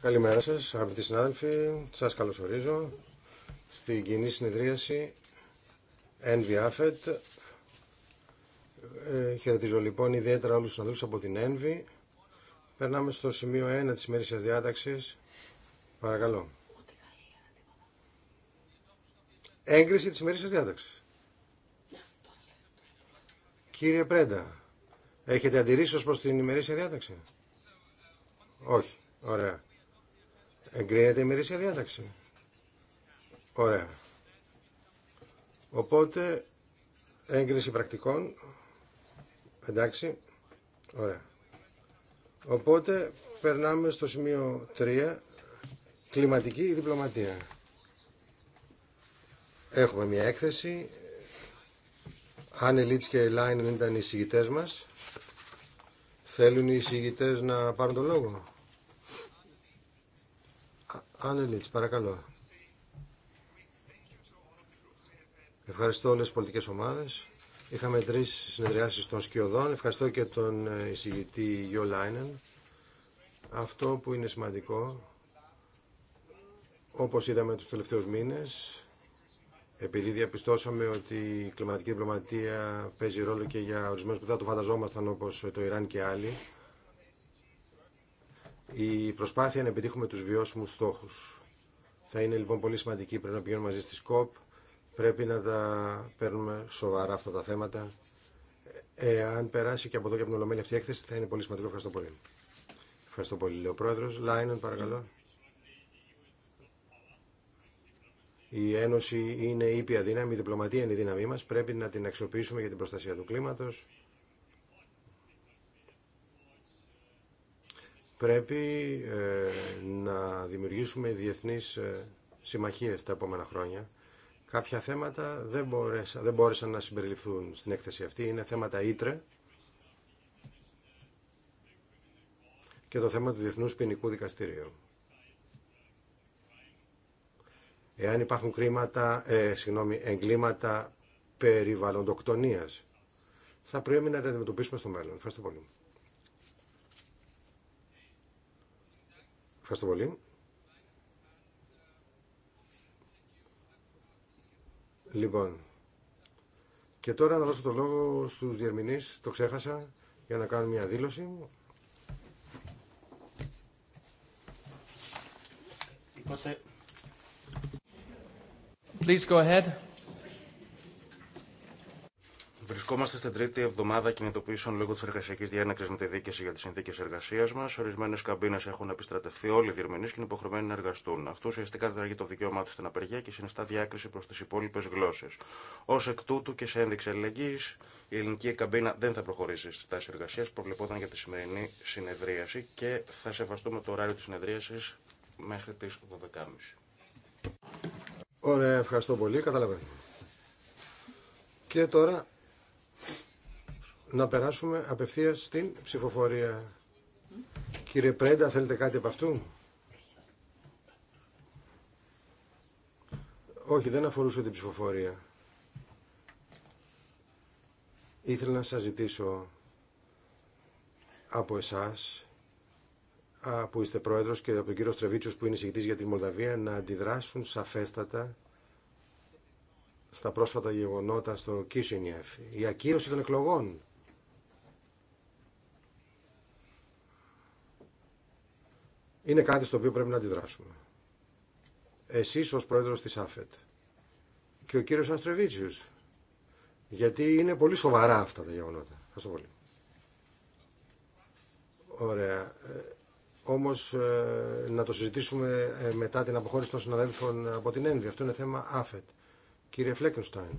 Καλημέρα σας, αγαπητοί συνάδελφοι. Σας καλωσορίζω στην κοινή συνεδρίαση Envy Affet. Ε, χαιρετίζω λοιπόν ιδιαίτερα όλους τους συναδέλφους από την Envy. Περνάμε στο σημείο 1 της ημέρησιας διάταξης. Παρακαλώ. Έγκριση της ημέρησιας διάταξης. Κύριε Πρέντα, έχετε αντιρρήσει ω προς την ημερήσια διάταξη. Όχι. Ωραία. Εγκρίνεται η μερίσια διάταξη. Ωραία. Οπότε, έγκριση πρακτικών. Εντάξει. Ωραία. Οπότε, περνάμε στο σημείο 3. Κλιματική διπλωματία. Έχουμε μια έκθεση. Αν Λίτς και Λάιν ήταν οι συγητές μας. Θέλουν οι εισηγητές να πάρουν το λόγο. Άνελιτς, παρακαλώ. Ευχαριστώ όλες τις πολιτικές ομάδες. Είχαμε τρεις συνεδριάσεις των σκιωδών. Ευχαριστώ και τον ε, εισηγητή Γιώ Λάινεν. Αυτό που είναι σημαντικό, όπως είδαμε τους τελευταίους μήνες, επειδή διαπιστώσαμε ότι η κλιματική διπλωματία παίζει ρόλο και για ορισμένους που θα το φανταζόμασταν όπως το Ιράν και άλλοι, η προσπάθεια να επιτύχουμε τους βιώσιμους στόχους. Θα είναι λοιπόν πολύ σημαντική, πρέπει να πηγαίνουμε μαζί στη ΣΚΟΠ, πρέπει να τα παίρνουμε σοβαρά αυτά τα θέματα. Εάν περάσει και από εδώ και από την Ολομέλη αυτή η έκθεση θα είναι πολύ σημαντικό. Ευχαριστώ πολύ. Ευχαριστώ πολύ, λέει ο Πρόεδρος. Λάινεν, παρακαλώ. Η Ένωση είναι ήπια δύναμη, η διπλωματία είναι η δύναμή μας, πρέπει να την αξιοποιήσουμε για την προστασία του κλίματος. Πρέπει ε, να δημιουργήσουμε διεθνείς ε, συμμαχίες τα επόμενα χρόνια. Κάποια θέματα δεν, δεν μπόρεσαν να συμπεριληφθούν στην έκθεση αυτή. Είναι θέματα ήτρε και το θέμα του Διεθνούς Ποινικού Δικαστηρίου. εάν υπάρχουν κρίματα, ε, συγγνώμη, εγκλήματα περιβαλλοντοκτονίας. Θα πρέπει να τα αντιμετωπίσουμε στο μέλλον. Ευχαριστώ πολύ. Ευχαριστώ πολύ. Λοιπόν, και τώρα να δώσω το λόγο στους διερμηνείς, το ξέχασα, για να κάνω μια δήλωση. Είπατε Please go ahead. Βρισκόμαστε στην τρίτη εβδομάδα κινητοποιήσεων λόγω τη εργασιακή διένεξη με τη δίκαιση για τι συνθήκε εργασία μα. Ορισμένε καμπίνε έχουν επιστρατευτεί όλοι οι διερμηνεί και είναι υποχρεωμένοι να εργαστούν. Αυτό ουσιαστικά διδαγεί το δικαίωμά του στην απεργία και συνιστά διάκριση προ τι υπόλοιπε γλώσσε. Ω εκ τούτου και σε ένδειξη αλληλεγγύη, η ελληνική καμπίνα δεν θα προχωρήσει στι τάσει εργασία που προβλεπόταν για τη σημερινή συνεδρίαση και θα σεβαστούμε το ωράριο τη συνεδρίαση μέχρι τι 12.30. Ωραία, ευχαριστώ πολύ. Καταλαβαίνω. Και τώρα να περάσουμε απευθείας στην ψηφοφορία. Κύριε Πρέντα, θέλετε κάτι από αυτού? Όχι, δεν αφορούσε την ψηφοφορία. Ήθελα να σας ζητήσω από εσάς που είστε πρόεδρος και από τον κύριο Στρεβίτσιος που είναι εισηγητής για τη Μολδαβία να αντιδράσουν σαφέστατα στα πρόσφατα γεγονότα στο Κίσινιεφ. Η ακύρωση των εκλογών. Είναι κάτι στο οποίο πρέπει να αντιδράσουμε. Εσείς ως πρόεδρος της ΑΦΕΤ και ο κύριος Αστρεβίτσιος. Γιατί είναι πολύ σοβαρά αυτά τα γεγονότα. Ευχαριστώ πολύ. Ωραία. Ε, όμως ε, να το συζητήσουμε ε, μετά την αποχώρηση των συναδέλφων από την ΕΝΒΙ. Αυτό είναι θέμα ΑΦΕΤ. Κύριε Φλέκενστάιν.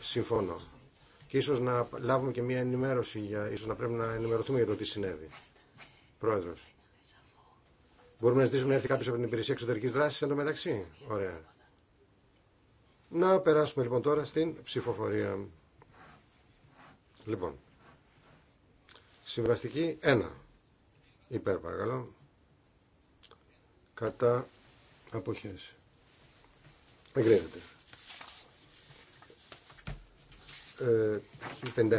Συμφωνώ. Και ίσως να λάβουμε και μια ενημέρωση, για, ίσως να πρέπει να ενημερωθούμε για το τι συνέβη. Πρόεδρος. Μπορούμε να ζητήσουμε να έρθει κάποιο από την υπηρεσία εξωτερική δράση μεταξύ. Ωραία. Να περάσουμε λοιπόν τώρα στην ψηφοφορία. Λοιπόν, Συμβαστική 1. Υπέρ παρακαλώ. Κατά αποχές. Εγκρίνεται. Ε,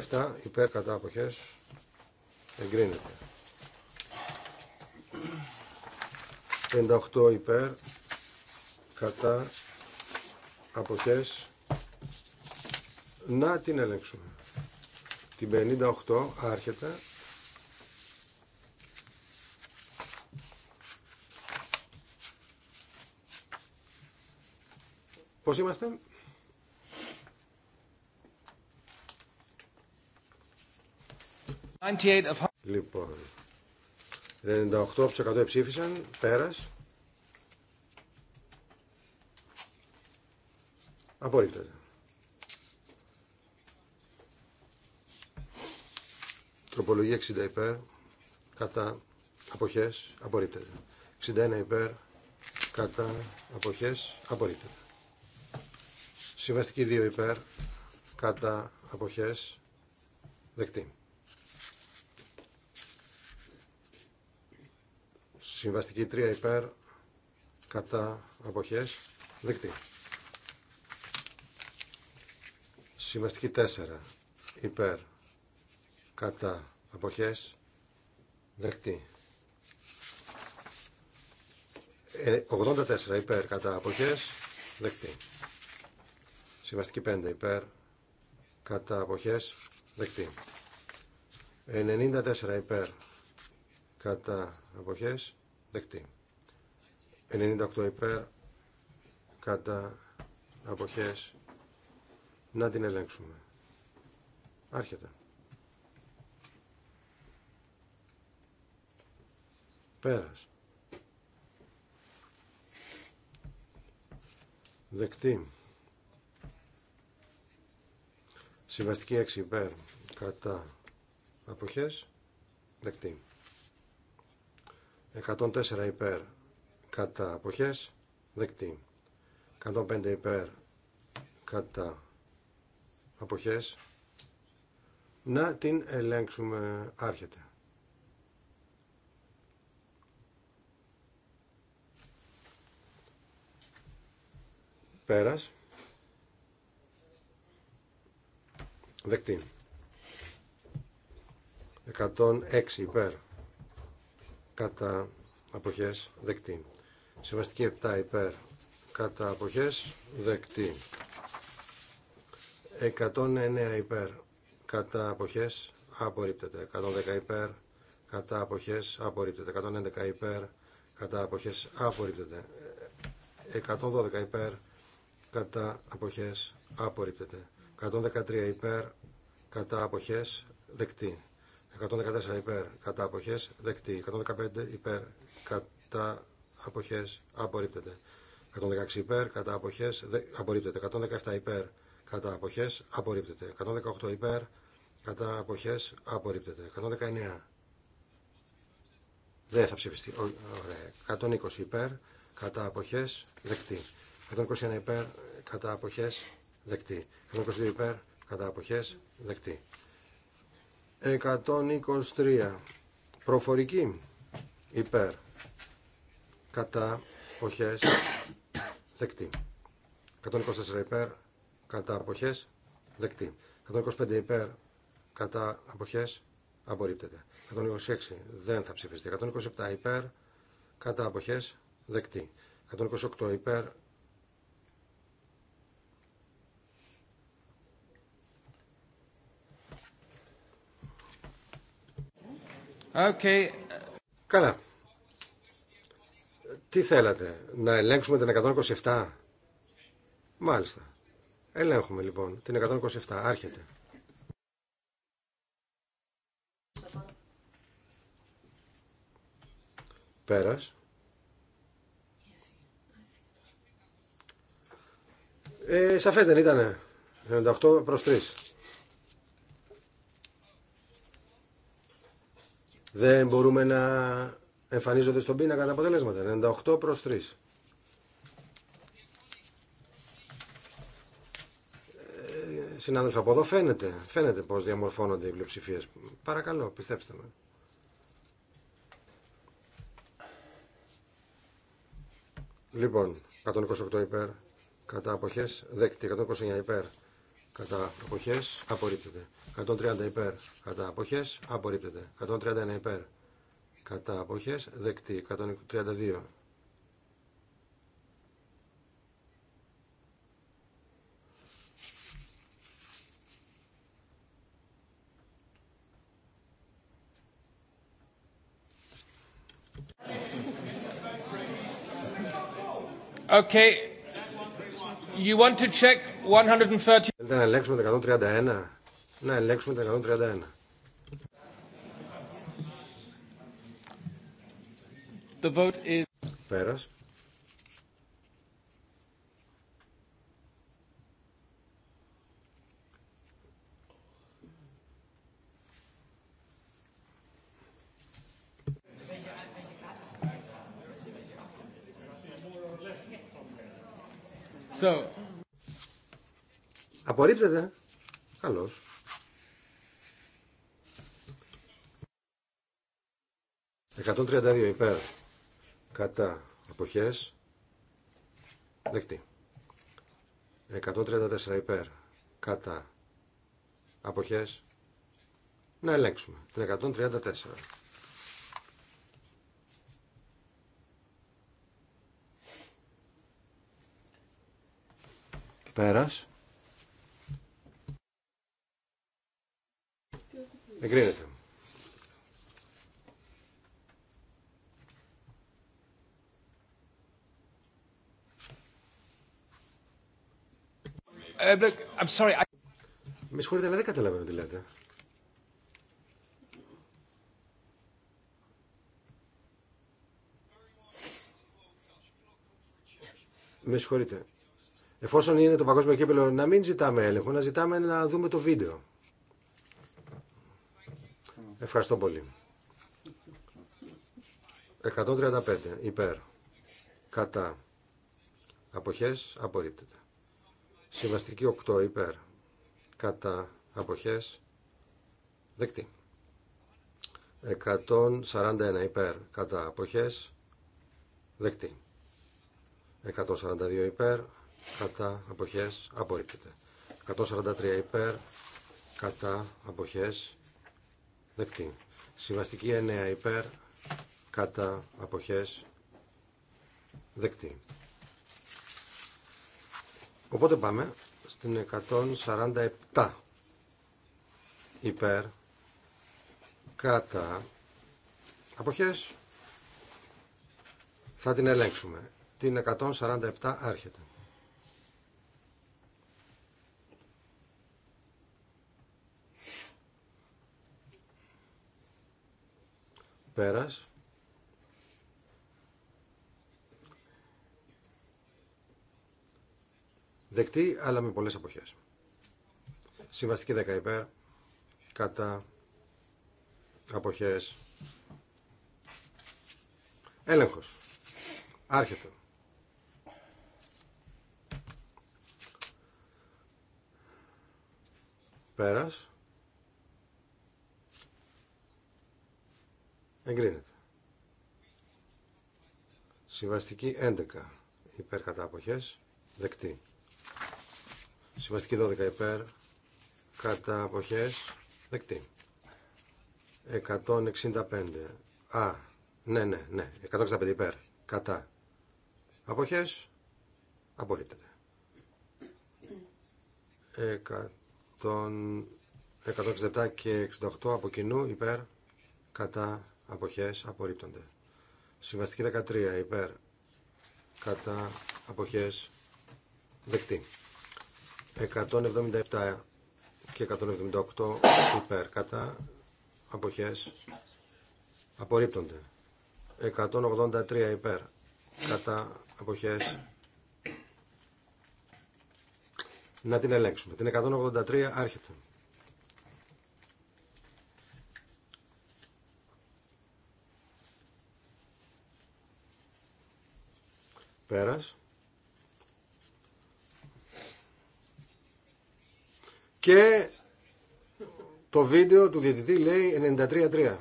57 υπέρ κατά αποχές. Εγκρίνεται. 58 υπέρ κατά αποχές. Να την ελέγξουμε. Την 58 άρχεται. Πώς είμαστε? Λοιπόν, 98% ψήφισαν, πέρας. Απορρίπτεται. Τροπολογία 60 υπέρ, κατά, αποχές, απορρίπτεται. 61 υπέρ, κατά, αποχές, απορρίπτεται. Συμβαστική 2 υπέρ κατά αποχές δεκτή. Συμβαστική 3 υπέρ κατά αποχές δεκτή. Συμβαστική 4 υπέρ κατά αποχές δεκτή. 84 ε, υπέρ κατά αποχές δεκτή. Συμβαστική 5 υπέρ κατά αποχές δεκτή. 94 υπέρ κατά αποχές δεκτή. 98 υπέρ κατά αποχές να την ελέγξουμε. Άρχεται. Πέρας. Δεκτή. Συμβαστική 6 υπέρ κατά αποχές δεκτή. 104 υπέρ κατά αποχές δεκτή. 105 υπέρ κατά αποχές να την ελέγξουμε άρχεται. Πέρας. Δεκτή. 106 υπέρ. Κατά αποχές. Δεκτή. Συμβαστική 7 υπέρ. Κατά αποχέ Δεκτή. 109 υπέρ. Κατά αποχές. Απορρίπτεται. 110 υπέρ. Κατά αποχές. Απορρίπτεται. 111 υπέρ. Κατά αποχές. Απορρίπτεται. 112 υπέρ. Κατά αποχέ Απορρίπτεται. 113 υπέρ κατά αποχές δεκτή. 114 υπέρ κατά αποχές δεκτή. 115 υπέρ κατά αποχές απορρίπτεται. 116 υπέρ κατά αποχές απορρίπτεται. 117 υπέρ κατά αποχές απορρίπτεται. 118 υπέρ κατά αποχές απορρίπτεται. 119 δεν θα ψηφιστεί. Ωραία. 120 υπέρ κατά αποχές δεκτή. 121 υπέρ κατά αποχές δεκτή. 122 υπέρ, κατά αποχές, δεκτή. 123 προφορική υπέρ, κατά αποχές, δεκτή. 124 υπέρ, κατά αποχές, δεκτή. 125 υπέρ, κατά αποχές, απορρίπτεται. 126 δεν θα ψηφιστεί. 127 υπέρ, κατά αποχές, δεκτή. 128 υπέρ, Καλά. Τι θέλατε, να ελέγξουμε την 127. Μάλιστα. Ελέγχουμε λοιπόν την 127. Άρχεται. Πέρας. Ε, σαφές δεν ήτανε. 98 προς 3. δεν μπορούμε να εμφανίζονται στον πίνακα τα αποτελέσματα. 98 προς 3. Ε, συνάδελφοι, από εδώ φαίνεται, φαίνεται πώς διαμορφώνονται οι πλειοψηφίες. Παρακαλώ, πιστέψτε με. Λοιπόν, 128 υπέρ, κατά αποχές, δέκτη, 129 υπέρ, κατά αποχές απορρίπτεται. 130 υπέρ κατά αποχές απορρίπτεται. 131 υπέρ κατά αποχές δεκτή. 132 Okay. You want to check Θέλετε να ελέγξουμε το 131. Να ελέγξουμε το 131. The vote is... Πέρας. So, Απορρίπτεται. Καλώς. «132 υπέρ κατά αποχές δεκτή. 134 υπέρ κατά αποχές να ελέγξουμε 134. Πέρας. Εγκρίνεται. Ε, Με συγχωρείτε, αλλά δεν καταλαβαίνω τι λέτε. Με συγχωρείτε. Εφόσον είναι το παγκόσμιο κύπελο, να μην ζητάμε έλεγχο, να ζητάμε να δούμε το βίντεο. Ευχαριστώ πολύ. 135 υπέρ. Κατά. Αποχές απορρίπτεται. Συμβαστική 8 υπέρ. Κατά. Αποχές δεκτή. 141 υπέρ. Κατά. Αποχές δεκτή. 142 υπέρ. Κατά. Αποχές απορρίπτεται. 143 υπέρ. Κατά. Αποχές Δεκτή. Συμβαστική 9 υπέρ. Κατά. Αποχές. Δεκτή. Οπότε πάμε στην 147 υπέρ κατά αποχές θα την ελέγξουμε την 147 άρχεται Πέρας. Δεκτή, αλλά με πολλές αποχές. Συμβαστική 10 υπέρ, κατά αποχές. Έλεγχος. Άρχεται. Πέρας. Εγκρίνεται. Συμβαστική 11 υπέρ κατά αποχές. Δεκτή. Συμβαστική 12 υπέρ κατά αποχές. Δεκτή. 165. Α, ναι, ναι, ναι. 165 υπέρ. Κατά. Αποχές. Απορρίπτεται. 167 και 68 από κοινού υπέρ. Κατά αποχές απορρίπτονται. Συμβαστική 13 υπέρ κατά αποχές δεκτή. 177 και 178 υπέρ κατά αποχές απορρίπτονται. 183 υπέρ κατά αποχές να την ελέγξουμε. Την 183 άρχεται. Πέρας. Και το βίντεο του διαιτητή λέει 93-3.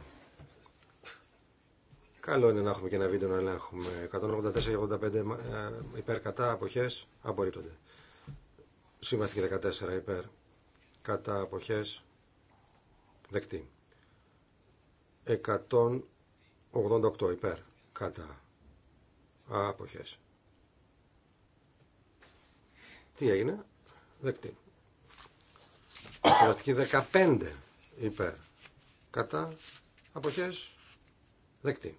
Καλό είναι να έχουμε και ένα βίντεο να ελέγχουμε. 184-85 ε, υπέρ κατά αποχές απορρίπτονται. Σύμβαση 14 υπέρ κατά αποχές δεκτή. 188 υπέρ κατά αποχές τι έγινε. Δεκτή. Συμβαστική 15 υπέρ. Κατά. Αποχές. Δεκτή.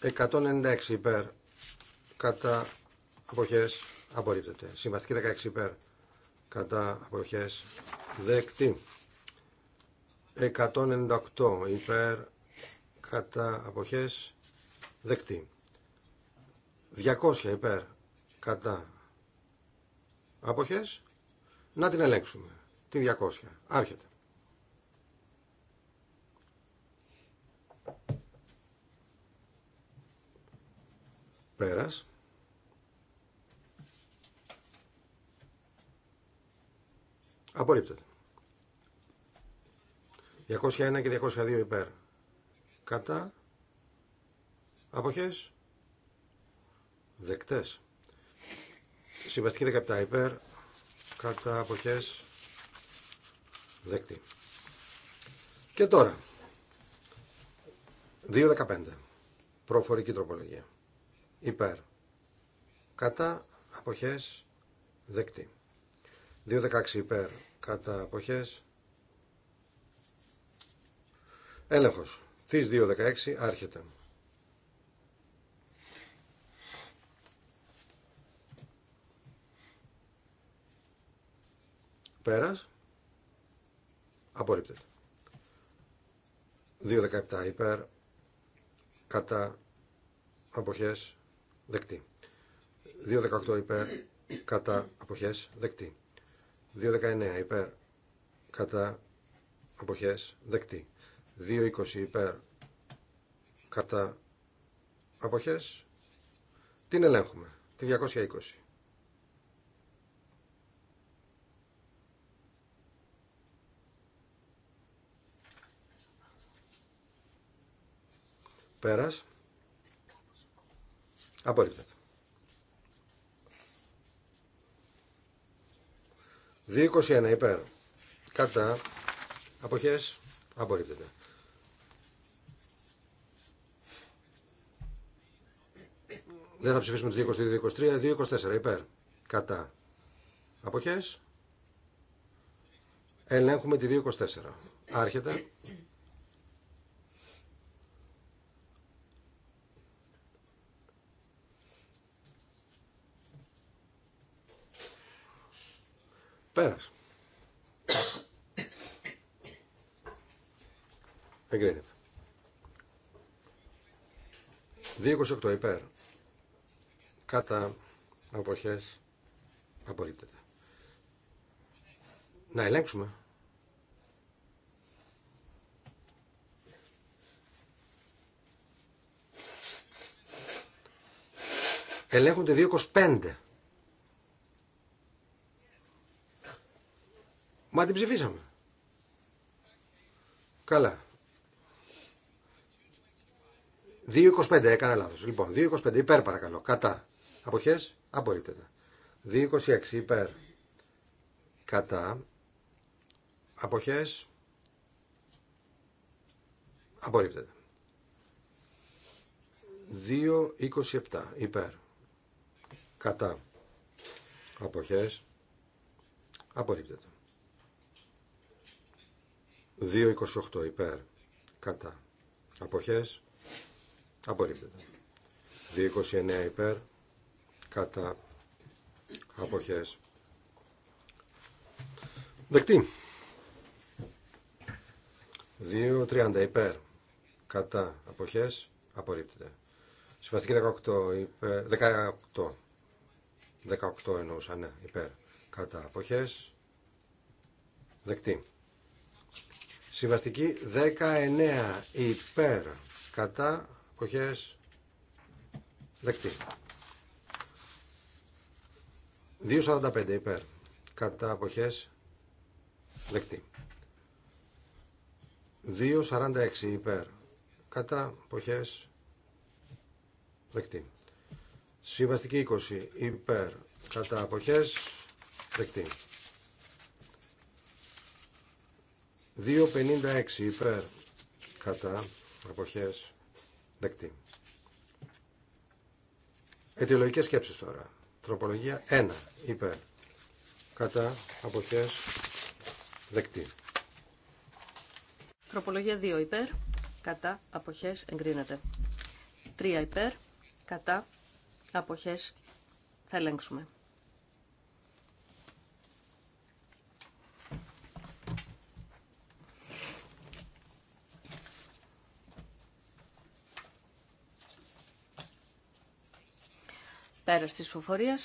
196 υπέρ. Κατά. Αποχές. Απορρίπτεται. Συμβαστική 16 υπέρ. Κατά. Αποχές. Δεκτή. 198 υπέρ. Κατά. Αποχές. Δεκτή. 200 υπέρ. Κατά. Αποχές. Να την ελέγξουμε. Την 200. Άρχεται. Πέρας. Απορρίπτεται. 201 και 202 υπέρ. Κατά. Αποχές. Δεκτές. Συμβαστική 17 υπέρ, κατά αποχές δεκτή. Και τώρα, 2.15, προφορική τροπολογία, υπέρ, κατά αποχές δεκτή. 2.16 υπέρ, κατά αποχές έλεγχος. Της 2.16 άρχεται. Πέρας. Απορρίπτεται. 2.17 υπέρ. Κατά. Αποχές. Δεκτή. 2.18 υπέρ. Κατά. Αποχές. Δεκτή. 2.19 υπέρ. Κατά. Αποχές. Δεκτή. 2.20 υπέρ. Κατά. Αποχές. Την ελέγχουμε. Τη 220. Πέρας. Απορρίπτεται. 2.21 υπέρ. Κατά. Αποχές. Απορρίπτεται. Δεν θα ψηφίσουμε τις 22, 23, 2.24 υπέρ. Κατά. Αποχές. Ελέγχουμε τη 2.24. Άρχεται. Πέρας. Εγκρίνεται. 2.28 υπέρ. Κατά αποχές απορρίπτεται. Να ελέγξουμε. Ελέγχονται 2.25. Μα την ψηφίσαμε. Καλά. 2.25 έκανα λάθο. Λοιπόν, 2.25 υπέρ παρακαλώ. Κατά. Αποχέ, Απορρίπτεται. 2.26 υπέρ. Κατά. Αποχές. Απορρίπτεται. 2.27 υπέρ. Κατά. Αποχές. Απορρίπτεται. 2.28 υπέρ κατά αποχές απορρίπτεται 2.29 υπέρ κατά αποχές δεκτή 2.30 υπέρ κατά αποχές απορρίπτεται συμβαστική 18 υπέρ 18 18 εννοούσα ναι υπέρ κατά αποχές δεκτή Συμβαστική 19 υπέρ κατά εποχές δεκτή. 2.45 υπέρ κατά εποχές δεκτή. 2.46 υπέρ κατά εποχές δεκτή. Συμβαστική 20 υπέρ κατά εποχές δεκτή. 2.56 υπέρ κατά αποχές δεκτή. Αιτιολογικές σκέψεις τώρα. Τροπολογία 1 υπέρ κατά αποχές δεκτή. Τροπολογία 2 υπέρ κατά αποχές εγκρίνεται. 3 υπέρ κατά αποχές θα ελέγξουμε. Πέρα τη φοφορία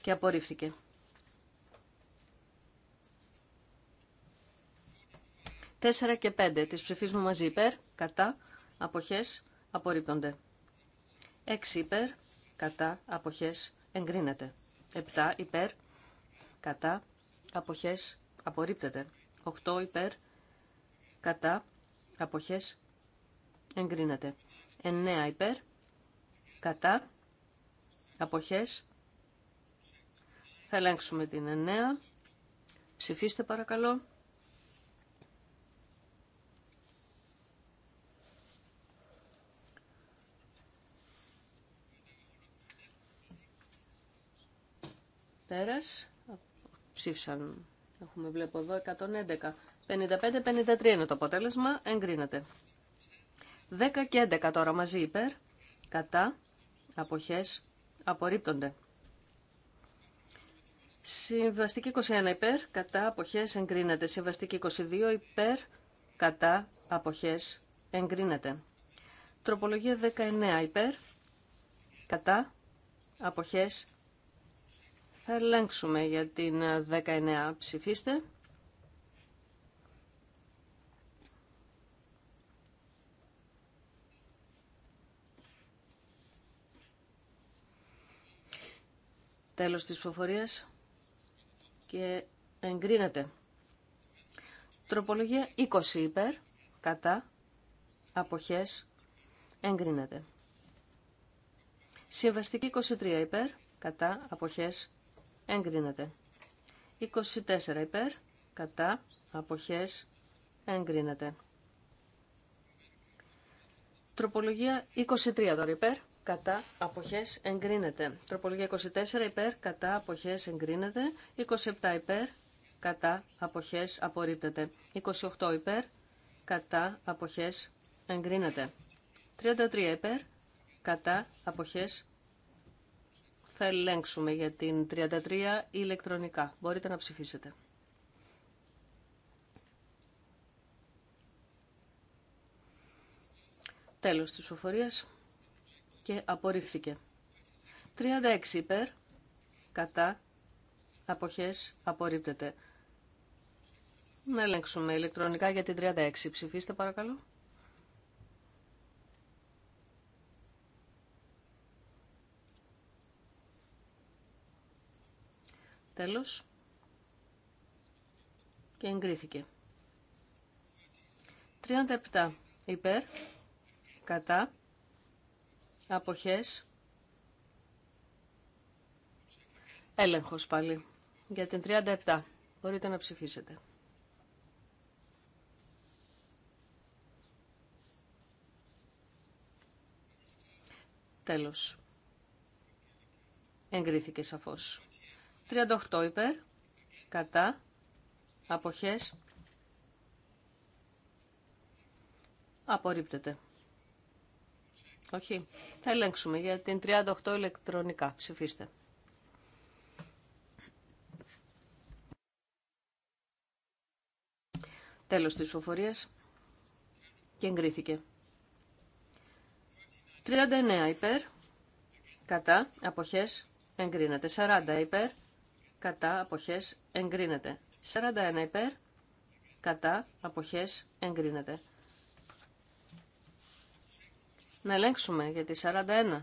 και απορρίφθηκε. 4 και 5 τη ψηφίσμου μαζί υπέρ, κατά, αποχέ, απορρίπτονται. 6 υπέρ, κατά, αποχέ, εγκρίνεται. 7 υπέρ, κατά, αποχέ, απορρίπτεται. 8 υπέρ, κατά, αποχέ, εγκρίνεται. 9 υπέρ κατά, αποχές. Θα ελέγξουμε την 9. Ψηφίστε παρακαλώ. Πέρας. Ψήφισαν. Έχουμε βλέπω εδώ 111. 55-53 είναι το αποτέλεσμα. Εγκρίνεται. 10 και 11 τώρα μαζί υπέρ. Κατά αποχές απορρίπτονται. Συμβαστική 21 υπέρ, κατά αποχές εγκρίνεται. Συμβαστική 22 υπέρ, κατά αποχές εγκρίνεται. Τροπολογία 19 υπέρ, κατά αποχές θα ελέγξουμε για την 19 ψηφίστε. Τέλος της ψηφοφορίας και εγκρίνεται. Τροπολογία 20 υπέρ, κατά, αποχές, εγκρίνεται. Συμβαστική 23 υπέρ, κατά, αποχές, εγκρίνεται. 24 υπέρ, κατά, αποχές, εγκρίνεται. Τροπολογία 23 τώρα υπέρ, κατά αποχές εγκρίνεται. Τροπολογία 24 υπέρ κατά αποχές εγκρίνεται. 27 υπέρ κατά αποχές απορρίπτεται. 28 υπέρ κατά αποχές εγκρίνεται. 33 υπέρ κατά αποχές θα ελέγξουμε για την 33 ηλεκτρονικά. Μπορείτε να ψηφίσετε. Τέλος της ψηφοφορίας και απορρίφθηκε. 36 υπέρ, κατά, αποχές, απορρίπτεται. Να ελέγξουμε ηλεκτρονικά για την 36. Ψηφίστε παρακαλώ. Τέλος. Και εγκρίθηκε. 37 υπέρ, κατά, αποχές, έλεγχος πάλι για την 37. Μπορείτε να ψηφίσετε. Τέλος. Εγκρίθηκε σαφώς. 38 υπέρ, κατά, αποχές, απορρίπτεται. Όχι. Θα ελέγξουμε για την 38 ηλεκτρονικά. Ψηφίστε. Τέλος της ψηφοφορίας και εγκρίθηκε. 39 υπέρ, κατά, αποχές, εγκρίνεται. 40 υπέρ, κατά, αποχές, εγκρίνεται. 41 υπέρ, κατά, αποχές, εγκρίνεται. Να ελέγξουμε για τη 41.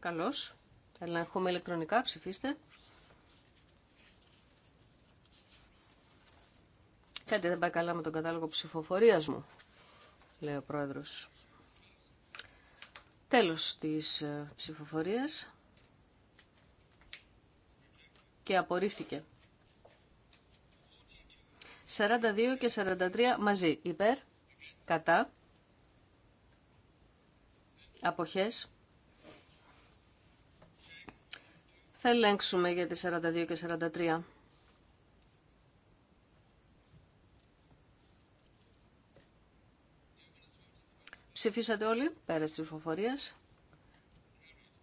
Καλώς. Ελέγχουμε ηλεκτρονικά. Ψηφίστε. Κάτι δεν πάει καλά με τον κατάλογο ψηφοφορίας μου, λέει ο πρόεδρος. Τέλος της ε, ψηφοφορίας και απορρίφθηκε. 42 και 43 μαζί. Υπέρ, κατά, αποχές. Θα ελέγξουμε για τις 42 και 43. Ψηφίσατε όλοι, πέρα της ψηφοφορίας.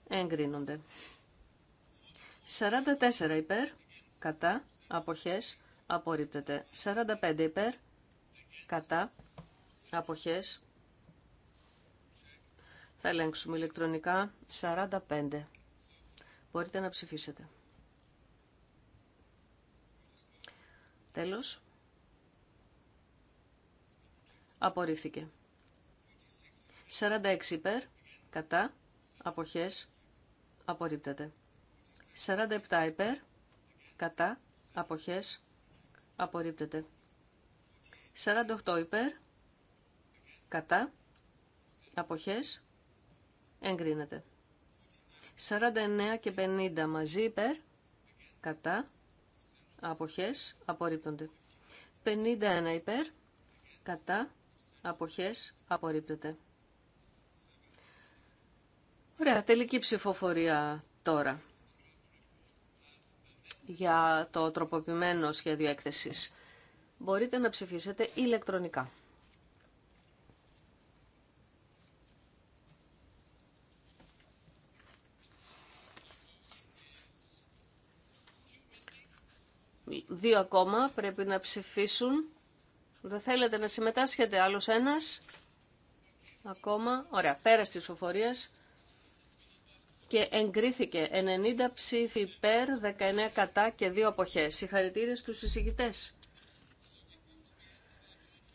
Εγκρίνονται. 44 υπέρ, κατά, αποχές, απορρίπτεται. 45 υπέρ, κατά, αποχές, θα ελέγξουμε ηλεκτρονικά 45. Μπορείτε να ψηφίσετε. Τέλος. Απορρίφθηκε. 46 υπέρ, κατά, αποχές, απορρίπτεται. 47 υπέρ, κατά, αποχές, απορρίπτεται. 48 υπέρ, κατά, αποχές, εγκρίνεται. 49 και 50 μαζί υπέρ, κατά, αποχές, απορρίπτονται. 51 υπέρ, κατά, αποχές, απορρίπτεται. Ωραία, τελική ψηφοφορία τώρα για το τροποποιημένο σχέδιο έκθεσης. Μπορείτε να ψηφίσετε ηλεκτρονικά. Δύο ακόμα πρέπει να ψηφίσουν. Δεν θέλετε να συμμετάσχετε. Άλλος ένας. Ακόμα. Ωραία. Πέρα της ψηφοφορίας. Και εγκρίθηκε 90 ψήφοι υπέρ, 19 κατά και δύο αποχές. Συγχαρητήρια στους συζητητέ.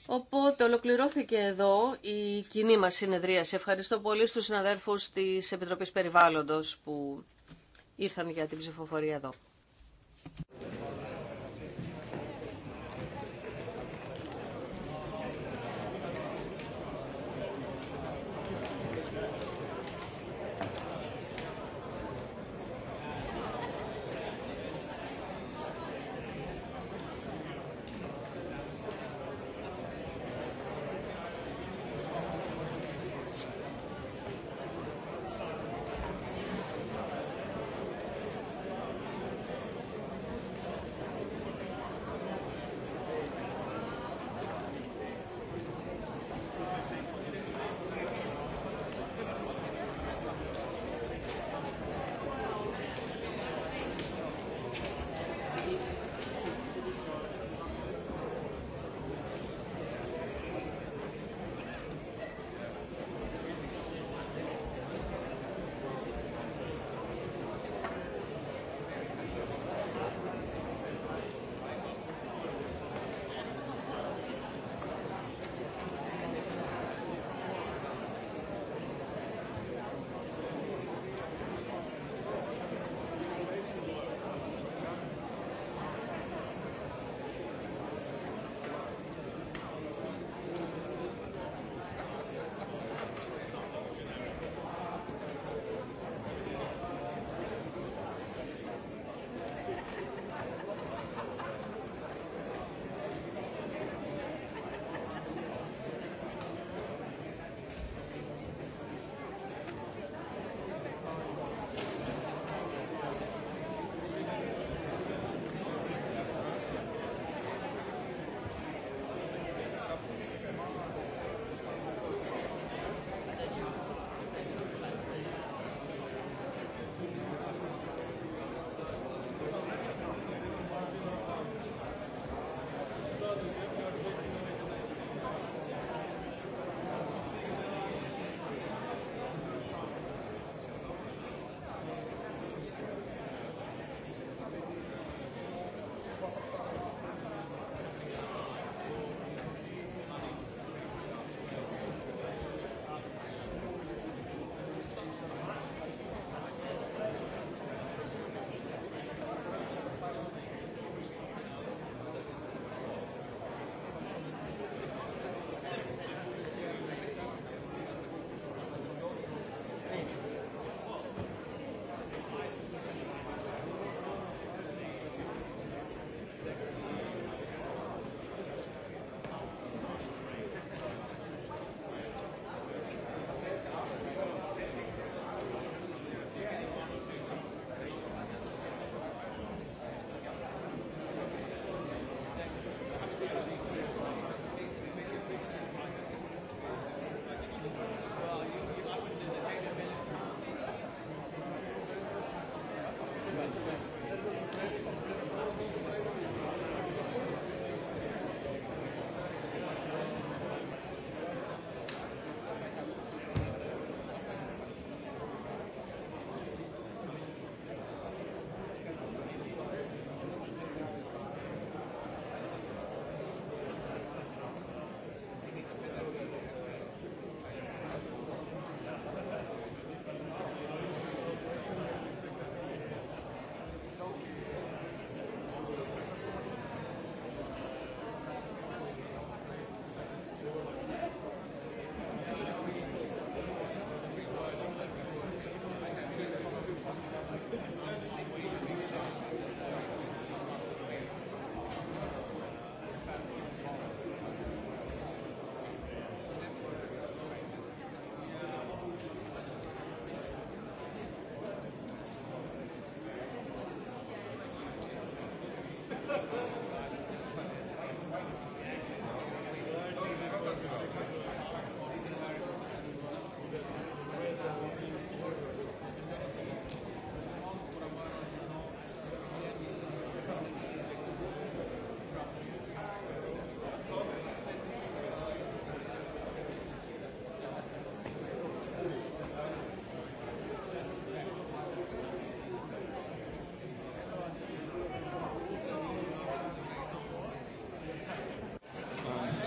Οπότε ολοκληρώθηκε εδώ η κοινή μας συνεδρίαση. Ευχαριστώ πολύ στους συναδέρφους της Επιτροπής Περιβάλλοντος που ήρθαν για την ψηφοφορία εδώ.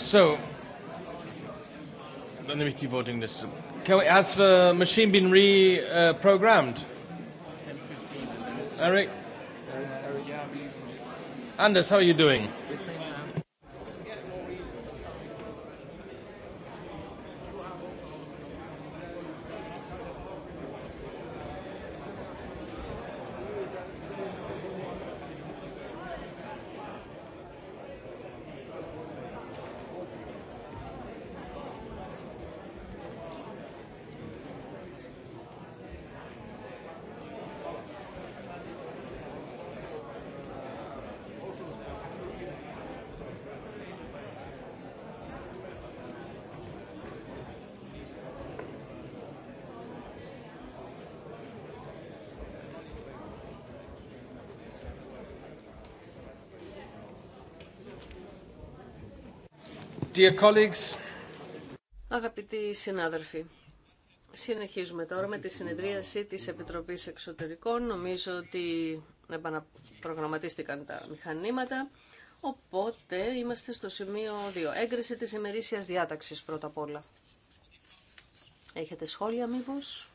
So, let me ich die Voting This Can we, has the machine been reprogrammed? Uh, Eric? Anders, how are you doing? Dear colleagues. Αγαπητοί συνάδελφοι, συνεχίζουμε τώρα με τη συνεδρίαση της Επιτροπής Εξωτερικών. Νομίζω ότι επαναπρογραμματίστηκαν τα μηχανήματα, οπότε είμαστε στο σημείο 2. Έγκριση της ημερήσιας διάταξης πρώτα απ' όλα. Έχετε σχόλια μήπως?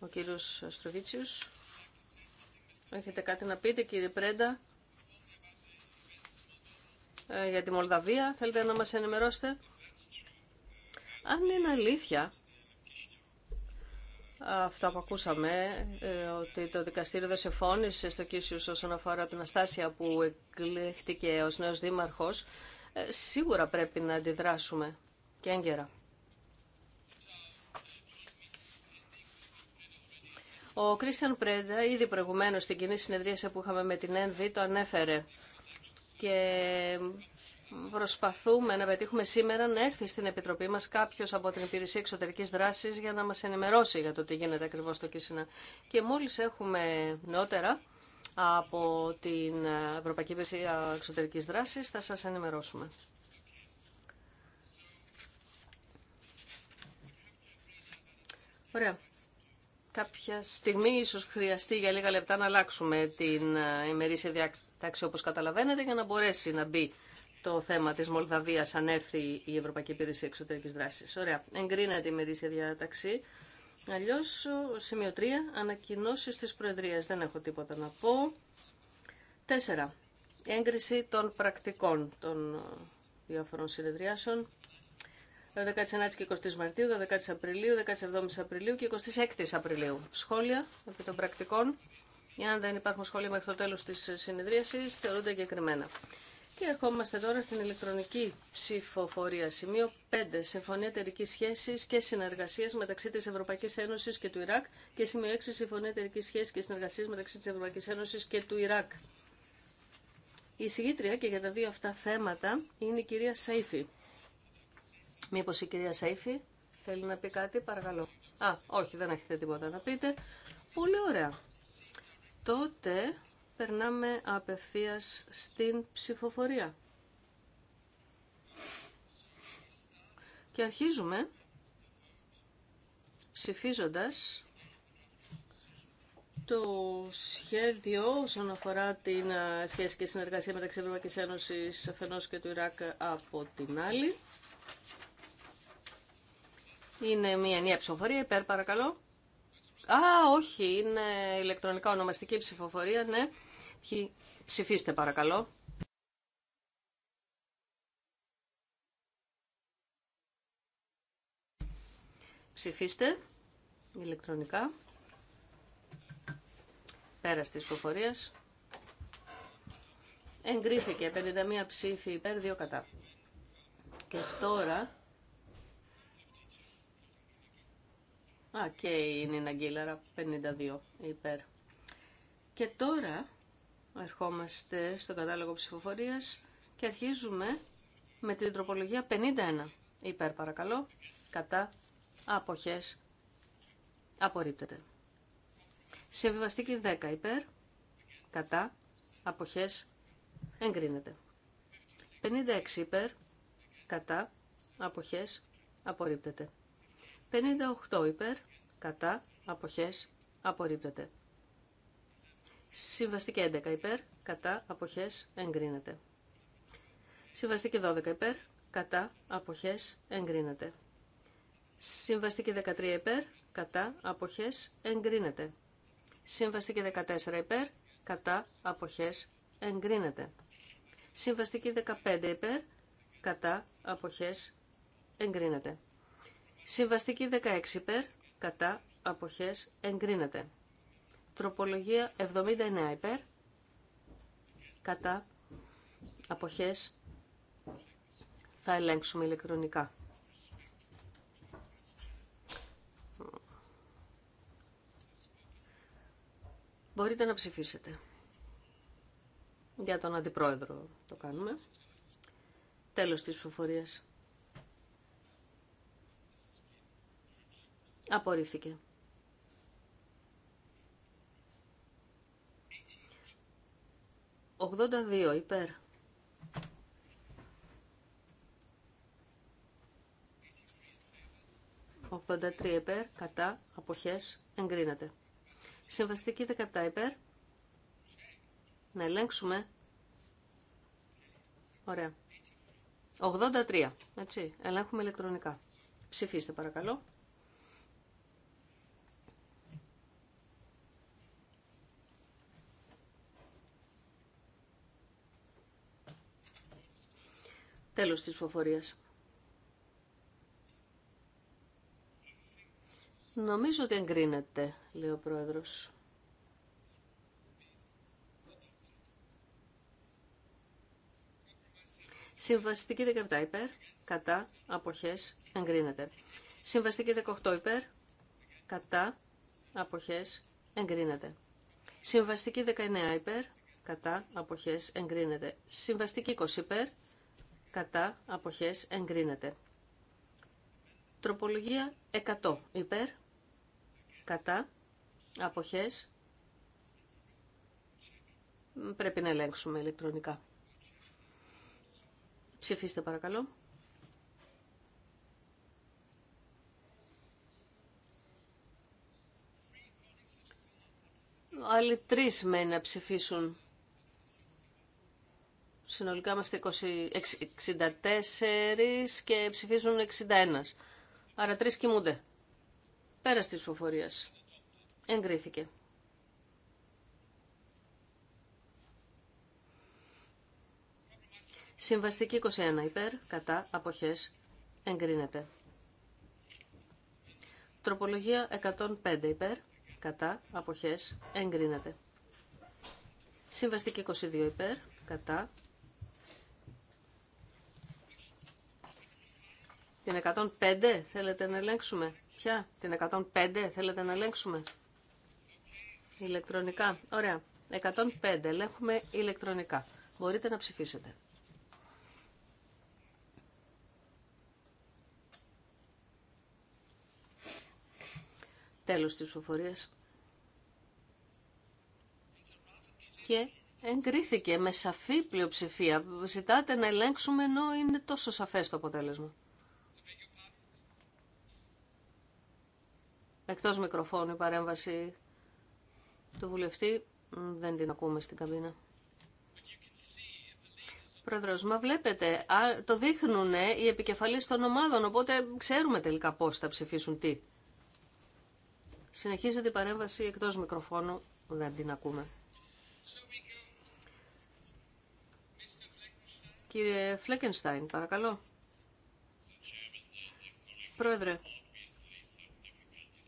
Ο κύριος Στροβίτσιος. Έχετε κάτι να πείτε κύριε Πρέντα. Ε, για τη Μολδαβία. Θέλετε να μας ενημερώσετε. Αν είναι αλήθεια αυτά που ακούσαμε, ε, ότι το δικαστήριο δεν συμφώνησε στο Κίσιους όσον αφορά την Αστάσια που εκλέχτηκε ως νέος δήμαρχος, ε, σίγουρα πρέπει να αντιδράσουμε και έγκαιρα. Ο Κρίστιαν Πρέντα, ήδη προηγουμένως στην κοινή συνεδρίαση που είχαμε με την ΕΝΒ, το ανέφερε και προσπαθούμε να πετύχουμε σήμερα να έρθει στην Επιτροπή μας κάποιος από την Υπηρεσία Εξωτερικής Δράσης για να μας ενημερώσει για το τι γίνεται ακριβώς στο Κίσινα. Και μόλις έχουμε νεότερα από την Ευρωπαϊκή Υπηρεσία Εξωτερικής Δράσης θα σας ενημερώσουμε. Ωραία. Κάποια στιγμή ίσως χρειαστεί για λίγα λεπτά να αλλάξουμε την ε, ημερήσια διάταξη όπως καταλαβαίνετε για να μπορέσει να μπει το θέμα της Μολδαβίας αν έρθει η Ευρωπαϊκή Υπηρεσία Εξωτερικής Δράσης. Ωραία. Εγκρίνεται η ημερήσια διάταξη. αλλιώ σημείο 3, ανακοινώσεις της Προεδρίας. Δεν έχω τίποτα να πω. 4. Έγκριση των πρακτικών των ε, διάφορων συνεδριάσεων. 19 και 20 Μαρτίου, 12 Απριλίου, 17 Απριλίου και 26 Απριλίου. Σχόλια επί των πρακτικών. αν δεν υπάρχουν σχόλια μέχρι το τέλος της συνεδρίασης, θεωρούνται εγκεκριμένα. Και ερχόμαστε τώρα στην ηλεκτρονική ψηφοφορία. Σημείο 5. Συμφωνία εταιρική σχέση και συνεργασία μεταξύ τη Ευρωπαϊκή Ένωση και του Ιράκ. Και σημείο 6. Συμφωνία εταιρική σχέση και συνεργασία μεταξύ τη Ευρωπαϊκή Ένωση και του Ιράκ. Η συγγήτρια και για τα δύο αυτά θέματα είναι η κυρία Σαϊφή. Μήπως η κυρία Σαϊφή θέλει να πει κάτι, παρακαλώ. Α, όχι, δεν έχετε τίποτα να πείτε. Πολύ ωραία. Τότε περνάμε απευθείας στην ψηφοφορία. Και αρχίζουμε ψηφίζοντας το σχέδιο όσον αφορά την ε, σχέση και συνεργασία μεταξύ Ευρωπαϊκής Ένωσης αφενός και του Ιράκ από την άλλη. Είναι μια νέα ψηφοφορία, υπέρ παρακαλώ. Α, όχι, είναι ηλεκτρονικά ονομαστική ψηφοφορία, ναι. Ψηφίστε παρακαλώ. Ψηφίστε ηλεκτρονικά. Πέρα της ψηφοφορίας. Εγκρίθηκε 51 ψήφοι υπέρ, 2 κατά. Και τώρα Α, και η Νίνα Γκίλαρα, 52 υπέρ. Και τώρα ερχόμαστε στο κατάλογο ψηφοφορίας και αρχίζουμε με την τροπολογία 51. Υπέρ παρακαλώ, κατά, αποχές, απορρίπτεται. Συμβιβαστική 10 υπέρ, κατά, αποχές, εγκρίνεται. 56 υπέρ, κατά, αποχές, απορρίπτεται. 58 υπέρ, κατά, αποχές, απορρίπτεται. Συμβαστική 11 υπέρ, κατά, αποχές, εγκρίνεται. Συμβαστική 12 υπέρ, κατά, αποχές, εγκρίνεται. Συμβαστική 13 υπέρ, κατά, αποχές, εγκρίνεται. Συμβαστική 14 υπέρ, κατά, αποχές, εγκρίνεται. Συμβαστική 15 υπέρ, κατά, αποχές, εγκρίνεται. Συμβαστική 16 υπέρ, κατά, αποχές, εγκρίνεται. Τροπολογία 79 υπέρ, κατά, αποχές, θα ελέγξουμε ηλεκτρονικά. Μπορείτε να ψηφίσετε. Για τον αντιπρόεδρο το κάνουμε. Τέλος της ψηφοφορίας. Απορρίφθηκε. 82 υπέρ. 83 υπέρ, κατά, αποχές, εγκρίνεται. Συμβαστική 17 υπέρ. Να ελέγξουμε. Ωραία. 83, έτσι, ελέγχουμε ηλεκτρονικά. Ψηφίστε παρακαλώ. Τέλος της ψηφοφορίας. Νομίζω ότι εγκρίνεται, λέει ο πρόεδρος. Συμβαστική 17 υπέρ, κατά, αποχές, εγκρίνεται. Συμβαστική 18 υπέρ, κατά, αποχές, εγκρίνεται. Συμβαστική 19 υπέρ, κατά, αποχές, εγκρίνεται. Συμβαστική 20 υπέρ, κατά, αποχές, εγκρίνεται. Τροπολογία 100. Υπέρ, κατά, αποχές, πρέπει να ελέγξουμε ηλεκτρονικά. Ψηφίστε παρακαλώ. Άλλοι τρεις μένει να ψηφίσουν. Συνολικά είμαστε 64 και ψηφίζουν 61. Άρα τρεις κοιμούνται. Πέρα της ψηφοφορίας. Εγκρίθηκε. Συμβαστική 21 υπέρ, κατά, αποχές, εγκρίνεται. Τροπολογία 105 υπέρ, κατά, αποχές, εγκρίνεται. Συμβαστική 22 υπέρ, κατά, Την 105 θέλετε να ελέγξουμε. Ποια, την 105 θέλετε να ελέγξουμε. Ηλεκτρονικά. Ωραία. 105 ελέγχουμε ηλεκτρονικά. Μπορείτε να ψηφίσετε. Τέλος της ψηφοφορίας. Και εγκρίθηκε με σαφή πλειοψηφία. Ζητάτε να ελέγξουμε ενώ είναι τόσο σαφές το αποτέλεσμα. Εκτός μικροφώνου η παρέμβαση του βουλευτή δεν την ακούμε στην καμπίνα. Πρόεδρος, μα βλέπετε, το δείχνουν οι επικεφαλείς των ομάδων, οπότε ξέρουμε τελικά πώς θα ψηφίσουν τι. Συνεχίζεται η παρέμβαση εκτός μικροφώνου, δεν την ακούμε. Κύριε Φλέκενστάιν, παρακαλώ. Πρόεδρε,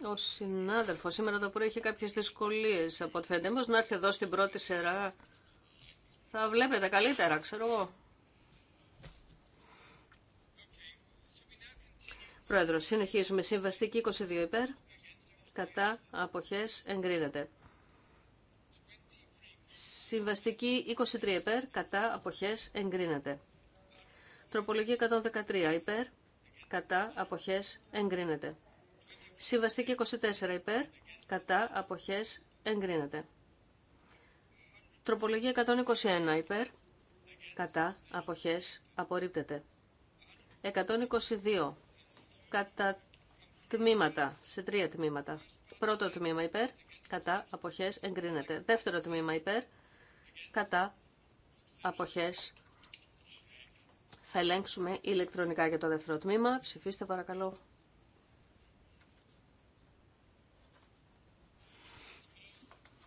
ο συνάδελφο σήμερα το πρωί είχε κάποιε δυσκολίε από ό,τι φαίνεται. να έρθει εδώ στην πρώτη σειρά. Θα βλέπετε καλύτερα, ξέρω εγώ. Πρόεδρο, συνεχίζουμε. Συμβαστική 22 υπέρ. Κατά αποχές εγκρίνεται. Συμβαστική 23 υπέρ. Κατά αποχές εγκρίνεται. Τροπολογία 113 υπέρ. Κατά αποχές εγκρίνεται. Συμβαστική 24 υπέρ, κατά, αποχές, εγκρίνεται. Τροπολογία 121 υπέρ, κατά, αποχές, απορρίπτεται. 122 κατά τμήματα, σε τρία τμήματα. Πρώτο τμήμα υπέρ, κατά, αποχές, εγκρίνεται. Δεύτερο τμήμα υπέρ, κατά, αποχές, θα ελέγξουμε ηλεκτρονικά για το δεύτερο τμήμα. Ψηφίστε παρακαλώ.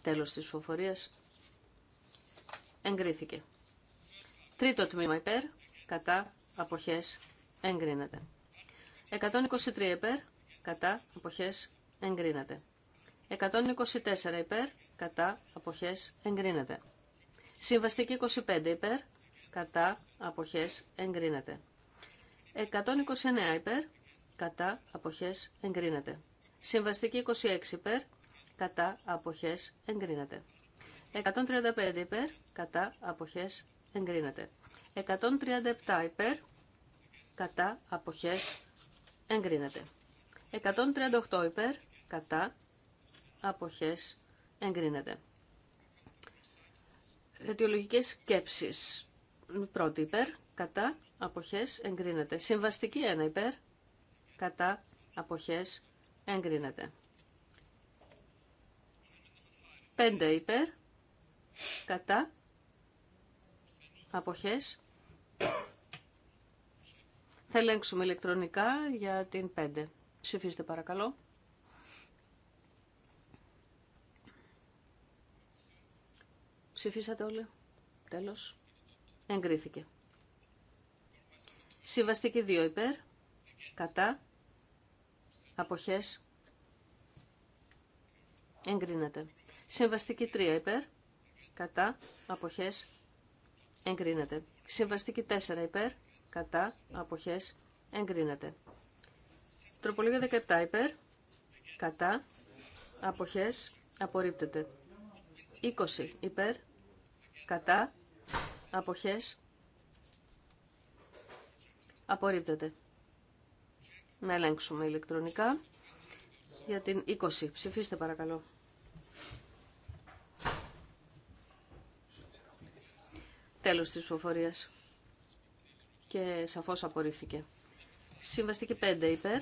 Τέλος της ψηφοφορίας. Εγκρίθηκε. Τρίτο τμήμα υπέρ, κατά, αποχές, εγκρίνεται. 123 υπέρ, κατά, αποχές, εγκρίνεται. 124 υπέρ, κατά, αποχές, εγκρίνεται. Συμβαστική 25 υπέρ, κατά, αποχές, εγκρίνεται. 129 υπέρ, κατά, αποχές, εγκρίνεται. Συμβαστική 26 υπέρ, κατά αποχές εγκρίνεται. 135 υπέρ, κατά αποχές εγκρίνεται. 137 υπέρ, κατά αποχές εγκρίνεται. 138 υπέρ, κατά αποχές εγκρίνεται. Αιτιολογικές σκέψεις. Πρώτη υπέρ, κατά αποχές εγκρίνεται. Συμβαστική ένα υπέρ, κατά αποχές εγκρίνεται. Πέντε υπέρ, κατά, αποχές. Θα ελέγξουμε ηλεκτρονικά για την 5. Ψηφίστε παρακαλώ. Ψηφίσατε όλοι. Τέλος. Εγκρίθηκε. Συμβαστική 2 υπέρ, κατά, αποχές, εγκρίνεται. Συμβαστική 3 υπέρ, κατά, αποχές, εγκρίνεται. Συμβαστική 4 υπέρ, κατά, αποχές, εγκρίνεται. Τροπολογία 17 υπέρ, κατά, αποχές, απορρίπτεται. 20 υπέρ, κατά, αποχές, απορρίπτεται. Να ελέγξουμε ηλεκτρονικά για την 20. Ψηφίστε παρακαλώ. Τέλος της ψηφοφορίας. Και σαφώς απορρίφθηκε. Συμβαστική 5 υπέρ.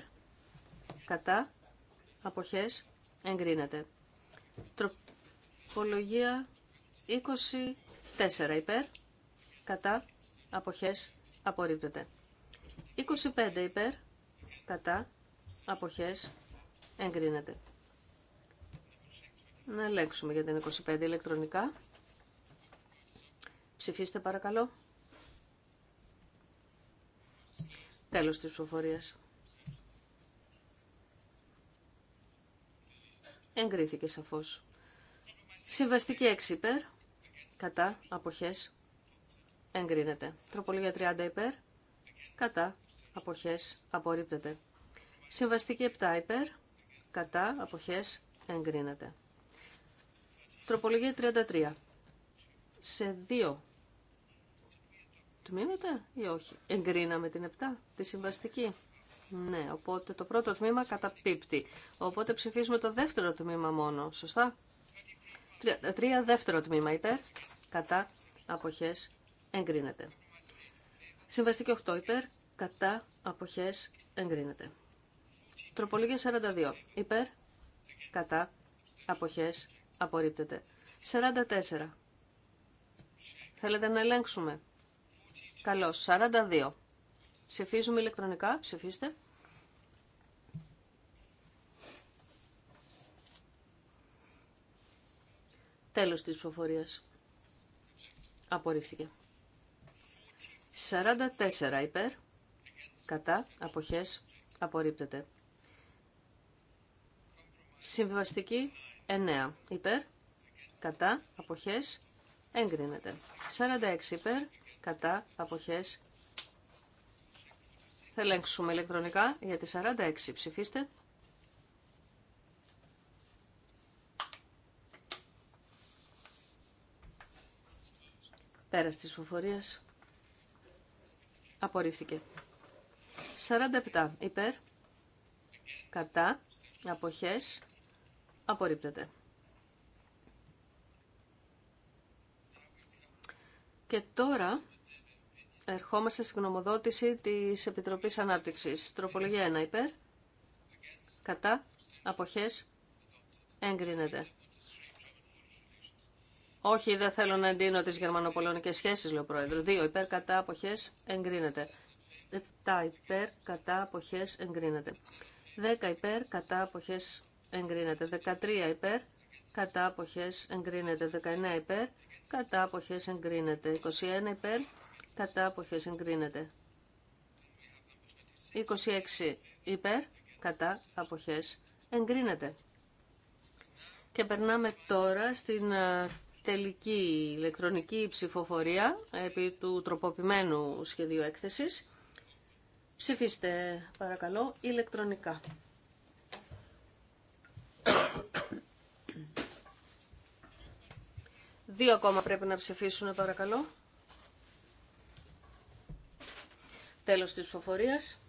Κατά. Αποχές. Εγκρίνεται. Τροπολογία 24 υπέρ. Κατά. Αποχές. Απορρίπτεται. 25 υπέρ. Κατά. Αποχές. Εγκρίνεται. Να ελέγξουμε για την 25 ηλεκτρονικά. Ψηφίστε παρακαλώ. Τέλος της ψηφοφορίας. Εγκρίθηκε σαφώς. Συμβαστική 6 υπέρ. Κατά. Αποχές. Εγκρίνεται. Τροπολογία 30 υπέρ. Κατά. Αποχές. Απορρίπτεται. Συμβαστική 7 υπέρ. Κατά. Αποχές. Εγκρίνεται. Τροπολογία 33 σε δύο τμήματα ή όχι. Εγκρίναμε την 7, τη συμβαστική. Ναι, οπότε το πρώτο τμήμα καταπίπτει. Οπότε ψηφίζουμε το δεύτερο τμήμα μόνο, σωστά. Τρία, ε, δεύτερο τμήμα υπέρ, κατά, αποχές, εγκρίνεται. Συμβαστική 8 υπέρ, κατά, αποχές, εγκρίνεται. Τροπολογία 42 υπέρ, κατά, αποχές, απορρίπτεται. 44 Θέλετε να ελέγξουμε. Καλώς. 42. Ψηφίζουμε ηλεκτρονικά. Ψηφίστε. Τέλος της προφορίας. Απορρίφθηκε. 44 υπέρ. Κατά. Αποχές. Απορρίπτεται. Συμβιβαστική 9 υπέρ. Κατά. Αποχές. Εγκρίνεται. 46 υπέρ, κατά, αποχές. Θα ελέγξουμε ηλεκτρονικά για τη 46. Ψηφίστε. Πέρας της φοφορίας. Απορρίφθηκε. 47 υπέρ, κατά, αποχές, απορρίπτεται. Και τώρα ερχόμαστε στην γνωμοδότηση της Επιτροπής Ανάπτυξης. Τροπολογία 1 υπέρ, κατά, αποχές, εγκρίνεται. Όχι, δεν θέλω να εντείνω τις γερμανοπολωνικές σχέσεις, λέει ο Πρόεδρο. 2 υπέρ, κατά, αποχές, εγκρίνεται. 7 υπέρ, κατά, αποχές, εγκρίνεται. 10 υπέρ, κατά, αποχές, εγκρίνεται. 13 υπέρ, κατά, αποχές, εγκρίνεται. 19 υπέρ, κατά αποχές εγκρίνεται. 21 υπέρ, κατά αποχές εγκρίνεται. 26 υπέρ, κατά αποχές εγκρίνεται. Και περνάμε τώρα στην τελική ηλεκτρονική ψηφοφορία επί του τροποποιημένου σχεδίου έκθεσης. Ψηφίστε παρακαλώ ηλεκτρονικά. Δύο ακόμα πρέπει να ψηφίσουν, παρακαλώ. Τέλος της ψηφοφορίας.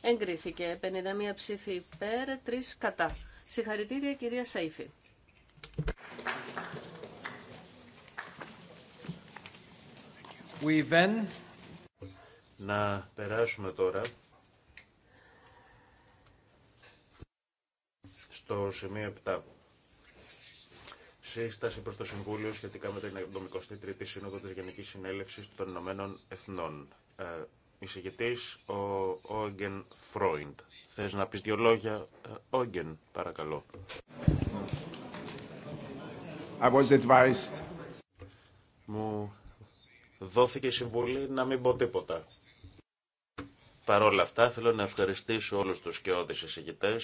Εγκρίθηκε 51 ψήφοι υπέρ, 3 κατά. Συγχαρητήρια κυρία Σαΐφη. We Να περάσουμε τώρα στο σημείο 7 σύσταση προ το Συμβούλιο σχετικά με την 73η Σύνοδο τη Γενική Συνέλευση των Ηνωμένων Εθνών. Ε, Εισηγητή ο Όγκεν Φρόιντ. Θε να πει δύο λόγια, ε, Όγκεν, παρακαλώ. I was advised. Μου δόθηκε η συμβουλή να μην πω τίποτα. Παρ' όλα αυτά θέλω να ευχαριστήσω όλους τους σκιώδεις εισηγητέ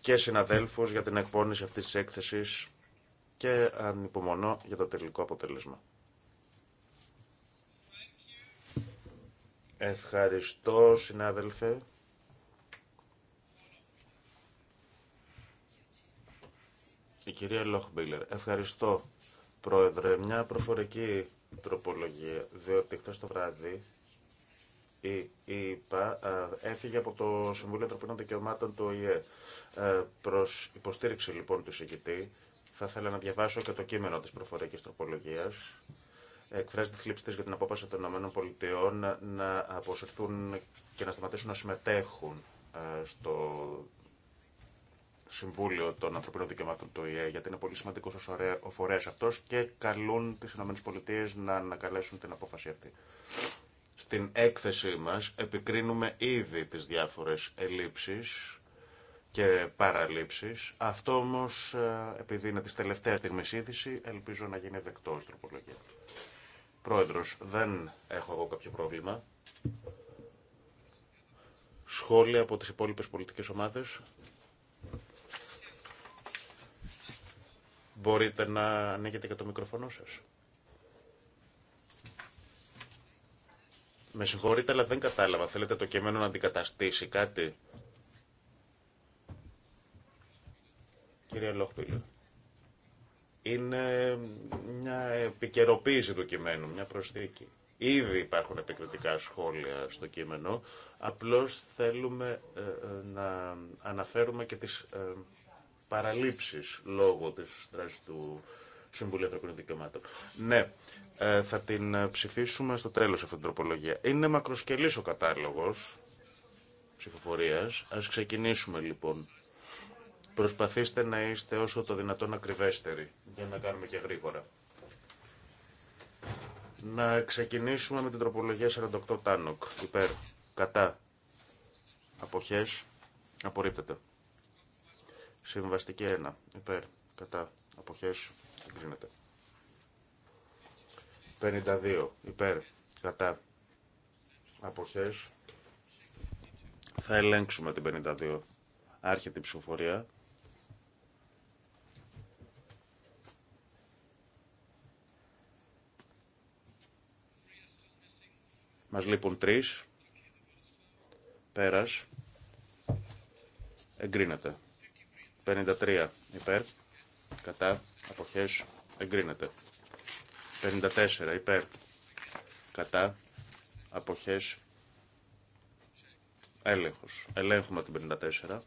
και συναδέλφου για την εκπόνηση αυτή τη έκθεση και ανυπομονώ για το τελικό αποτέλεσμα. Ευχαριστώ συνάδελφε. Η κυρία Λόχμπίλερ. Ευχαριστώ πρόεδρε. Μια προφορική τροπολογία, διότι χθε το βράδυ η ΕΙΠΑ έφυγε από το Συμβούλιο Ανθρωπίνων Δικαιωμάτων του ΟΗΕ ε, προς υποστήριξη λοιπόν του συγκητή θα ήθελα να διαβάσω και το κείμενο της προφορικής τροπολογίας. Εκφράζει τη θλίψη για την απόφαση των ΗΠΑ να αποσυρθούν και να σταματήσουν να συμμετέχουν ε, στο Συμβούλιο των Ανθρωπίνων Δικαιωμάτων του ΙΕ, γιατί είναι πολύ σημαντικό ο φορέα αυτό και καλούν τι ΗΠΑ να ανακαλέσουν την απόφαση αυτή. Στην έκθεσή μα επικρίνουμε ήδη τι διάφορε ελλείψει και παραλήψεις. Αυτό όμως, ε, επειδή είναι της τελευταίας στιγμής είδηση, ελπίζω να γίνει δεκτό τροπολογία. Πρόεδρος, δεν έχω εγώ κάποιο πρόβλημα. Σχόλια από τις υπόλοιπες πολιτικές ομάδες. Μπορείτε να ανοίγετε και το μικροφωνό σας. Με συγχωρείτε, αλλά δεν κατάλαβα. Θέλετε το κείμενο να αντικαταστήσει κάτι κυρία Λόχπιλου. Είναι μια επικαιροποίηση του κειμένου, μια προσθήκη. Ήδη υπάρχουν επικριτικά σχόλια στο κείμενο, απλώς θέλουμε ε, ε, να αναφέρουμε και τις ε, παραλήψεις λόγω της δράσης του Συμβουλίου Ανθρωπίνων Δικαιωμάτων. Ναι, θα την ψηφίσουμε στο τέλος αυτήν την τροπολογία. Είναι μακροσκελής ο κατάλογος ψηφοφορίας. Ας ξεκινήσουμε λοιπόν Προσπαθήστε να είστε όσο το δυνατόν ακριβέστεροι για να κάνουμε και γρήγορα. Να ξεκινήσουμε με την τροπολογία 48 Τάνοκ. Υπέρ, κατά, αποχές, απορρίπτεται. Συμβαστική 1. Υπέρ, κατά, αποχές, εγκρίνεται. 52. Υπέρ, κατά, αποχές. Θα ελέγξουμε την 52. Άρχεται η ψηφοφορία. Μας λείπουν τρεις. Πέρας. Εγκρίνεται. 53 υπέρ. Κατά. Αποχές. Εγκρίνεται. 54 υπέρ. Κατά. Αποχές. Έλεγχος. Ελέγχουμε την 54.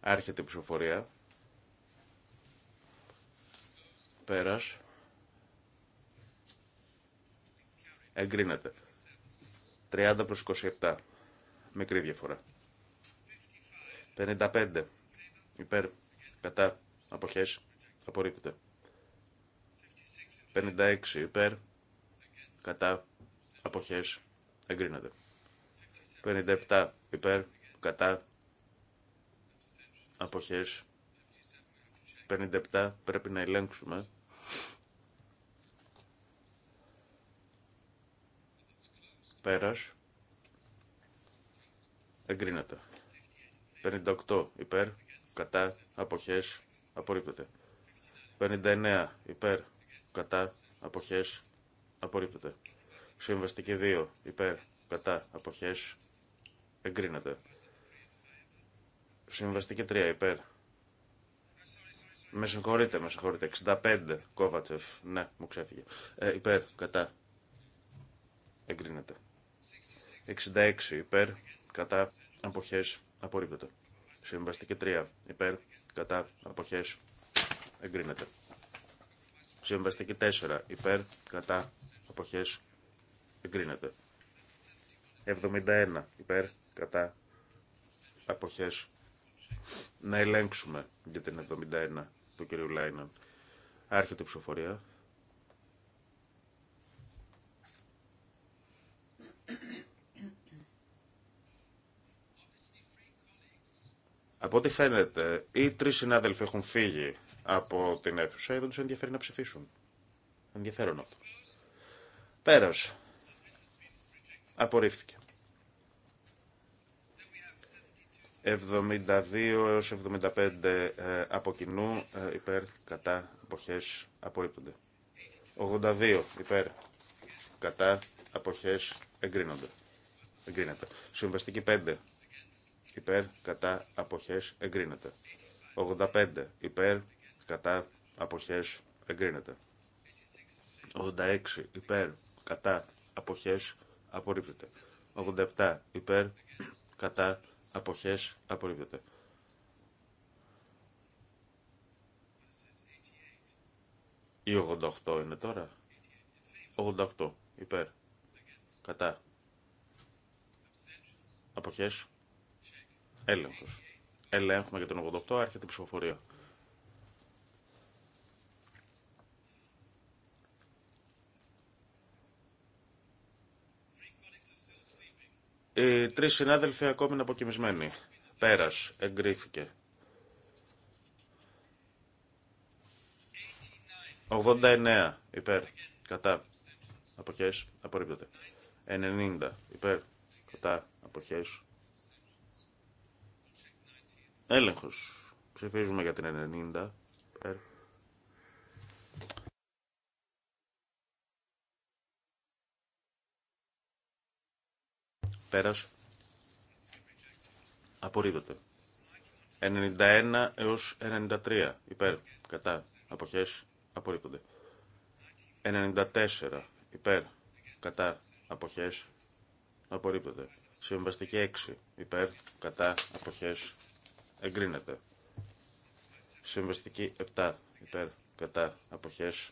Άρχεται η ψηφοφορία. Πέρας. Εγκρίνεται. 30 προς 27. Μικρή διαφορά. 55. Υπέρ. Κατά. Αποχές. Απορρίπτεται. 56. Υπέρ. Κατά. Αποχές. Εγκρίνεται. 57. Υπέρ. Κατά. Αποχές. 57. Πρέπει να ελέγξουμε. Πέρας. Εγκρίνεται. 58 υπέρ. Κατά. Αποχές. Απορρίπτεται. 59 υπέρ. Κατά. Αποχές. Απορρίπτεται. Συμβαστική 2 υπέρ. Κατά. Αποχές. Εγκρίνεται. Συμβαστική 3 υπέρ. Με συγχωρείτε, με συγχωρείτε. 65 Κόβατσεφ. Ναι, μου ξέφυγε. Ε, υπέρ, κατά. Εγκρίνεται. 66 υπέρ, κατά, αποχές, απορρίπτεται. Συμβαστική 3 υπέρ, κατά, αποχές, εγκρίνεται. Συμβαστική 4 υπέρ, κατά, αποχές, εγκρίνεται. 71 υπέρ, κατά, αποχές, να ελέγξουμε για την 71 του κ. Λάιναν. Άρχεται η ψηφοφορία. Από ό,τι φαίνεται, οι τρει συνάδελφοι έχουν φύγει από την αίθουσα ή δεν του ενδιαφέρει να ψηφίσουν. Ενδιαφέρον αυτό. Πέρας. Απορρίφθηκε. 72 έως 75 ε, από κοινού ε, υπέρ, κατά, αποχές, απορρίπτονται. 82 υπέρ, κατά, αποχές, εγκρίνονται. Εγκρίνεται. Συμβαστική 5 υπέρ, κατά, αποχές, εγκρίνεται. 85 υπέρ, κατά, αποχές, εγκρίνεται. 86 υπέρ, κατά, αποχές, απορρίπτεται. 87 υπέρ, κατά, αποχές, απορρίπτεται. 88 είναι τώρα. 88 υπέρ, κατά, αποχές, Έλεγχο. Ελέγχουμε για τον 88, άρχεται η ψηφοφορία. Οι τρει συνάδελφοι ακόμη είναι αποκοιμισμένοι. Πέρας, εγκρίθηκε. 89, υπέρ, κατά, αποχές, απορρίπτεται. 90, υπέρ, κατά, αποχές, Έλεγχος. Ψηφίζουμε για την 90. Ε. Πέρας. Απορρίδεται. 91 έως 93. Υπέρ. Κατά. Αποχές. Απορρίπτονται. 94. Υπέρ. Κατά. Αποχές. Απορρίπτονται. Συμβαστική 6. Υπέρ. Κατά. Αποχές εγκρίνεται. Συμβαστική 7 υπέρ κατά αποχές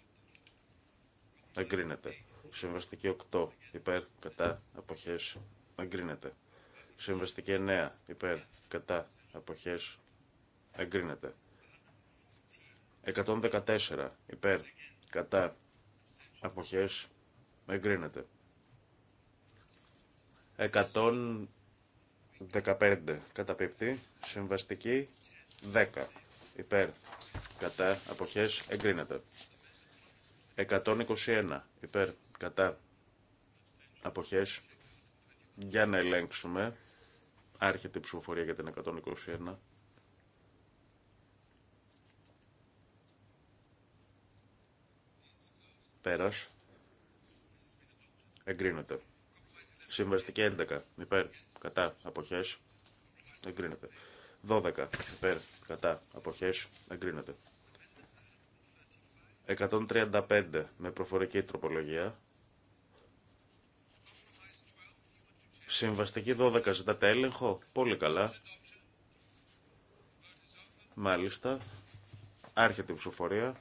εγκρίνεται. Συμβαστική 8 υπέρ κατά αποχές εγκρίνεται. Συμβαστική 9 υπέρ κατά αποχές εγκρίνεται. 114 υπέρ κατά αποχές εγκρίνεται. 15 πίπτη. Συμβαστική 10 υπέρ κατά αποχές εγκρίνεται. 121 υπέρ κατά αποχές για να ελέγξουμε. Άρχεται η ψηφοφορία για την 121. Πέρας. Εγκρίνεται. Συμβαστική 11 υπέρ κατά αποχέ εγκρίνεται. 12 υπέρ κατά αποχέ εγκρίνεται. 135 με προφορική τροπολογία. Συμβαστική 12 ζητάτε έλεγχο. Πολύ καλά. Μάλιστα. Άρχεται η ψηφοφορία.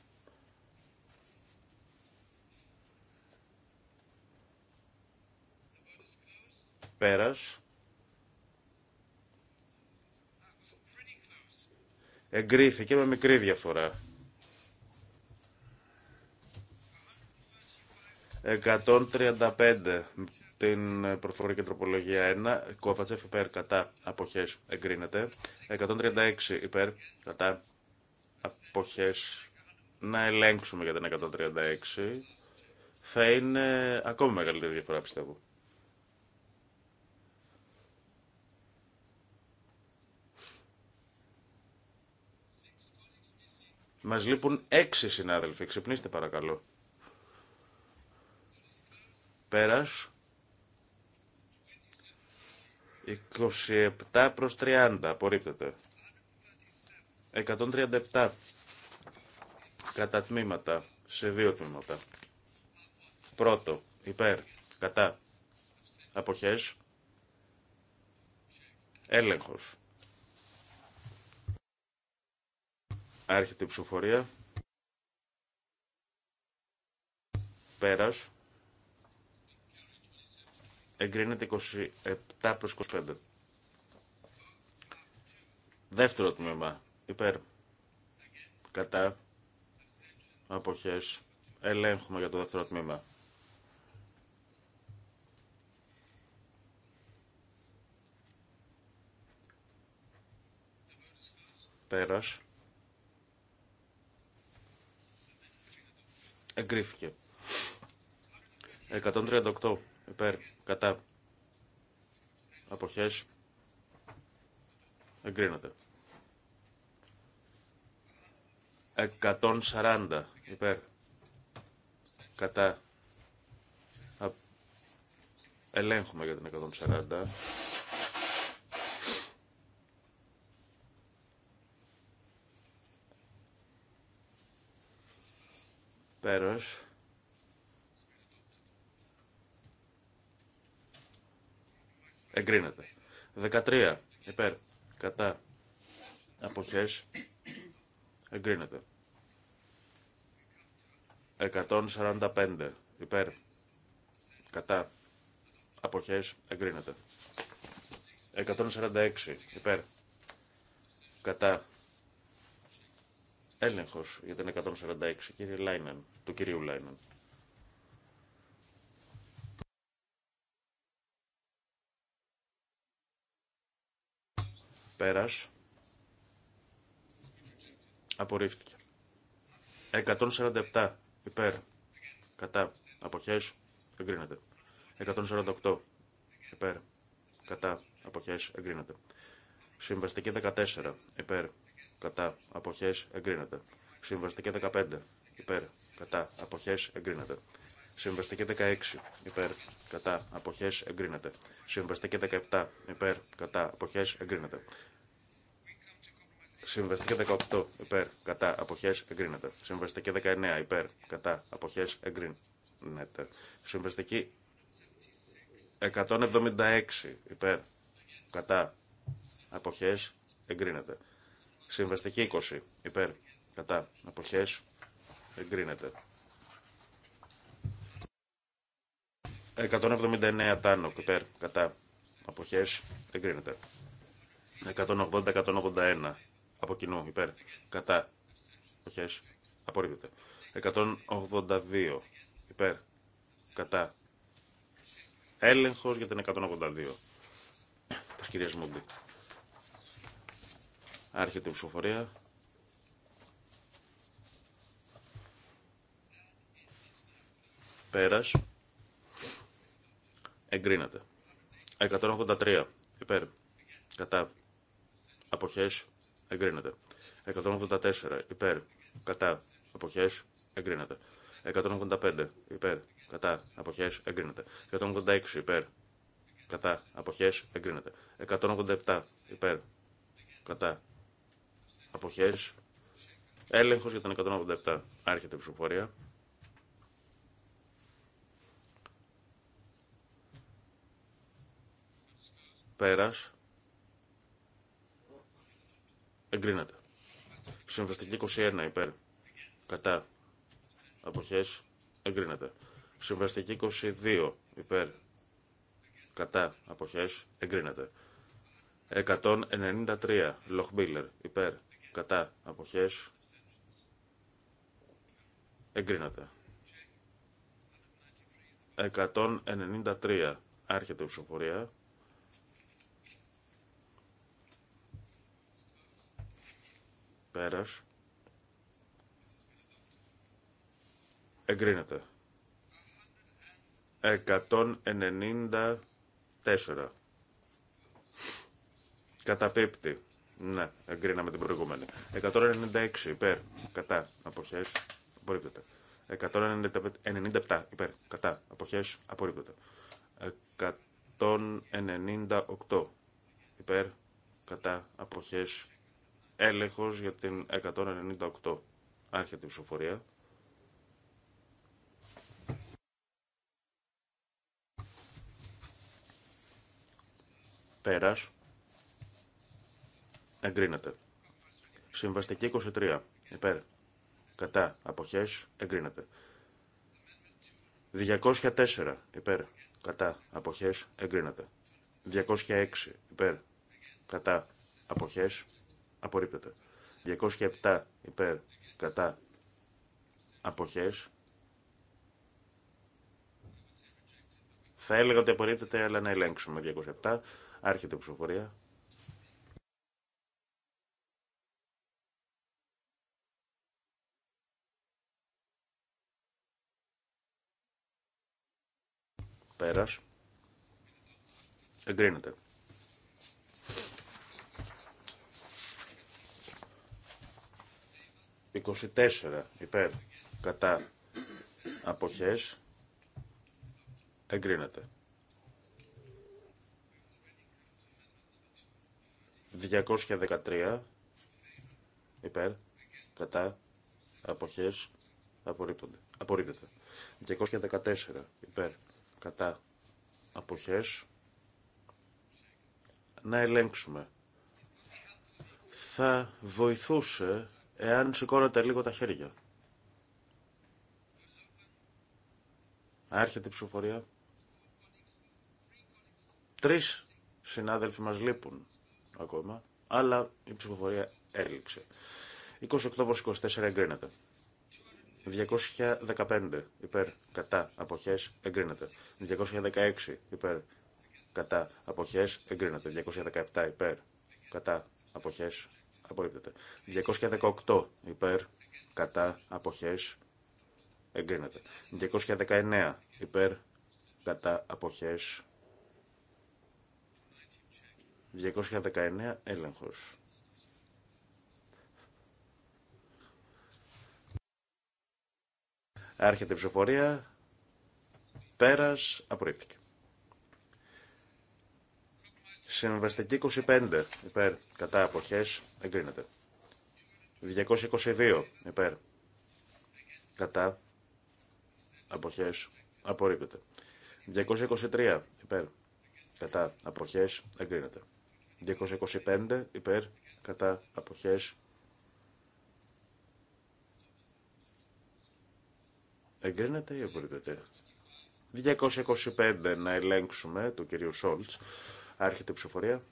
Πέρας. Εγκρίθηκε με μικρή διαφορά. 135 την προφορική τροπολογία 1, Κόφατσεφ υπέρ κατά αποχές εγκρίνεται. 136 υπέρ κατά αποχές να ελέγξουμε για την 136. Θα είναι ακόμη μεγαλύτερη διαφορά πιστεύω. Μας λείπουν έξι συνάδελφοι. Ξυπνήστε παρακαλώ. Πέρας. 27 προς 30. Απορρίπτεται. 137. Κατά τμήματα. Σε δύο τμήματα. Πρώτο. Υπέρ. Κατά. Αποχές. Έλεγχος. Άρχεται η ψηφοφορία. Πέρας. Εγκρίνεται 27 προς 25. Δεύτερο τμήμα. Υπέρ. Κατά. Αποχές. Ελέγχουμε για το δεύτερο τμήμα. Πέρας. Εγκρίθηκε. 138 υπέρ κατά αποχές εγκρίνεται. 140 υπέρ κατά ελέγχουμε για την 140 Πέρος. Εγκρίνεται. 13. Υπέρ. Κατά. Αποχές. Εγκρίνεται. 145. Υπέρ. Κατά. Αποχές. Εγκρίνεται. 146. Υπέρ. Κατά. Έλεγχος για την 146, κύριε Λάινεν του κυρίου Λάινεν. Πέρας. Απορρίφθηκε. 147 υπέρ. Κατά. Αποχές. Εγκρίνεται. 148 υπέρ. Κατά. Αποχές. Εγκρίνεται. Συμβαστική 14 υπέρ κατά αποχές εγκρίνεται. Συμβαστική 15 υπέρ κατά αποχές εγκρίνεται. Συμβαστική 16 υπέρ κατά αποχές εγκρίνεται. Συμβαστική 17 υπέρ κατά αποχές εγκρίνεται. Συμβαστική 18 υπέρ κατά αποχές εγκρίνεται. Συμβαστική 19 υπέρ κατά αποχές εγκρίνεται. Συμβαστική 176 υπέρ κατά αποχές εγκρίνεται. Συμβαστική 20. Υπέρ. Κατά. Αποχές. Εγκρίνεται. 179 Τάνοκ. Υπέρ. Κατά. Αποχές. Εγκρίνεται. 180-181. Από κοινού. Υπέρ. Κατά. Αποχές. Απορρίπτεται. 182. Υπέρ. Κατά. Έλεγχος για την 182. Τα κυρίας Μούντι. Άρχεται η ψηφοφορία. Πέρας. Εγκρίνεται. 183. Υπέρ. Κατά. Αποχές. Εγκρίνεται. 184. Υπέρ. Κατά. Αποχές. Εγκρίνεται. 185. Υπέρ. Κατά. Αποχές. Εγκρίνεται. 186. Υπέρ. Κατά. Αποχές. Εγκρίνεται. 187. Υπέρ. Κατά αποχές, έλεγχος για τον 187, άρχεται η ψηφοφορία. Πέρας, εγκρίνεται. Συμβαστική 21 υπέρ, κατά, αποχές, εγκρίνεται. Συμβαστική 22 υπέρ, κατά, αποχές, εγκρίνεται. 193, Λοχμπίλερ, υπέρ, κατά αποχές εγκρίνεται. 193 άρχεται η ψηφοφορία. Πέρας. Εγκρίνεται. 194. Καταπίπτει. Ναι, εγκρίναμε την προηγούμενη. 196 υπέρ, κατά, αποχές, απορρίπτεται. 197 υπέρ, κατά, αποχές, απορρίπτεται. 198 υπέρ, κατά, αποχές, έλεγχος για την 198. Άρχεται η ψηφοφορία. Πέρας εγκρίνεται. Συμβαστική 23 υπέρ κατά αποχές εγκρίνεται. 204 υπέρ κατά αποχές εγκρίνεται. 206 υπέρ κατά αποχές απορρίπτεται. 207 υπέρ κατά αποχές θα έλεγα ότι απορρίπτεται αλλά να ελέγξουμε 207 άρχεται η ψηφοφορία Πέρας. Εγκρίνεται. «24 υπέρ κατά αποχές εγκρίνεται». «213 υπέρ κατά αποχές απορρίπτεται». «214 υπέρ κατά αποχές να ελέγξουμε. Θα βοηθούσε εάν σηκώνατε λίγο τα χέρια. Άρχεται η ψηφοφορία. Τρεις συνάδελφοι μας λείπουν ακόμα, αλλά η ψηφοφορία έληξε. 28 προς 24 εγκρίνεται. 215 υπέρ κατά αποχές εγκρίνεται. 216 υπέρ κατά αποχές εγκρίνεται. 217 υπέρ κατά αποχές απορρίπτεται. 218 υπέρ κατά αποχές εγκρίνεται. 219 υπέρ κατά αποχές 219 έλεγχος. Άρχεται η ψηφοφορία. Πέρας. Απορρίφθηκε. Συμβαστική 25. Υπέρ. Κατά αποχές. Εγκρίνεται. 222. Υπέρ. Κατά. Αποχές. Απορρίπτεται. 223. Υπέρ. Κατά. Αποχές. Εγκρίνεται. 225. Υπέρ. Κατά. Αποχές. Εγκρίνεται ή απορρίπτεται. 225 να ελέγξουμε του κυρίου Σόλτς. Άρχεται η ψηφοφορία.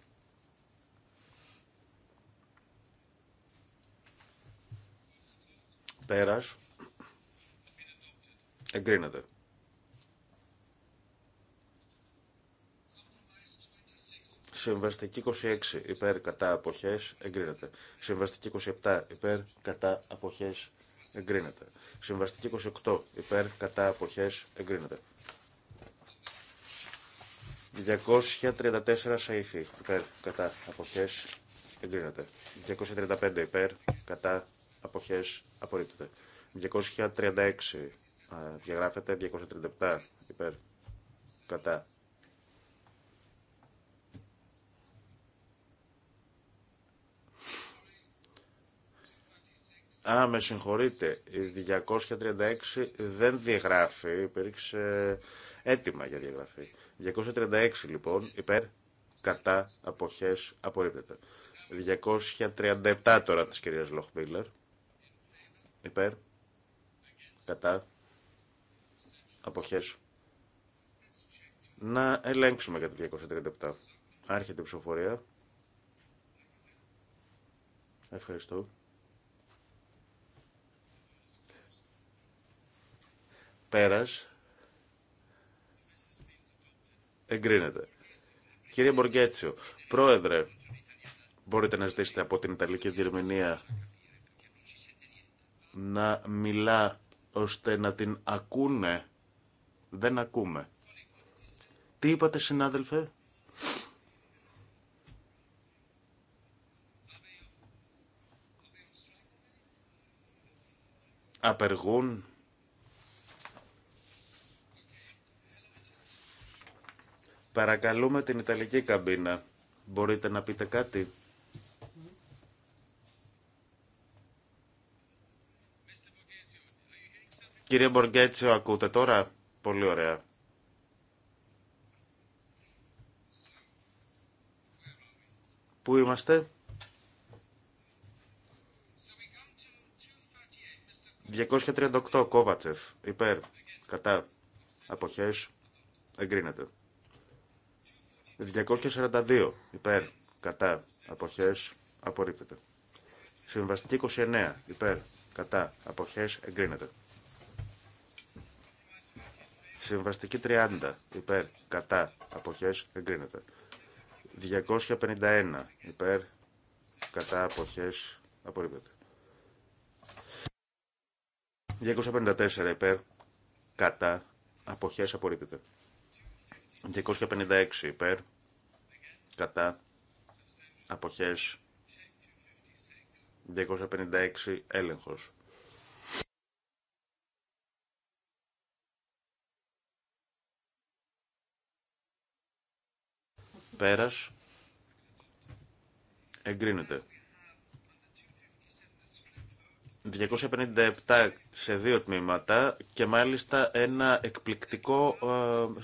Πέρας. Εγκρίνεται. Συμβαστική 26 υπέρ κατά αποχές εγκρίνεται. Συμβαστική 27 υπέρ κατά αποχές εγκρίνεται. Συμβαστική 28 υπέρ κατά αποχές εγκρίνεται. 234 σαϊφή υπέρ κατά αποχές εγκρίνεται. 235 υπέρ κατά αποχές απορρίπτεται. 236 διαγράφεται. 237 υπέρ κατά Α, με συγχωρείτε, η 236 δεν διαγράφει, υπήρξε έτοιμα για διαγραφή. 236 λοιπόν, υπέρ, κατά, αποχές, απορρίπτεται. 237 τώρα της κυρίας Λοχμπίλερ, υπέρ, κατά, αποχές. Να ελέγξουμε για τη 237. Άρχεται η ψηφοφορία. Ευχαριστώ. Πέρας. Εγκρίνεται. Κύριε Μποργέτσιο, πρόεδρε, μπορείτε να ζητήσετε από την Ιταλική Διερμηνία να μιλά ώστε να την ακούνε. Δεν ακούμε. Τι είπατε συνάδελφε? Απεργούν Παρακαλούμε την Ιταλική καμπίνα. Μπορείτε να πείτε κάτι. Κύριε Μποργκέτσιο, ακούτε τώρα. Πολύ ωραία. Πού είμαστε? 238 Κόβατσεφ. Υπέρ. Κατά. Αποχές. Εγκρίνεται. 242 υπέρ κατά αποχές απορρίπτεται. Συμβαστική 29 υπέρ κατά αποχές εγκρίνεται. Συμβαστική 30 υπέρ κατά αποχές εγκρίνεται. 251 υπέρ κατά αποχές απορρίπτεται. 254 υπέρ κατά αποχές απορρίπτεται. 256 υπέρ, κατά, αποχές, 256 έλεγχος. Πέρας, εγκρίνεται. 257 σε δύο τμήματα και μάλιστα ένα εκπληκτικό ε,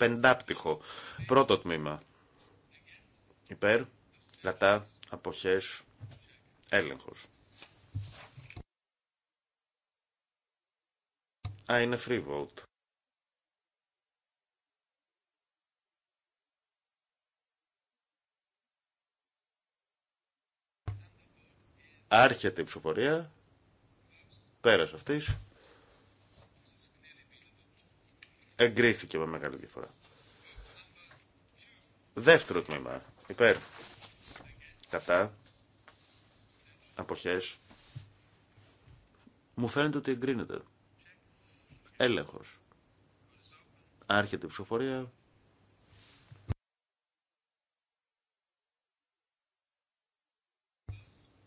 πεντάπτυχο. Πρώτο τμήμα. Υπέρ, κατά, αποχές, έλεγχος. Α, είναι free vote. Άρχεται η ψηφοφορία. Πέρας αυτής. Εγκρίθηκε με μεγάλη διαφορά. Δεύτερο τμήμα. Υπέρ. Κατά. Αποχές. Μου φαίνεται ότι εγκρίνεται. Έλεγχος. Άρχεται η ψηφοφορία.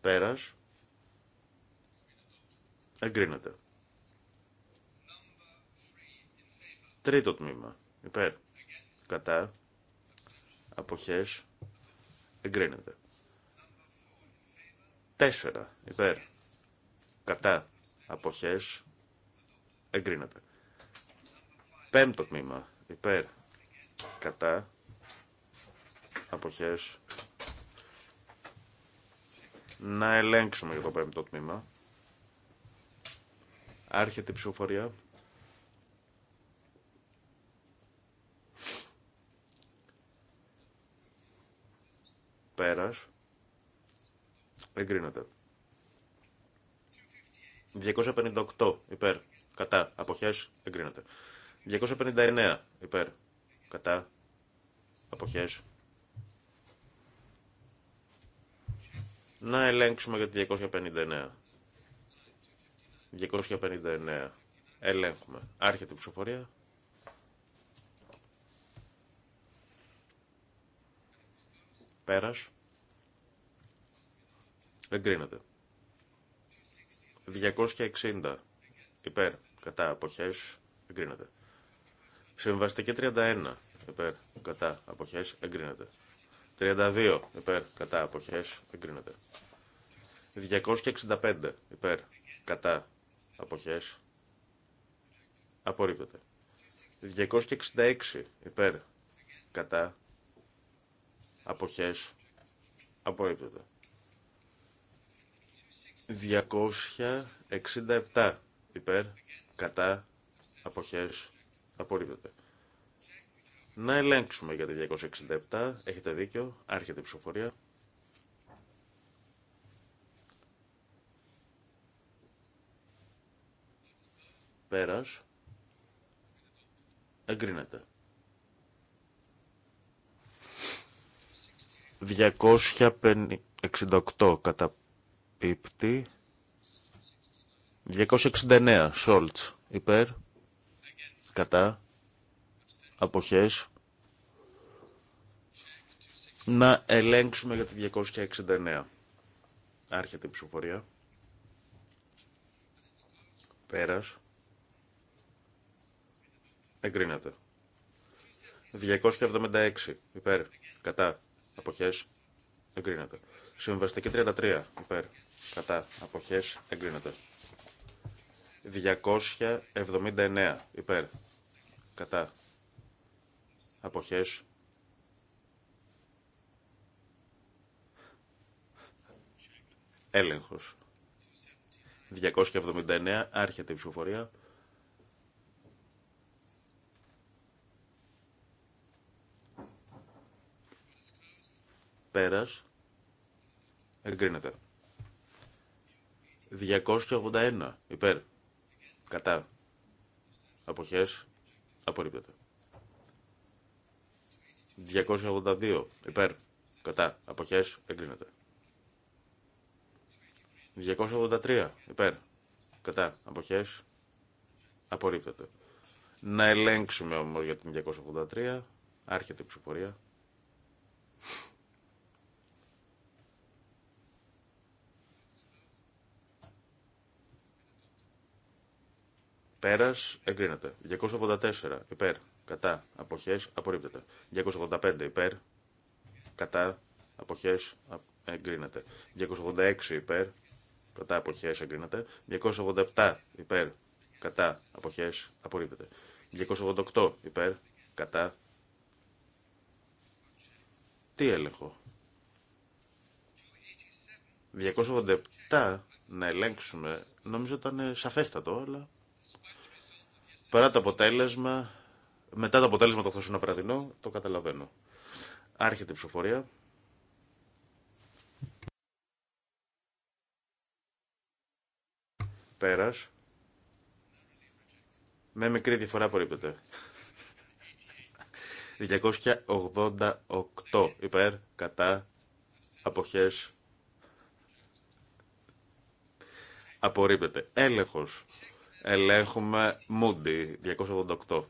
Πέρας. Εγκρίνεται. Τρίτο τμήμα. Υπέρ. Κατά. Αποχές. Εγκρίνεται. Τέσσερα. Υπέρ. Κατά. Αποχές. Εγκρίνεται. Πέμπτο τμήμα. Υπέρ. Κατά. Αποχές. Να ελέγξουμε για το πέμπτο τμήμα. Άρχεται η ψηφοφορία. πέρας εγκρίνεται. 258 υπέρ, κατά, αποχές, εγκρίνεται. 259 υπέρ, κατά, αποχές. Να ελέγξουμε για τη 259. 259. Ελέγχουμε. Άρχεται η ψηφοφορία. Πέρας. Εγκρίνεται. 260 υπέρ κατά αποχές. Εγκρίνεται. Συμβαστική 31 υπέρ κατά αποχές. Εγκρίνεται. 32 υπέρ κατά αποχές. Εγκρίνεται. 265 υπέρ κατά αποχές. Απορρίπτεται. 266 υπέρ κατά αποχές απορρίπτεται. 267 υπέρ, κατά, αποχές, απορρίπτεται. Να ελέγξουμε για τη 267, έχετε δίκιο, άρχεται η ψηφοφορία. Πέρας, εγκρίνεται. 268 κατά Καταπίπτει. 269. σόλτ. Υπέρ. Κατά. Αποχές. Να ελέγξουμε για τη 269. Άρχεται η ψηφοφορία. Πέρας. Εγκρίνεται. 276. Υπέρ. Κατά. Αποχές. Εγκρίνεται. Συμβαστική 33. Υπέρ κατά αποχές εγκρίνεται. 279 υπέρ κατά αποχές έλεγχος 279 άρχεται η ψηφοφορία πέρας εγκρίνεται 281 υπέρ. Κατά. Αποχές. Απορρίπτεται. 282 υπέρ. Κατά. Αποχές. Εγκρίνεται. 283 υπέρ. Κατά. Αποχές. Απορρίπτεται. Να ελέγξουμε όμως για την 283. Άρχεται η ψηφορία. Πέρας εγκρίνεται. 284 υπέρ. Κατά. αποχέ, Απορρίπτεται. 285 υπέρ. Κατά. αποχέ, Εγκρίνεται. 286 υπέρ. Κατά. αποχέ, Εγκρίνεται. 287 υπέρ. Κατά. αποχέ, Απορρίπτεται. 288 υπέρ. Κατά. Τι έλεγχο. 287 να ελέγξουμε. Νομίζω ήταν σαφέστατο, αλλά Παρά το αποτέλεσμα, μετά το αποτέλεσμα το χθεσινό βραδινό, το καταλαβαίνω. Άρχεται η ψηφοφορία. Πέρας. Με μικρή διαφορά απορρίπτεται. 288 υπέρ, κατά, αποχές. Απορρίπτεται. Έλεγχος. Ελέγχουμε Moody 288.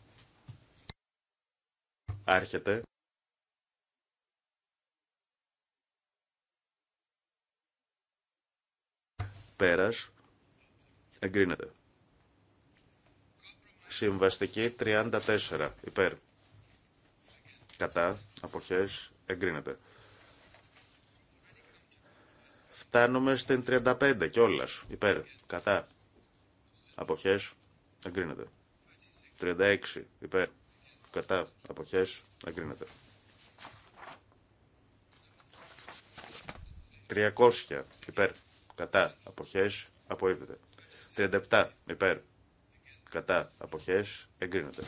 Άρχεται. Πέρας. Εγκρίνεται. Συμβαστική 34. Υπέρ. Κατά. Αποχές. Εγκρίνεται. Φτάνουμε στην 35 κιόλας. Υπέρ. Κατά αποχές εγκρίνεται. 36 υπέρ κατά αποχές εγκρίνεται. 300 υπέρ κατά αποχές απορρίπτεται. 37 υπέρ κατά αποχές εγκρίνεται.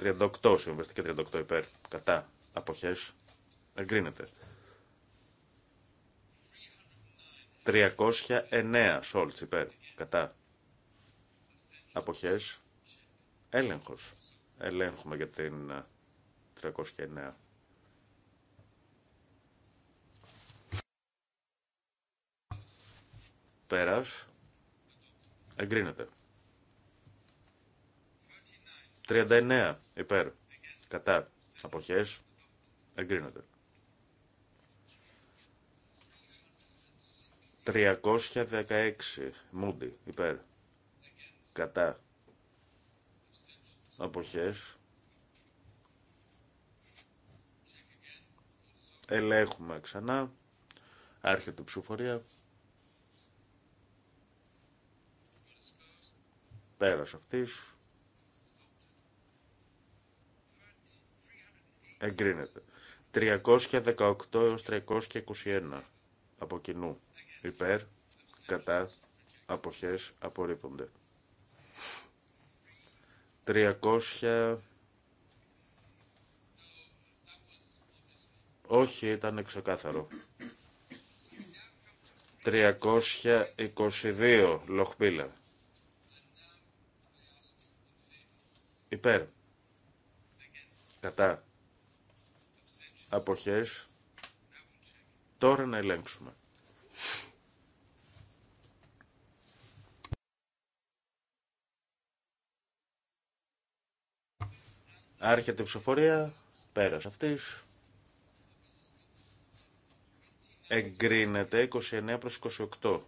38 συμβαστική 38 υπέρ κατά αποχές εγκρίνεται. 309 σόλτ υπέρ Κατά. Αποχές. Έλεγχος. Ελέγχουμε για την 309. Ε, Πέρας. Εγκρίνεται. 39 υπέρ. Κατά. Αποχές. Εγκρίνεται. 316 μούντι υπέρ κατά αποχές ελέγχουμε ξανά άρχεται η ψηφοφορία πέρας αυτής εγκρίνεται 318 έως 321 από κοινού υπέρ, κατά, αποχές, Απορρίπονται. 300... Όχι, ήταν ξεκάθαρο. 322 λοχπίλα. Υπέρ. Κατά. Αποχές. Τώρα να ελέγξουμε. Άρχεται η ψηφοφορία. Πέρας αυτής. Εγκρίνεται 29 προς 28.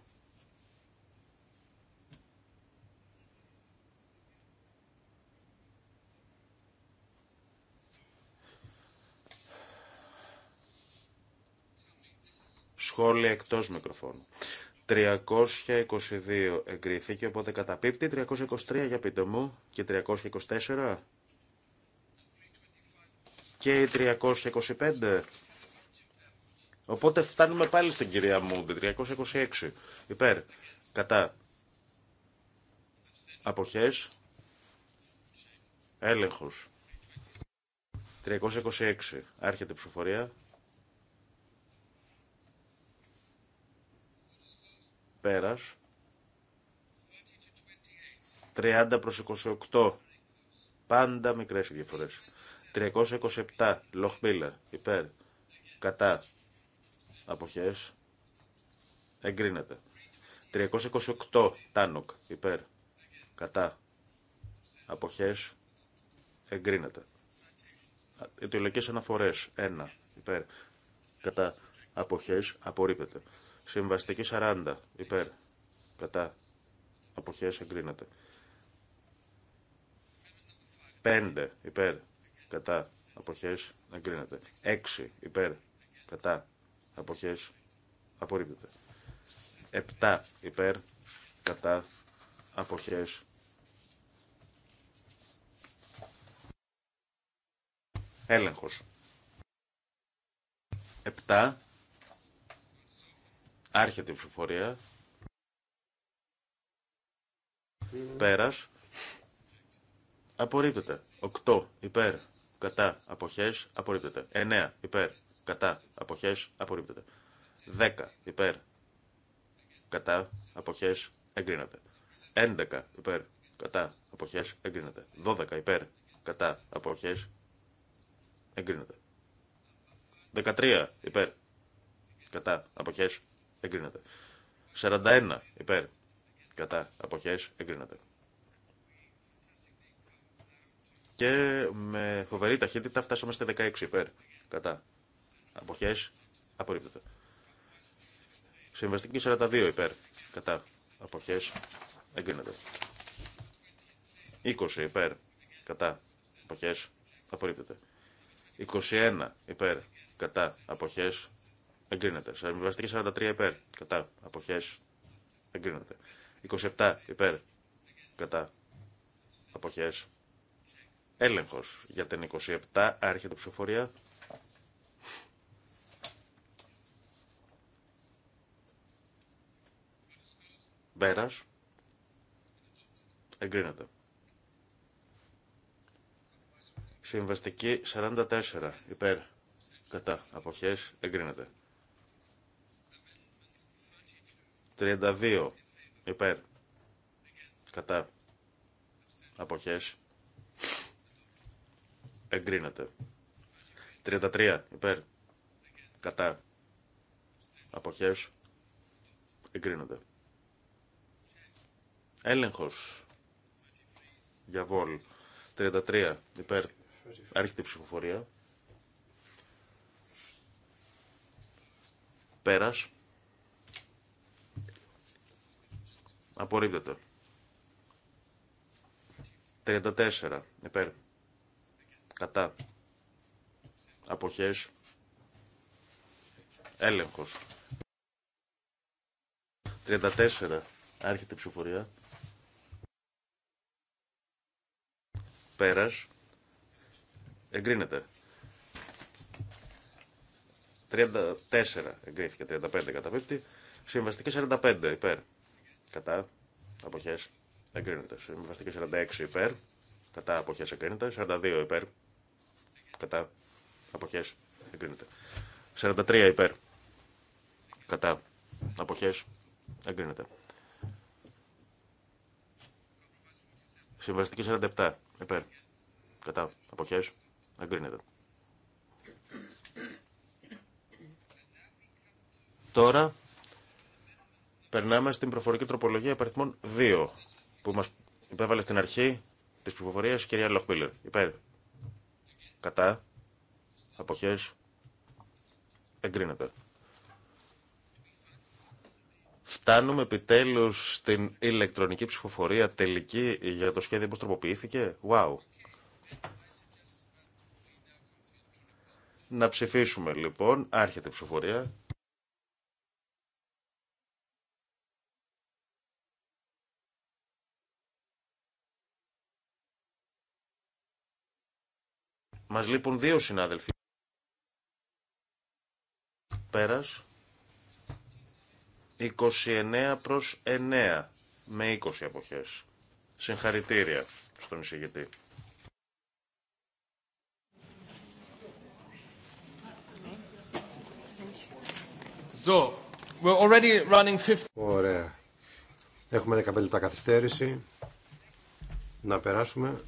Σχόλια εκτός μικροφώνου. 322 εγκρίθηκε, οπότε καταπίπτει. 323 για πείτε μου και 324 και 325. Οπότε φτάνουμε πάλι στην κυρία Μούντε. 326. Υπέρ, κατά. Αποχές. Έλεγχος. 326. Άρχεται η ψηφοφορία. Πέρας. 30 προς 28. Πάντα μικρές οι διαφορές. 327 Λοχμπίλερ υπέρ κατά αποχές εγκρίνεται 328 Τάνοκ υπέρ κατά αποχές εγκρίνεται αιτιολογικές αναφορές 1 υπέρ κατά αποχές απορρίπτεται συμβαστική 40 υπέρ κατά αποχές εγκρίνεται 5 υπέρ κατά, αποχές, εγκρίνεται. 6 υπέρ, κατά, αποχές, απορρίπτεται. 7 υπέρ, κατά, αποχές, έλεγχος. 7 άρχεται η ψηφορία. Πέρας. Απορρίπτεται. 8. Υπέρ κατά αποχές απορρίπτεται. 9 υπέρ κατά αποχές απορρίπτεται. 10 υπέρ κατά αποχές εγκρίνεται. 11 υπέρ κατά αποχές εγκρίνεται. 12 υπέρ κατά αποχές εγκρίνεται. 13 υπέρ κατά αποχές εγκρίνεται. 41 υπέρ κατά αποχές εγκρίνεται. και με φοβερή ταχύτητα φτάσαμε στα 16 υπέρ. Κατά. Αποχέ, Απορρίπτεται. Συμβαστική 42 υπέρ. Κατά. Αποχές. Εγκρίνεται. 20 υπέρ. Κατά. Αποχέ, Απορρίπτεται. 21 υπέρ. Κατά. Αποχές. Εγκρίνεται. Συμβαστική 43 υπέρ. Κατά. αποχέ. Εγκρίνεται. 27 υπέρ. Κατά. Αποχές. Έλεγχος για την 27 άρχεται ψηφοφορία. Πέρας. Εγκρίνεται. Συμβαστική 44 υπέρ κατά αποχές εγκρίνεται. 32 υπέρ κατά αποχές Εγκρίνεται. 33 υπέρ. Κατά. Αποχές. Εγκρίνονται. Έλεγχος. Για βόλ. 33 υπέρ. Έρχεται η ψηφοφορία. Πέρας. Απορρίπτεται. 34 υπέρ. Κατά. Αποχές. Έλεγχος. 34. Άρχεται η ψηφοφορία. Πέρας. Εγκρίνεται. 34 εγκρίθηκε, 35 καταπίπτει. Συμβαστική 45 υπέρ. Κατά. Αποχές. Εγκρίνεται. Συμβαστική 46 υπέρ. Κατά αποχές εγκρίνεται. 42 υπέρ. Κατά. Αποχές. Εγκρίνεται. 43 υπέρ. Κατά. Αποχές. Εγκρίνεται. Συμβαστική 47 υπέρ. Κατά. Αποχές. Εγκρίνεται. Τώρα περνάμε στην προφορική τροπολογία υπαριθμών 2 που μας υπέβαλε στην αρχή της ψηφοφορίας η κυρία Λοχπίλερ. Υπέρ. Κατά. Αποχές. Εγκρίνεται. Φτάνουμε επιτέλους στην ηλεκτρονική ψηφοφορία τελική για το σχέδιο που τροποποιήθηκε. Wow. Να ψηφίσουμε λοιπόν. Άρχεται η ψηφοφορία. Μας λείπουν δύο συνάδελφοι. Πέρας. 29 προς 9 με 20 αποχές Συγχαρητήρια στον εισηγητή. So, we're already running 50... Ωραία. Έχουμε 15 λεπτά καθυστέρηση. Να περάσουμε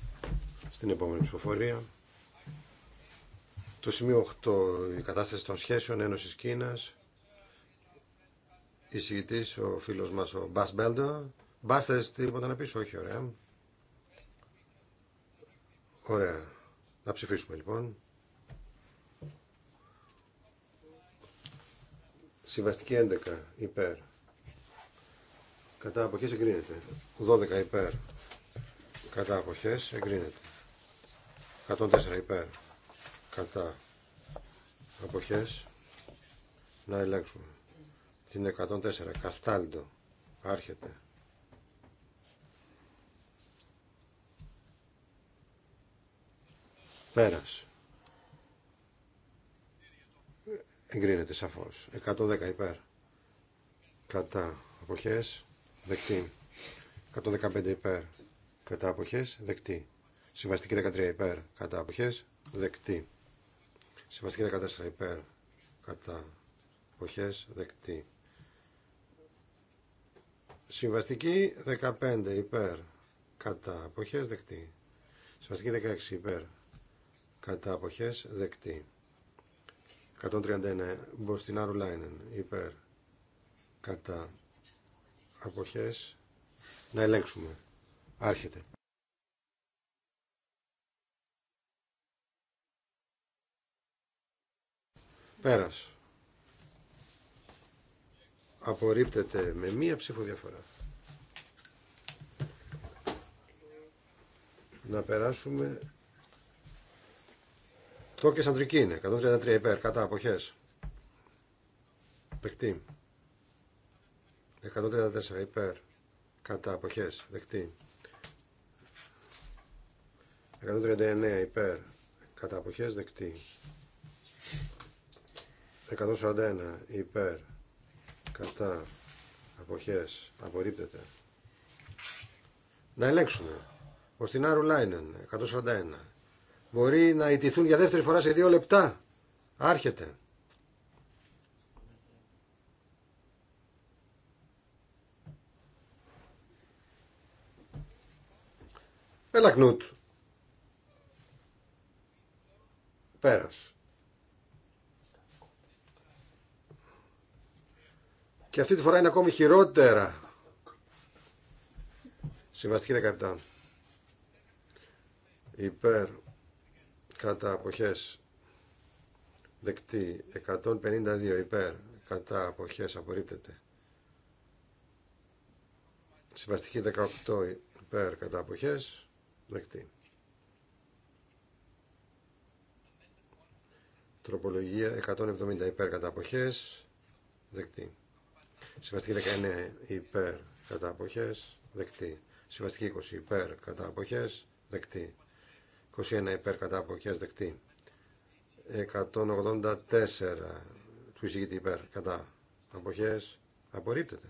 στην επόμενη ψηφοφορία. Το σημείο 8, η κατάσταση των σχέσεων Ένωσης Κίνας. Εισηγητής ο φίλος μας ο Μπάς Μπέλντο. Μπάς θες τίποτα να πεις, όχι ωραία. Ωραία. Να ψηφίσουμε λοιπόν. Συμβαστική 11 υπέρ. Κατά αποχές εγκρίνεται. 12 υπέρ. Κατά αποχές εγκρίνεται. 104 υπέρ κατά αποχές να ελέγξουμε την 104 Καστάλντο άρχεται πέρας εγκρίνεται σαφώς 110 υπέρ κατά αποχές δεκτή 115 υπέρ κατά αποχές δεκτή συμβαστική 13 υπέρ κατά αποχές δεκτή Συμβαστική 14 υπέρ κατά εποχές δεκτή. Συμβαστική 15 υπέρ κατά εποχές δεκτή. Συμβαστική 16 υπέρ κατά εποχές δεκτή. 131. Μποστινάρου Λάινεν υπέρ κατά αποχές να ελέγξουμε. Άρχεται. Πέρας. Απορρίπτεται με μία ψήφο διαφορά. Να περάσουμε... Το και είναι. 133 υπέρ. Κατά αποχές. Δεκτή. 134 υπέρ. Κατά αποχές. Δεκτή. 139 υπέρ. Κατά αποχές. Δεκτή. 141 υπέρ κατά αποχές απορρίπτεται να ελέγξουμε Ο την Άρου Λάινεν 141 μπορεί να ιτηθούν για δεύτερη φορά σε δύο λεπτά άρχεται Έλα Κνούτ. Πέρας. Και αυτή τη φορά είναι ακόμη χειρότερα. Συμβαστική 17. Υπέρ κατά αποχές δεκτή 152 υπέρ κατά αποχές απορρίπτεται. Συμβαστική 18 υπέρ κατά αποχές δεκτή. Τροπολογία 170 υπέρ κατά αποχές δεκτή. Συμβαστική 19 υπέρ κατά αποχές δεκτή. Συμβαστική 20 υπέρ κατά αποχές δεκτή. 21 υπέρ κατά αποχές δεκτή. 184 του εισηγητή υπέρ κατά αποχές απορρίπτεται.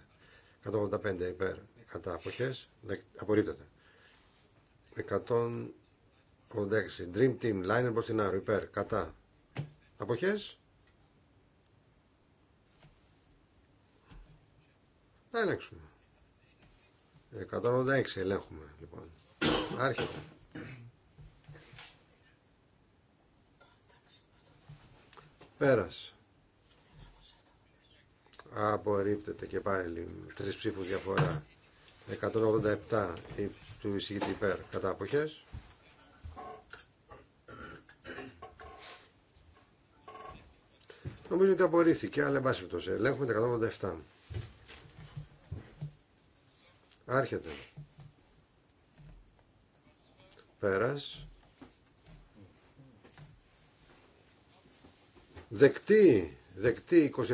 185 υπέρ κατά αποχές απορρίπτεται. 186 Dream Team Liner Bostinaro υπέρ κατά αποχές Θα ελέγξουμε. 186 ε, ελέγχουμε λοιπόν. Άρχεται. Πέρασε. Απορρίπτεται και πάλι τρει ψήφου διαφορά. 187 του εισηγητή υπέρ κατά αποχές. Νομίζω ότι απορρίφθηκε, αλλά εν πάση ελέγχουμε τα 187. Άρχεται. Πέρας. Δεκτή. Δεκτή. 27-26.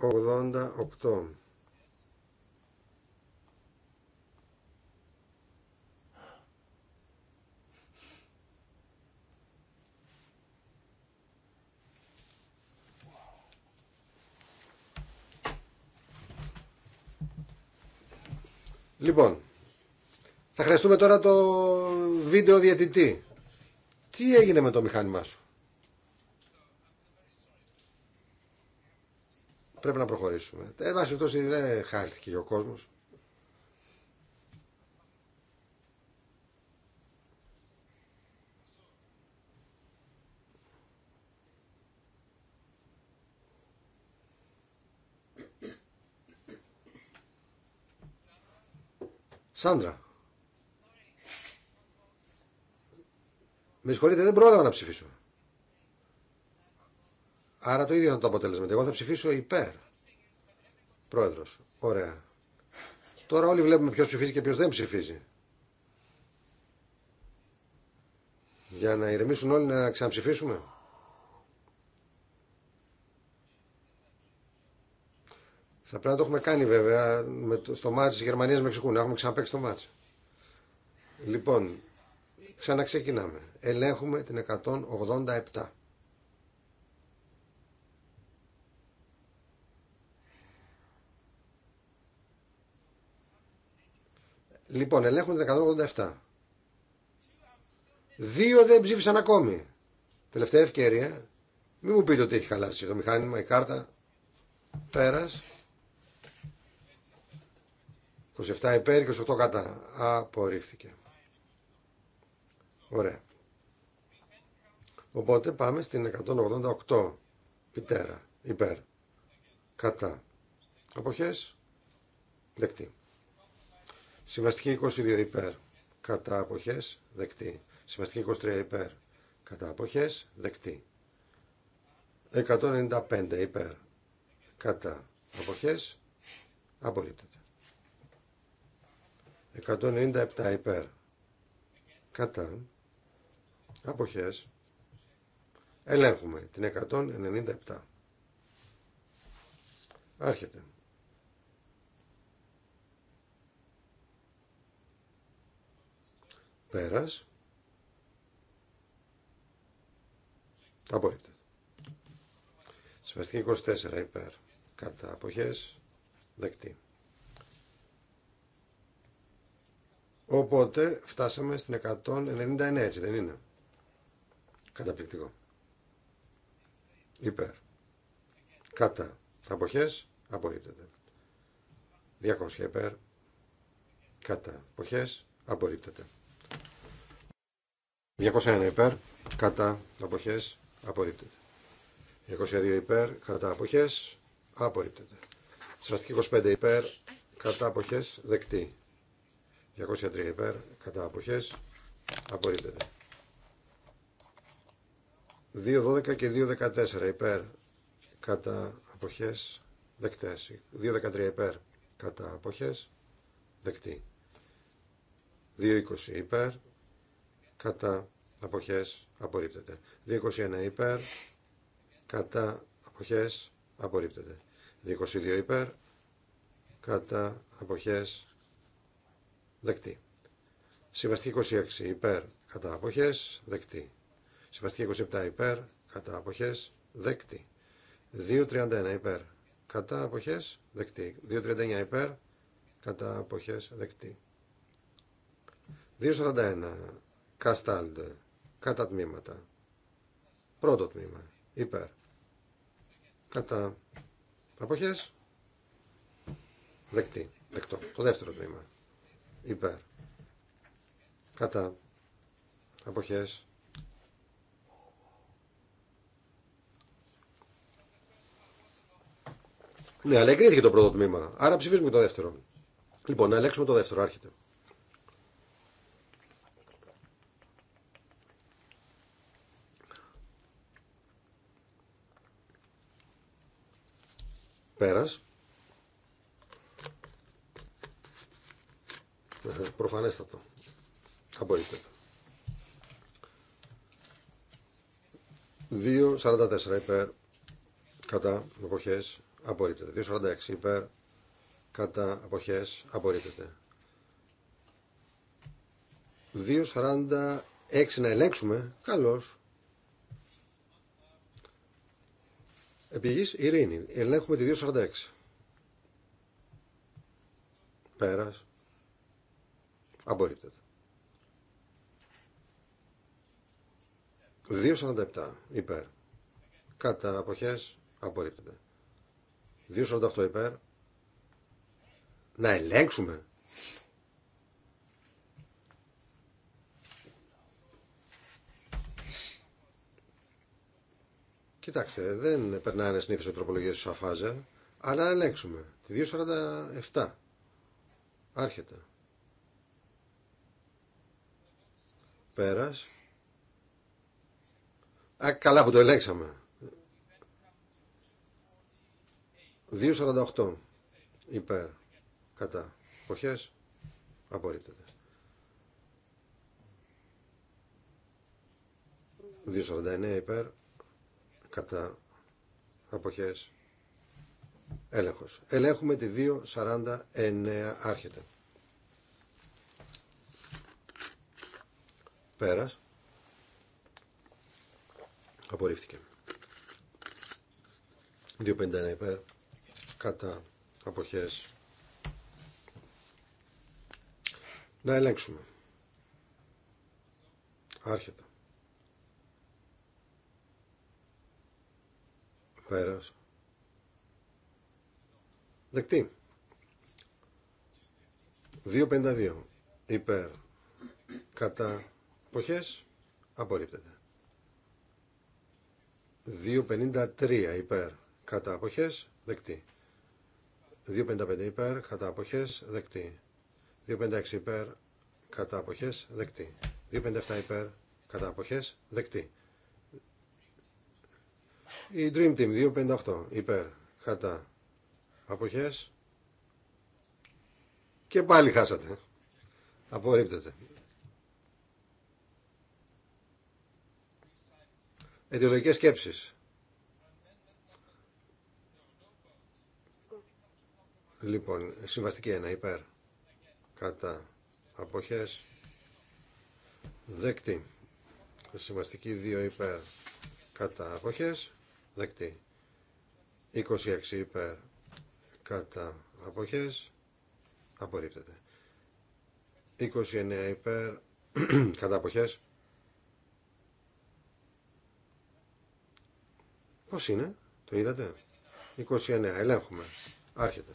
188 Λοιπόν, θα χρειαστούμε τώρα το βίντεο διαιτητή. Τι έγινε με το μηχάνημά σου. Πρέπει να προχωρήσουμε. Ε, βάση δεν χάρηκε ο κόσμος. Σάντρα. Με συγχωρείτε, δεν πρόλαβα να ψηφίσω. Άρα το ίδιο θα το αποτέλεσμα. Εγώ θα ψηφίσω υπέρ. Πρόεδρος. Ωραία. Τώρα όλοι βλέπουμε ποιος ψηφίζει και ποιος δεν ψηφίζει. Για να ηρεμήσουν όλοι να ξαναψηφίσουμε. Θα πρέπει να το έχουμε κάνει βέβαια με το, στο μάτς της Γερμανίας Μεξικού, να έχουμε ξαναπαίξει το μάτς. Λοιπόν, ξαναξεκινάμε. Ελέγχουμε την 187. Λοιπόν, ελέγχουμε την 187. Δύο δεν ψήφισαν ακόμη. Τελευταία ευκαιρία. Μην μου πείτε ότι έχει χαλάσει το μηχάνημα, η κάρτα. Πέρας. 27 υπέρ, 28 κατά. Απορρίφθηκε. Ωραία. Οπότε πάμε στην 188. Πιτέρα. Υπέρ. Κατά. Αποχές. Δεκτή. Συμβαστική 22 υπέρ. Κατά αποχές. Δεκτή. Συμβαστική 23 υπέρ. Κατά αποχές. Δεκτή. 195 υπέρ. Κατά αποχές. Απορρίπτεται. 197 υπέρ. Κατά. Αποχές. Ελέγχουμε την 197. Άρχεται. Πέρας. Απορρίπτεται. Συμβαστική 24 υπέρ. Κατά αποχές. Δεκτή. Οπότε φτάσαμε στην 199, έτσι δεν είναι. Καταπληκτικό. Υπέρ. Κατά. Αποχές. Απορρίπτεται. 200 υπέρ. Κατά. Αποχές. Απορρίπτεται. 201 υπέρ. Κατά. Αποχές. Απορρίπτεται. 202 υπέρ. Κατά. Αποχές. Απορρίπτεται. Σφραστική 25 υπέρ. Κατά. Αποχές. Δεκτή. 203 υπέρ, κατά αποχές, απορρίπτεται. 2.12 και 2.14 υπέρ, κατά αποχές, δεκτές. 2.13 υπέρ, κατά αποχές, δεκτή. 2.20 υπέρ, κατά αποχές, απορρίπτεται. 2.21 υπέρ, κατά αποχές, απορρίπτεται. 2.22 υπέρ, κατά αποχές, δεκτή. Συμβαστική 26 υπέρ κατά αποχές δεκτή. Συμβαστική 27 υπέρ κατά αποχές δεκτή. 2.31 υπέρ κατά αποχές δεκτή. 2.39 υπέρ κατά αποχές δεκτή. 2.41 Καστάλντ κατά τμήματα. Πρώτο τμήμα υπέρ κατά αποχές δεκτή. Δεκτό. Το δεύτερο τμήμα υπέρ κατά αποχές Ναι, αλλά εγκρίθηκε το πρώτο τμήμα. Άρα ψηφίζουμε το δεύτερο. Λοιπόν, να ελέγξουμε το δεύτερο. Άρχεται. Πέρας. Προφανέστατο. Απορρίπτεται. 2.44 υπέρ κατά αποχές απορρίπτεται. 2.46 υπέρ κατά αποχές απορρίπτεται. 2.46 να ελέγξουμε. Καλώς. Επιγής ειρήνη. Ελέγχουμε τη 2.46. Πέρας. Απορρίπτεται. 2.47 υπέρ. Κατά αποχές απορρίπτεται. 2.48 υπέρ. Να ελέγξουμε. Κοιτάξτε, δεν περνάνε συνήθως οι τροπολογίες του Σαφάζερ, αλλά να ελέγξουμε. 2.47. Άρχεται. Πέρας. Α, ε, καλά που το ελέγξαμε. 2.48 υπέρ κατά εποχές απορρίπτεται. 2.49 υπέρ κατά αποχές έλεγχος. Ελέγχουμε τη 2.49 άρχεται. Πέρας. Απορρίφθηκε. 2.51 υπέρ. Κατά αποχές. Να ελέγξουμε. Άρχεται. Πέρας. Δεκτή. 2.52 υπέρ. Κατά εποχές Απορρίπτεται. 2.53 υπέρ. Κατά αποχές. Δεκτή. 2.55 υπέρ. Κατά αποχές. Δεκτή. 2.56 υπέρ. Κατά αποχές. Δεκτή. 2.57 υπέρ. Κατά αποχές. Δεκτή. Η Dream Team 2.58 υπέρ. Κατά αποχές. Και πάλι χάσατε. Απορρίπτεται. Αιτιολογικές σκέψεις. Λοιπόν, συμβαστική 1 υπέρ. Κατά. Αποχές. Δεκτή. Συμβαστική 2 υπέρ. Κατά. Αποχές. Δεκτή. 26 υπέρ. Κατά. Αποχές. Απορρίπτεται. 29 υπέρ. Κατά. Αποχές. Πώς είναι, το είδατε. 29, ελέγχουμε. Άρχεται.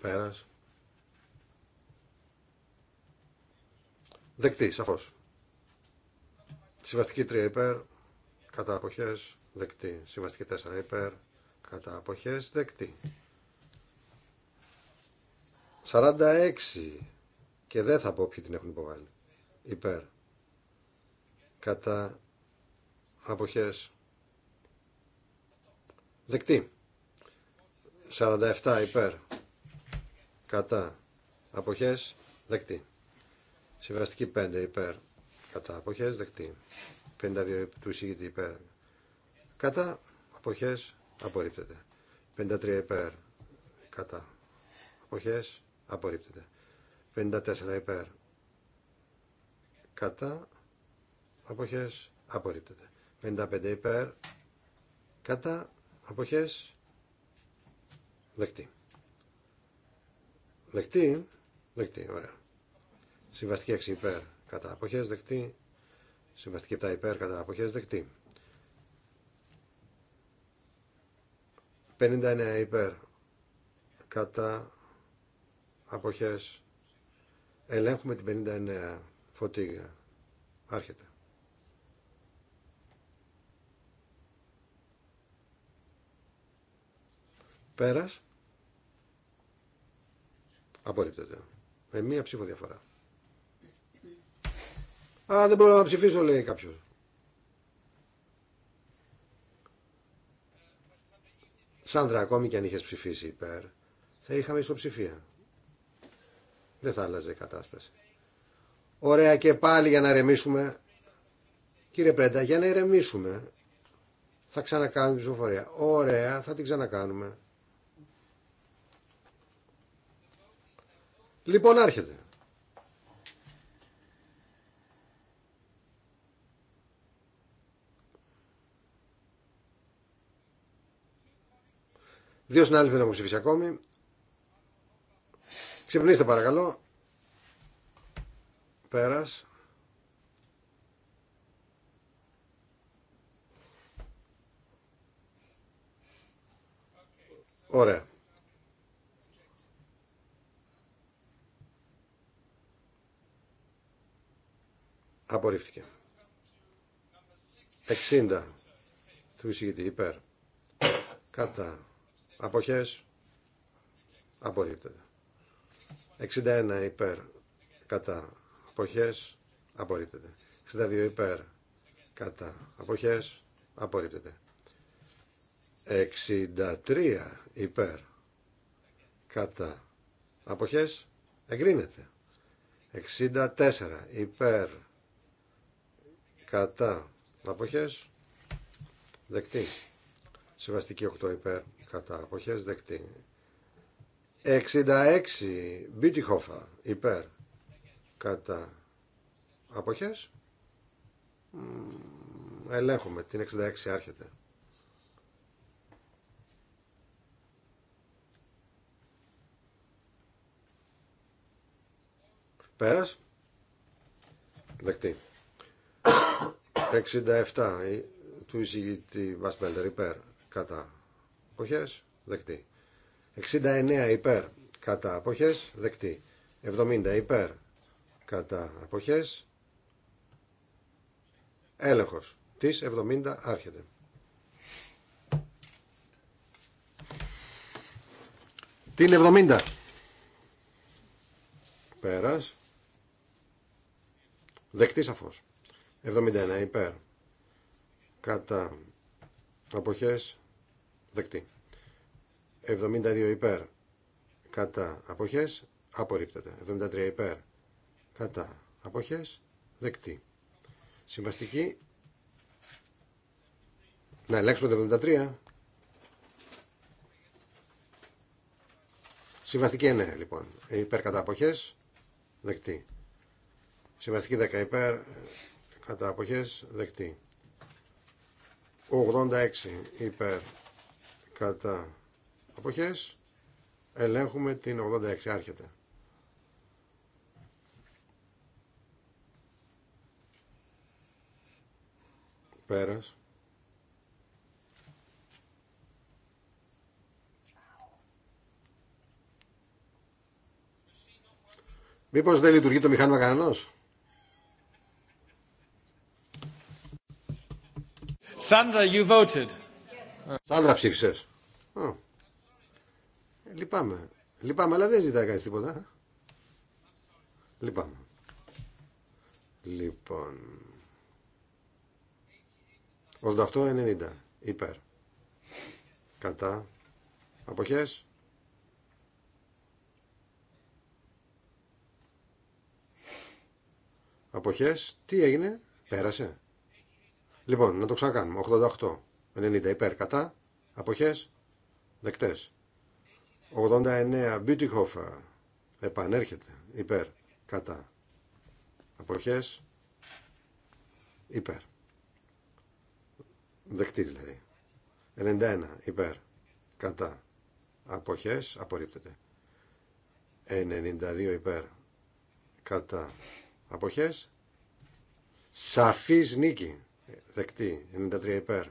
Πέρας. Δεκτή, σαφώς. Συμβαστική 3 υπέρ, κατά αποχές, δεκτή. Συμβαστική 4 υπέρ, κατά αποχές, δεκτή. 46 και δεν θα πω ποιοι την έχουν υποβάλει. Υπέρ κατά αποχές δεκτή 47 υπέρ κατά αποχές δεκτή συμβαστική 5 υπέρ κατά αποχές δεκτή 52 του εισηγητή υπέρ κατά αποχές απορρίπτεται 53 υπέρ κατά αποχές απορρίπτεται 54 υπέρ κατά αποχές απορρίπτεται. 55 υπέρ κατά αποχές δεκτή. Δεκτή, δεκτή, ωραία. Συμβαστική 6 υπέρ κατά αποχές δεκτή. Συμβαστική 7 υπέρ κατά αποχές δεκτή. 59 υπέρ κατά αποχές ελέγχουμε την 59 φωτίγα άρχεται Πέρας. Απορρίπτεται. Με μία ψήφο διαφορά. Α, δεν μπορώ να ψηφίσω, λέει κάποιος. Σάντρα, ακόμη και αν είχε ψηφίσει υπέρ, θα είχαμε ισοψηφία. Δεν θα άλλαζε η κατάσταση. Ωραία και πάλι για να ρεμίσουμε. Κύριε Πρέντα, για να ηρεμήσουμε θα ξανακάνουμε την ψηφοφορία. Ωραία, θα την ξανακάνουμε. Λοιπόν, άρχεται. Δύο συνάδελφοι δεν έχουν ψηφίσει ακόμη. Ξυπνήστε παρακαλώ. Πέρας. Ωραία. Απορρίφθηκε. 60 του εισηγητή υπέρ. Κατά. Αποχές. Απορρίπτεται. 61 υπέρ. Κατά. Αποχές. Απορρίπτεται. 62 υπέρ. Κατά. Αποχές. Απορρίπτεται. 63 υπέρ. Κατά. Αποχές. Εγκρίνεται. 64 υπέρ κατά αποχές δεκτή συμβαστική 8 υπέρ κατά αποχές δεκτή 66 Μπίτιχόφα υπέρ κατά αποχές ελέγχουμε την 66 άρχεται πέρας δεκτή 67 του εισηγητή Βασπέντερ υπέρ κατά αποχές δεκτή 69 υπέρ κατά αποχές δεκτή 70 υπέρ κατά αποχές έλεγχος της 70 άρχεται την 70 πέρας δεκτή σαφώς 71 υπέρ κατά αποχές δεκτή 72 υπέρ κατά αποχές απορρίπτεται 73 υπέρ κατά αποχές δεκτή συμβαστική να ελέγξουμε το 73 Συμβαστική 9 λοιπόν. Υπέρ κατά αποχές, δεκτή. Συμβαστική 10 υπέρ κατά αποχές δεκτή 86 υπέρ κατά αποχές ελέγχουμε την 86 άρχεται πέρας Μήπως δεν λειτουργεί το μηχάνημα κανένας. Σάντρα you voted. Σάντρα ψήφισες. Ε, λυπάμαι. Λυπάμαι, αλλά δεν ζητάει κανείς τίποτα. Λυπάμαι. Λοιπόν. 88-90. Υπέρ. Κατά. Αποχές. Αποχές. Τι έγινε. Πέρασε. Λοιπόν, να το ξανακάνουμε. 88, 90 υπέρ, κατά, αποχές, δεκτές. 89, Beautyhofer, επανέρχεται, υπέρ, κατά, αποχές, υπέρ. Δεκτή δηλαδή. 91, υπέρ, κατά, αποχές, απορρίπτεται. 92 υπέρ, κατά, αποχές, σαφής νίκη δεκτή 93 υπέρ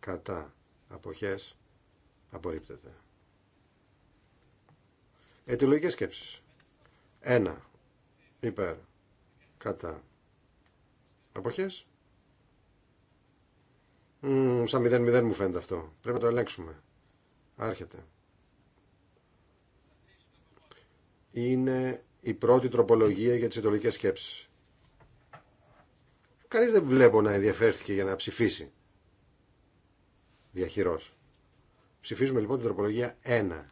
κατά αποχές απορρίπτεται αιτιολογικές σκέψεις 1 υπέρ κατά αποχές σαν 0-0 μου φαίνεται αυτό πρέπει να το ελέγξουμε άρχεται είναι η πρώτη τροπολογία για τις αιτιολογικές σκέψεις Κανεί δεν βλέπω να ενδιαφέρθηκε για να ψηφίσει. Διαχειρό. Ψηφίζουμε λοιπόν την τροπολογία 1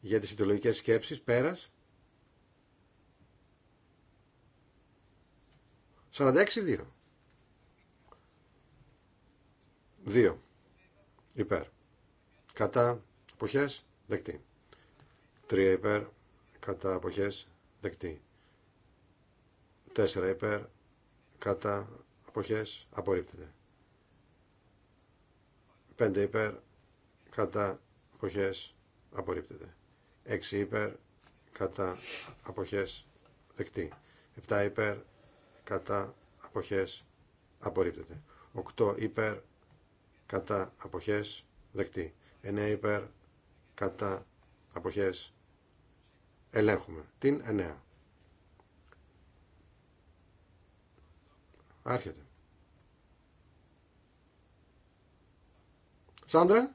για τι ιδεολογικέ σκέψει πέρα. 46-2 2 υπέρ κατά αποχές δεκτή 3 υπέρ κατά αποχές δεκτή 4 υπέρ κατά αποχές απορρίπτεται. 5 υπέρ κατά αποχές απορρίπτεται. 6 υπέρ κατά αποχές δεκτή. 7 υπέρ κατά αποχές απορρίπτεται. 8 υπέρ κατά αποχές δεκτή. 9 υπέρ κατά αποχές ελέγχουμε. Την 9. Άρχεται. Σάντρα.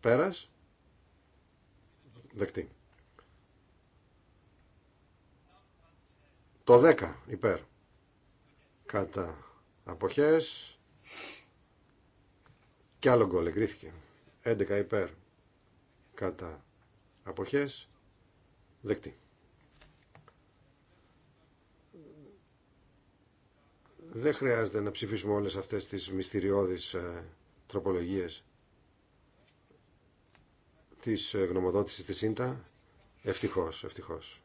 Πέρας. Δεκτή. Το 10 υπέρ. Κατά αποχές. Κι άλλο γκολ εγκρίθηκε. 11 υπέρ. Κατά αποχές. Δεκτή. Δεν χρειάζεται να ψηφίσουμε όλες αυτές τις μυστηριώδεις ε, τροπολογίες της ε, γνωμοδότησης της ΣΥΝΤΑ. Ευτυχώς, ευτυχώς.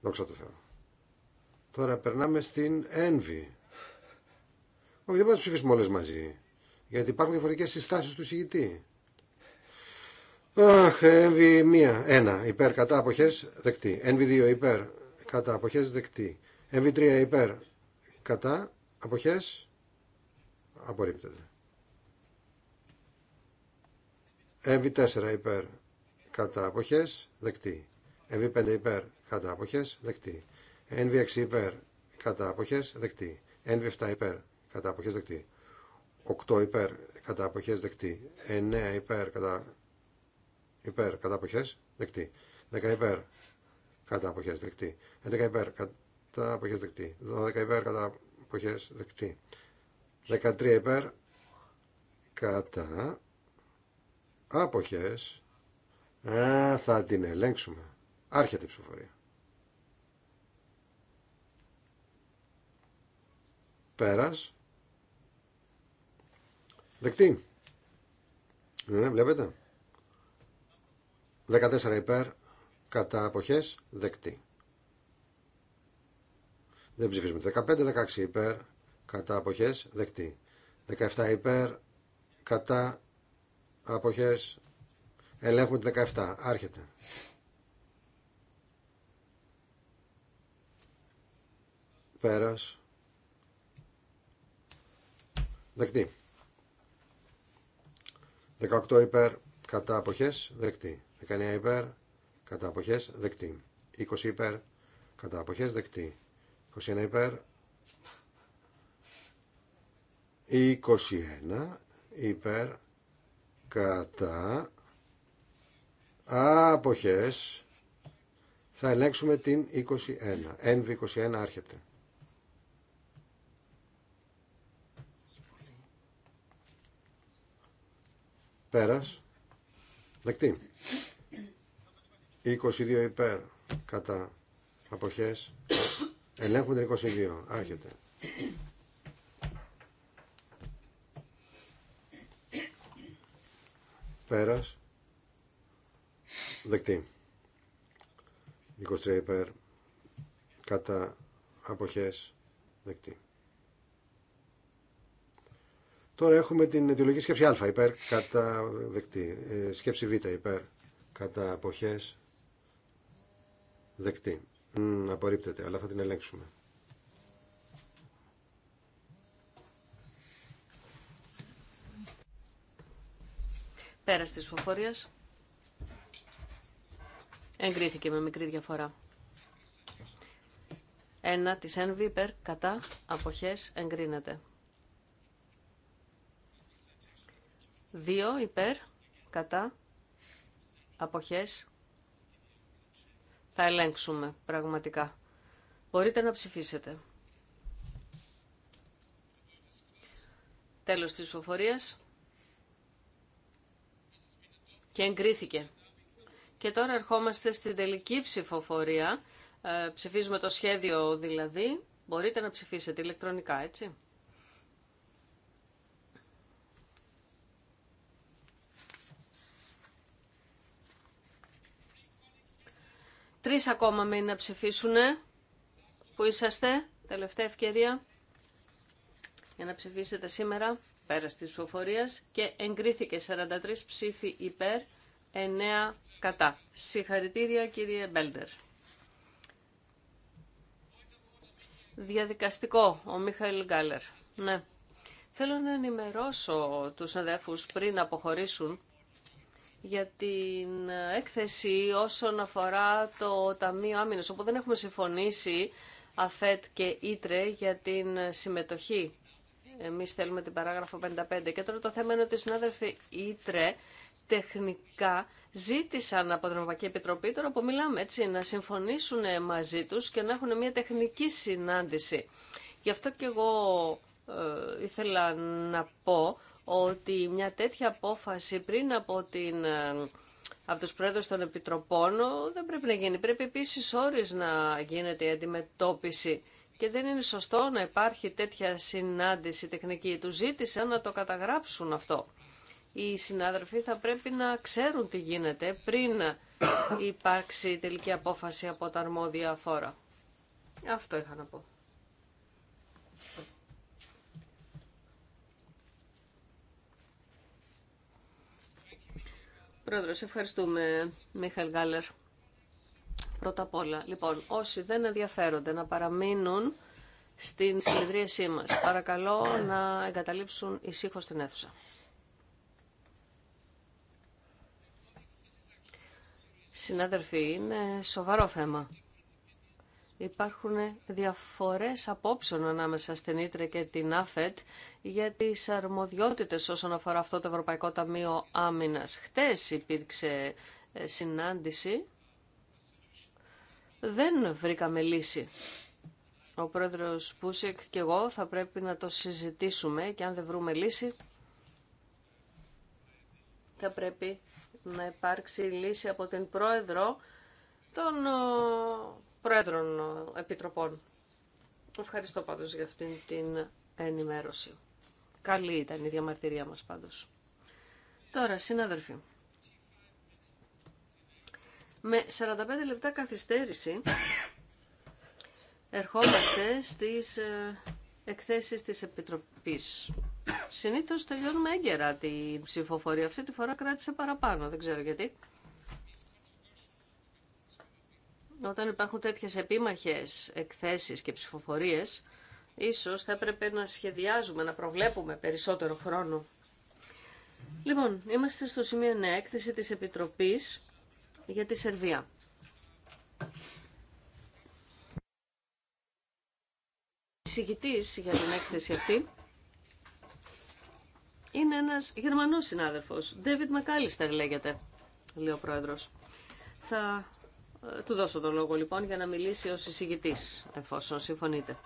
Δόξα τω Θεώ. Τώρα περνάμε στην ένβη. Όχι, δεν μπορούμε να ψηφίσουμε όλες μαζί. Γιατί υπάρχουν διαφορετικές συστάσεις του συγητή. Αχ, ένβη μία, ένα, υπέρ, κατά, αποχές, δεκτή. Ένβη δύο, υπέρ, κατά, αποχές, δεκτή. Ένβη 3 υπέρ, κατά αποχές απορρίπτεται. MV4 υπέρ κατά αποχές δεκτή. MV5 υπέρ κατά αποχές δεκτή. NV6 υπέρ κατά αποχές δεκτή. NV7 υπέρ κατά αποχές δεκτή. 8 υπέρ κατά αποχές δεκτή. 9 υπέρ κατά, υπέρ κατά αποχές δεκτή. 10 υπέρ κατά αποχές δεκτή. 11 υπέρ κατά αποχές δεκτή. 12 υπέρ κατά αποχές δεκτή. 13 υπέρ κατά αποχές ε, θα την ελέγξουμε. Άρχεται η ψηφοφορία. Πέρας. Δεκτή. Ε, βλέπετε. 14 υπέρ κατά αποχές δεκτή. Δεν ψηφίζουμε. 15-16 υπέρ. Κατά αποχές. Δεκτή. 17 υπέρ. Κατά αποχές. Ελέγχουμε τη 17. Άρχεται. Πέρα Δεκτή. 18 υπέρ. Κατά αποχές. Δεκτή. 19 υπέρ. Κατά αποχές. Δεκτή. 20 υπέρ. Κατά αποχές. Δεκτή. 21 υπέρ. 21 υπέρ κατά αποχές θα ελέγξουμε την 21. Ένβη 21 άρχεται. Πέρας. Δεκτή. 22 υπέρ κατά αποχές Ελέγχουμε την 22. Άρχεται. Πέρας. Δεκτή. 23 υπέρ. Κατά αποχές. Δεκτή. Τώρα έχουμε την αιτιολογική σκέψη α υπέρ κατά δεκτή. Ε, σκέψη β υπέρ κατά αποχές δεκτή απορρίπτεται, αλλά θα την ελέγξουμε. Πέρας της φοφορίας. Εγκρίθηκε με μικρή διαφορά. Ένα της ΕΝΒ υπέρ κατά αποχές εγκρίνεται. Δύο υπέρ κατά αποχές θα ελέγξουμε πραγματικά. Μπορείτε να ψηφίσετε. Τέλος της ψηφοφορίας. Και εγκρίθηκε. Και τώρα ερχόμαστε στην τελική ψηφοφορία. Ε, ψηφίζουμε το σχέδιο δηλαδή. Μπορείτε να ψηφίσετε ηλεκτρονικά, έτσι. Τρεις ακόμα μένει να ψηφίσουν. Πού είσαστε, τελευταία ευκαιρία για να ψηφίσετε σήμερα πέρα της ψηφοφορίας και εγκρίθηκε 43 ψήφοι υπέρ, 9 κατά. Συγχαρητήρια κύριε Μπέλντερ. Διαδικαστικό, ο Μίχαηλ Γκάλερ. Ναι. Θέλω να ενημερώσω τους αδέφους πριν αποχωρήσουν για την έκθεση όσον αφορά το Ταμείο Άμυνας, όπου δεν έχουμε συμφωνήσει ΑΦΕΤ και ΙΤΡΕ για την συμμετοχή. Εμείς θέλουμε την παράγραφο 55. Και τώρα το θέμα είναι ότι οι συνάδελφοι ΙΤΡΕ τεχνικά ζήτησαν από την Ευρωπαϊκή Επιτροπή, τώρα που μιλάμε έτσι, να συμφωνήσουν μαζί τους και να έχουν μια τεχνική συνάντηση. Γι' αυτό και εγώ ε, ήθελα να πω ότι μια τέτοια απόφαση πριν από, την, ε, από τους πρόεδρους των επιτροπών δεν πρέπει να γίνει. Πρέπει επίσης όρις να γίνεται η αντιμετώπιση και δεν είναι σωστό να υπάρχει τέτοια συνάντηση τεχνική. Του ζήτησαν να το καταγράψουν αυτό. Οι συνάδελφοι θα πρέπει να ξέρουν τι γίνεται πριν υπάρξει τελική απόφαση από τα αρμόδια φόρα. Αυτό είχα να πω. Πρόεδρος, ευχαριστούμε Μίχαλ Γκάλερ. Πρώτα απ' όλα, λοιπόν, όσοι δεν ενδιαφέρονται να παραμείνουν στην συνεδρίασή μας, παρακαλώ να εγκαταλείψουν ησύχως την αίθουσα. Συνάδελφοι, είναι σοβαρό θέμα. Υπάρχουν διαφορές απόψεων ανάμεσα στην Ήτρε και την ΑΦΕΤ για τις αρμοδιότητες όσον αφορά αυτό το Ευρωπαϊκό Ταμείο Άμυνας. Χτες υπήρξε ε, συνάντηση. Δεν βρήκαμε λύση. Ο πρόεδρος Πούσεκ και εγώ θα πρέπει να το συζητήσουμε και αν δεν βρούμε λύση θα πρέπει να υπάρξει λύση από την πρόεδρο των πρόεδρων επιτροπών. Ευχαριστώ πάντως για αυτήν την ενημέρωση. Καλή ήταν η διαμαρτυρία μας πάντως. Τώρα, συνάδελφοι. Με 45 λεπτά καθυστέρηση ερχόμαστε στις ε, εκθέσεις της Επιτροπής. Συνήθως τελειώνουμε έγκαιρα την ψηφοφορία. Αυτή τη φορά κράτησε παραπάνω, δεν ξέρω γιατί. Όταν υπάρχουν τέτοιες επίμαχες εκθέσεις και ψηφοφορίες, Ίσως θα έπρεπε να σχεδιάζουμε, να προβλέπουμε περισσότερο χρόνο. Λοιπόν, είμαστε στο σημείο 9, έκθεση της Επιτροπής για τη Σερβία. Συγητής για την έκθεση αυτή είναι ένας Γερμανός συνάδελφος, David McAllister λέγεται, λέει ο πρόεδρος. Θα ε, του δώσω τον λόγο λοιπόν για να μιλήσει ως εισηγητής, εφόσον συμφωνείτε.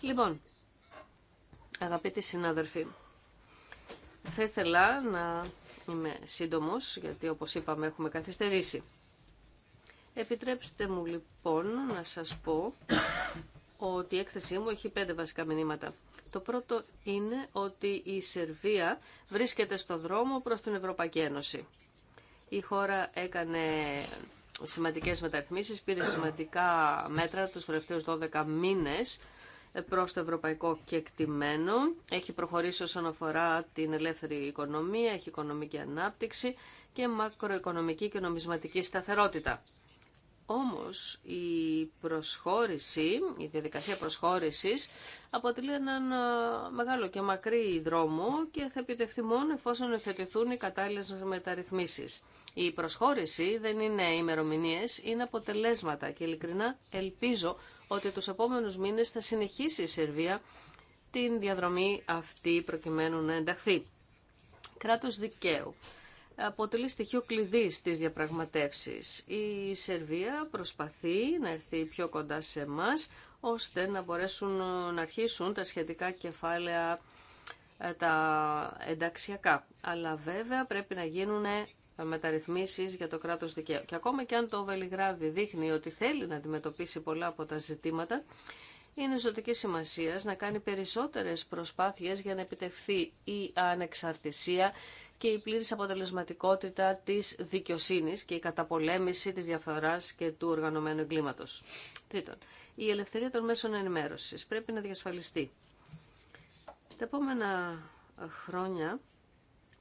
Λοιπόν, αγαπητοί συνάδελφοι, θα ήθελα να είμαι σύντομος, γιατί όπως είπαμε έχουμε καθυστερήσει. Επιτρέψτε μου λοιπόν να σας πω ότι η έκθεσή μου έχει πέντε βασικά μηνύματα. Το πρώτο είναι ότι η Σερβία βρίσκεται στο δρόμο προς την Ευρωπαϊκή Ένωση. Η χώρα έκανε σημαντικές μεταρρυθμίσεις, πήρε σημαντικά μέτρα τους τελευταίους 12 μήνες προς το ευρωπαϊκό κεκτημένο. Έχει προχωρήσει όσον αφορά την ελεύθερη οικονομία, έχει οικονομική ανάπτυξη και μακροοικονομική και νομισματική σταθερότητα. Όμως η προσχώρηση, η διαδικασία προσχώρησης αποτελεί έναν μεγάλο και μακρύ δρόμο και θα επιτευχθεί μόνο εφόσον υιοθετηθούν οι κατάλληλες μεταρρυθμίσεις. Η προσχώρηση δεν είναι ημερομηνίε, είναι αποτελέσματα και ειλικρινά ελπίζω ότι τους επόμενους μήνες θα συνεχίσει η Σερβία την διαδρομή αυτή προκειμένου να ενταχθεί. Κράτος δικαίου. Αποτελεί στοιχείο κλειδί στις διαπραγματεύσεις. Η Σερβία προσπαθεί να έρθει πιο κοντά σε εμά ώστε να μπορέσουν να αρχίσουν τα σχετικά κεφάλαια ε, τα ενταξιακά. Αλλά βέβαια πρέπει να γίνουν ε, μεταρρυθμίσεις για το κράτος δικαίου. Και ακόμα και αν το Βελιγράδι δείχνει ότι θέλει να αντιμετωπίσει πολλά από τα ζητήματα, είναι ζωτική σημασία να κάνει περισσότερες προσπάθειες για να επιτευχθεί η ανεξαρτησία και η πλήρης αποτελεσματικότητα της δικαιοσύνης και η καταπολέμηση της διαφθοράς και του οργανωμένου εγκλήματος. Τρίτον, η ελευθερία των μέσων ενημέρωσης πρέπει να διασφαλιστεί. Τα επόμενα χρόνια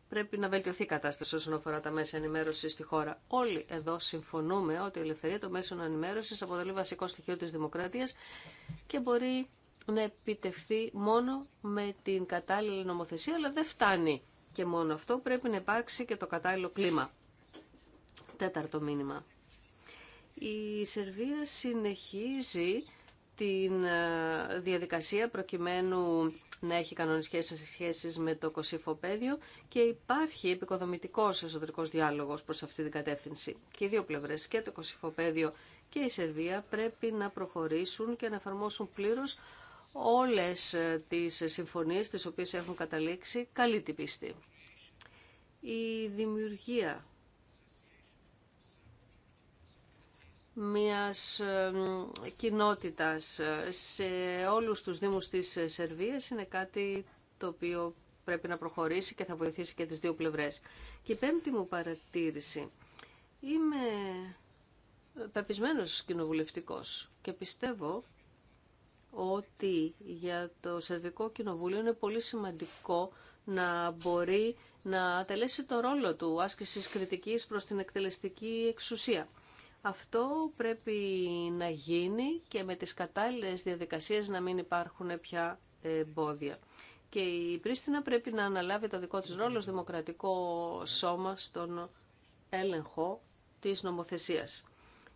πρέπει να βελτιωθεί η κατάσταση όσον αφορά τα μέσα ενημέρωση στη χώρα. Όλοι εδώ συμφωνούμε ότι η ελευθερία των μέσων ενημέρωση αποτελεί βασικό στοιχείο τη δημοκρατία και μπορεί να επιτευχθεί μόνο με την κατάλληλη νομοθεσία, αλλά δεν φτάνει. Και μόνο αυτό πρέπει να υπάρξει και το κατάλληλο κλίμα. Τέταρτο μήνυμα. Η Σερβία συνεχίζει την ε, διαδικασία προκειμένου να έχει κανονικές σχέσεις με το Πέδιο και υπάρχει επικοδομητικός εσωτερικός διάλογος προς αυτή την κατεύθυνση. Και οι δύο πλευρές, και το Πέδιο και η Σερβία, πρέπει να προχωρήσουν και να εφαρμόσουν πλήρως όλες ε, τις συμφωνίες τις οποίες έχουν καταλήξει καλή την πίστη. Η δημιουργία μιας κοινότητας σε όλους τους δήμους της Σερβίας είναι κάτι το οποίο πρέπει να προχωρήσει και θα βοηθήσει και τις δύο πλευρές. Και η πέμπτη μου παρατήρηση. Είμαι πεπισμένος κοινοβουλευτικός και πιστεύω ότι για το Σερβικό Κοινοβούλιο είναι πολύ σημαντικό να μπορεί να τελέσει το ρόλο του άσκησης κριτικής προς την εκτελεστική εξουσία. Αυτό πρέπει να γίνει και με τις κατάλληλες διαδικασίες να μην υπάρχουν πια εμπόδια. Και η Πρίστινα πρέπει να αναλάβει το δικό της ρόλο δημοκρατικό σώμα στον έλεγχο της νομοθεσίας.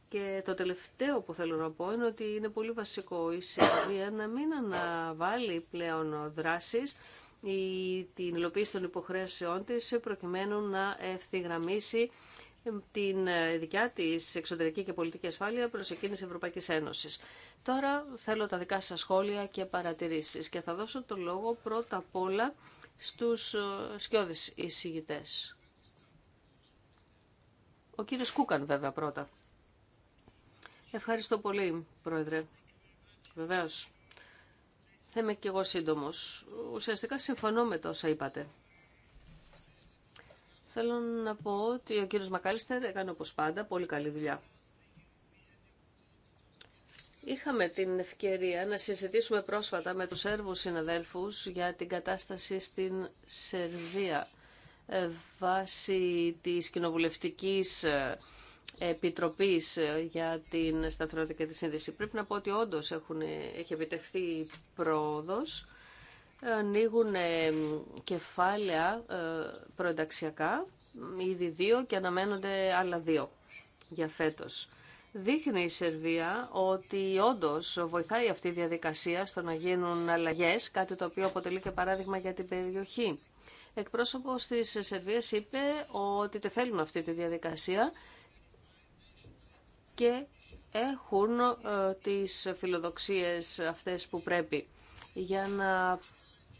Και το τελευταίο που θέλω να πω είναι ότι είναι πολύ βασικό η Σερβία να μην αναβάλει πλέον δράσεις ή την υλοποίηση των υποχρέωσεών της προκειμένου να ευθυγραμμίσει την ε, δικιά τη εξωτερική και πολιτική ασφάλεια προς εκείνη τη Ευρωπαϊκή Ένωση. Τώρα θέλω τα δικά σας σχόλια και παρατηρήσει και θα δώσω το λόγο πρώτα απ' όλα στους ε, σκιώδεις εισηγητέ. Ο κύριο Κούκαν βέβαια πρώτα. Ευχαριστώ πολύ, Πρόεδρε. Βεβαίως. Θα είμαι κι εγώ σύντομος. Ουσιαστικά συμφωνώ με τόσα είπατε. Θέλω να πω ότι ο κύριος Μακάλιστερ έκανε όπως πάντα πολύ καλή δουλειά. Είχαμε την ευκαιρία να συζητήσουμε πρόσφατα με τους Σέρβους συναδέλφους για την κατάσταση στην Σερβία ε, βάσει της κοινοβουλευτικής ε, επιτροπής ε, για την σταθερότητα και τη σύνδεση. Πρέπει να πω ότι όντως έχουν, έχει επιτευχθεί πρόοδος ανοίγουν ε, κεφάλαια ε, προενταξιακά, ήδη δύο και αναμένονται άλλα δύο για φέτος. Δείχνει η Σερβία ότι όντως βοηθάει αυτή η διαδικασία στο να γίνουν αλλαγές, κάτι το οποίο αποτελεί και παράδειγμα για την περιοχή. Εκπρόσωπος της Σερβίας είπε ότι τε θέλουν αυτή τη διαδικασία και έχουν ε, τις φιλοδοξίες αυτές που πρέπει για να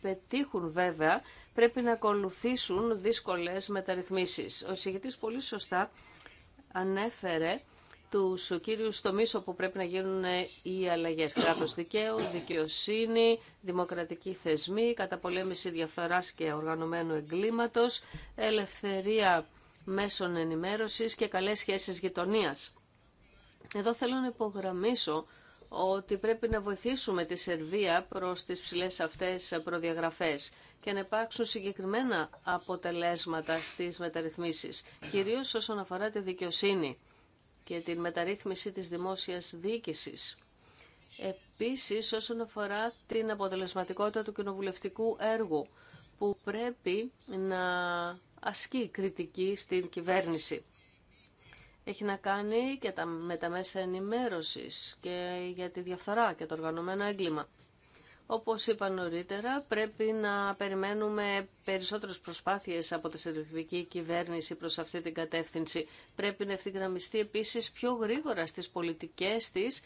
πετύχουν βέβαια πρέπει να ακολουθήσουν δύσκολες μεταρρυθμίσεις. Ο εισηγητής πολύ σωστά ανέφερε τους κύριους τομείς όπου πρέπει να γίνουν οι αλλαγές. Κράτος δικαίου, δικαιοσύνη, δημοκρατικοί θεσμοί, καταπολέμηση διαφθοράς και οργανωμένου εγκλήματος, ελευθερία μέσων ενημέρωσης και καλές σχέσεις γειτονίας. Εδώ θέλω να υπογραμμίσω ότι πρέπει να βοηθήσουμε τη Σερβία προς τις ψηλές αυτές προδιαγραφές και να υπάρξουν συγκεκριμένα αποτελέσματα στις μεταρρυθμίσεις, κυρίως όσον αφορά τη δικαιοσύνη και την μεταρρύθμιση της δημόσιας διοίκησης. Επίσης, όσον αφορά την αποτελεσματικότητα του κοινοβουλευτικού έργου, που πρέπει να ασκεί κριτική στην κυβέρνηση έχει να κάνει και τα, με τα μέσα ενημέρωσης και για τη διαφθορά και το οργανωμένο έγκλημα. Όπως είπα νωρίτερα, πρέπει να περιμένουμε περισσότερες προσπάθειες από τη σερβική κυβέρνηση προς αυτή την κατεύθυνση. Πρέπει να ευθυγραμμιστεί επίσης πιο γρήγορα στις πολιτικές της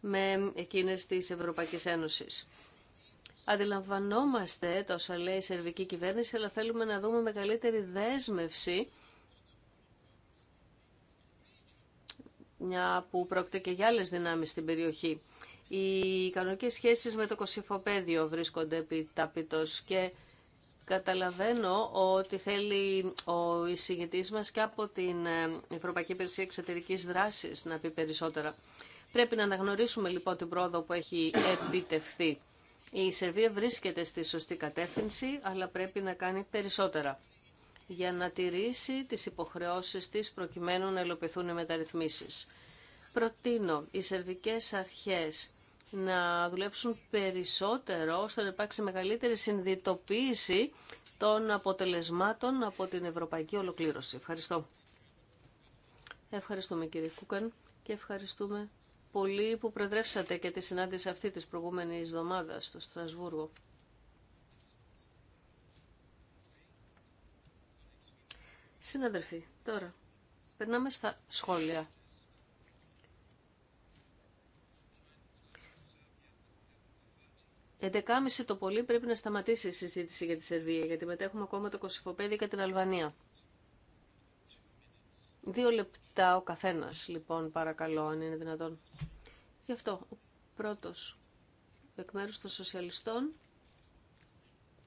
με εκείνες της Ευρωπαϊκής Ένωσης. Αντιλαμβανόμαστε το λέει η σερβική κυβέρνηση, αλλά θέλουμε να δούμε μεγαλύτερη δέσμευση μια που πρόκειται και για άλλε δυνάμει στην περιοχή. Οι κανονικέ σχέσεις με το Κωσυφοπαίδιο βρίσκονται επί και καταλαβαίνω ότι θέλει ο εισηγητή μα και από την ε, Ευρωπαϊκή Υπηρεσία Εξωτερική δράση να πει περισσότερα. Πρέπει να αναγνωρίσουμε λοιπόν την πρόοδο που έχει επιτευχθεί. Η Σερβία βρίσκεται στη σωστή κατεύθυνση, αλλά πρέπει να κάνει περισσότερα για να τηρήσει τις υποχρεώσεις της προκειμένου να ελοπιθούν οι μεταρρυθμίσεις. Προτείνω οι σερβικές αρχές να δουλέψουν περισσότερο ώστε να υπάρξει μεγαλύτερη συνδυτοποίηση των αποτελεσμάτων από την ευρωπαϊκή ολοκλήρωση. Ευχαριστώ. Ευχαριστούμε κύριε Κούκαν και ευχαριστούμε πολύ που προεδρεύσατε και τη συνάντηση αυτή της προηγούμενης εβδομάδας στο Στρασβούργο. Συναδελφοί, τώρα περνάμε στα σχόλια. Εντεκάμιση το πολύ πρέπει να σταματήσει η συζήτηση για τη Σερβία, γιατί μετά έχουμε ακόμα το Κωσυφοπέδιο και την Αλβανία. Δύο λεπτά ο καθένας, λοιπόν, παρακαλώ, αν είναι δυνατόν. Γι' αυτό, ο πρώτος εκ μέρους των σοσιαλιστών,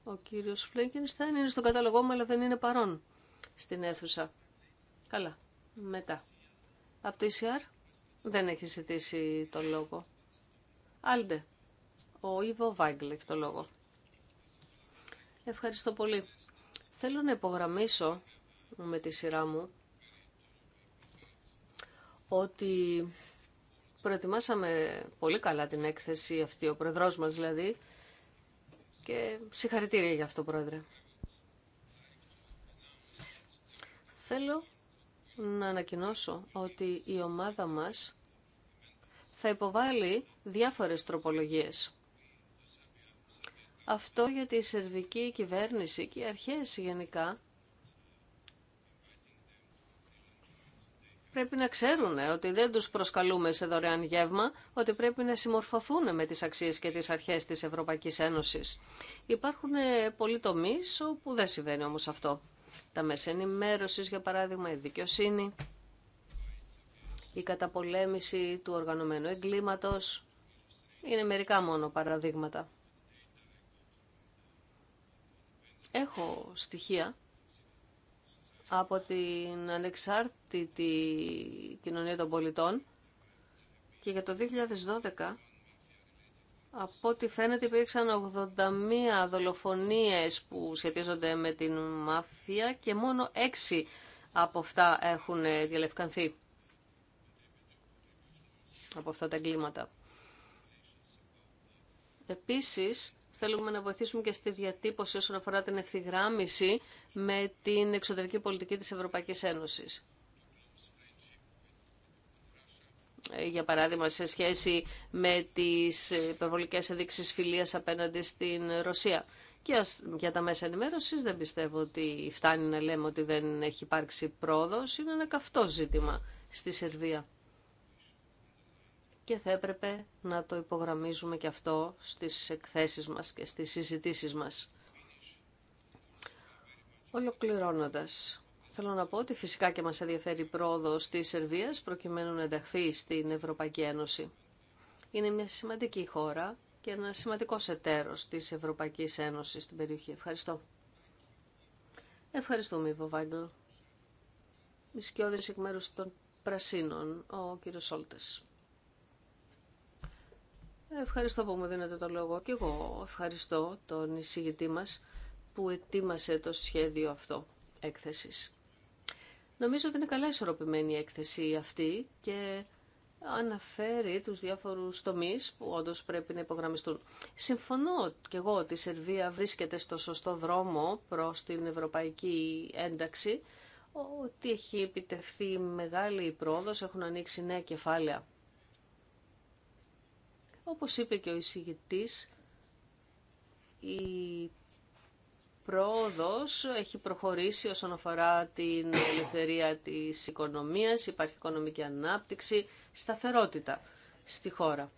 ο κύριος Φλέγκενστάιν, είναι στον κατάλογό μου, αλλά δεν είναι παρόν στην αίθουσα. Καλά. Μετά. Από το ECR δεν έχει ζητήσει το λόγο. Άλντε. Ο Ιβο Βάγκλεχ το λόγο. Ευχαριστώ πολύ. Θέλω να υπογραμμίσω με τη σειρά μου ότι προετοιμάσαμε πολύ καλά την έκθεση αυτή, ο πρόεδρός μας δηλαδή, και συγχαρητήρια για αυτό, πρόεδρε. Θέλω να ανακοινώσω ότι η ομάδα μας θα υποβάλει διάφορες τροπολογίες. Αυτό γιατί η σερβική κυβέρνηση και οι αρχές γενικά πρέπει να ξέρουν ε, ότι δεν τους προσκαλούμε σε δωρεάν γεύμα, ότι πρέπει να συμμορφωθούν με τις αξίες και τις αρχές της Ευρωπαϊκής Ένωσης. Υπάρχουν ε, πολλοί τομείς όπου δεν συμβαίνει όμως αυτό τα μέσα ενημέρωσης, για παράδειγμα, η δικαιοσύνη, η καταπολέμηση του οργανωμένου εγκλήματος. Είναι μερικά μόνο παραδείγματα. Έχω στοιχεία από την ανεξάρτητη κοινωνία των πολιτών και για το 2012 από ό,τι φαίνεται υπήρξαν 81 δολοφονίες που σχετίζονται με την μαφία και μόνο 6 από αυτά έχουν διαλευκανθεί από αυτά τα εγκλήματα. Επίσης, θέλουμε να βοηθήσουμε και στη διατύπωση όσον αφορά την ευθυγράμμιση με την εξωτερική πολιτική της Ευρωπαϊκής Ένωσης. Ε, για παράδειγμα σε σχέση με τις υπερβολικές ενδείξεις φιλίας απέναντι στην Ρωσία. Και για τα μέσα ενημέρωση, δεν πιστεύω ότι φτάνει να λέμε ότι δεν έχει υπάρξει πρόοδος. Είναι ένα καυτό ζήτημα στη Σερβία. Και θα έπρεπε να το υπογραμμίζουμε και αυτό στις εκθέσεις μας και στις συζητήσεις μας. Ολοκληρώνοντας, Θέλω να πω ότι φυσικά και μας ενδιαφέρει η πρόοδος της Σερβίας προκειμένου να ενταχθεί στην Ευρωπαϊκή Ένωση. Είναι μια σημαντική χώρα και ένα σημαντικό εταίρος της Ευρωπαϊκής Ένωσης στην περιοχή. Ευχαριστώ. Ευχαριστούμε, Ιβο Βάγκλ. Ισκιώδης εκ μέρους των Πρασίνων, ο κύριο Σόλτες. Ευχαριστώ που μου δίνετε το λόγο και εγώ ευχαριστώ τον εισηγητή μας που ετοίμασε το σχέδιο αυτό έκθεσης. Νομίζω ότι είναι καλά ισορροπημένη η έκθεση αυτή και αναφέρει τους διάφορους τομείς που όντως πρέπει να υπογραμμιστούν. Συμφωνώ και εγώ ότι η Σερβία βρίσκεται στο σωστό δρόμο προς την ευρωπαϊκή ένταξη, ότι έχει επιτευχθεί μεγάλη πρόοδος, έχουν ανοίξει νέα κεφάλαια. Όπως είπε και ο εισηγητής, η πρόοδος έχει προχωρήσει όσον αφορά την ελευθερία της οικονομίας, υπάρχει οικονομική ανάπτυξη, σταθερότητα στη χώρα.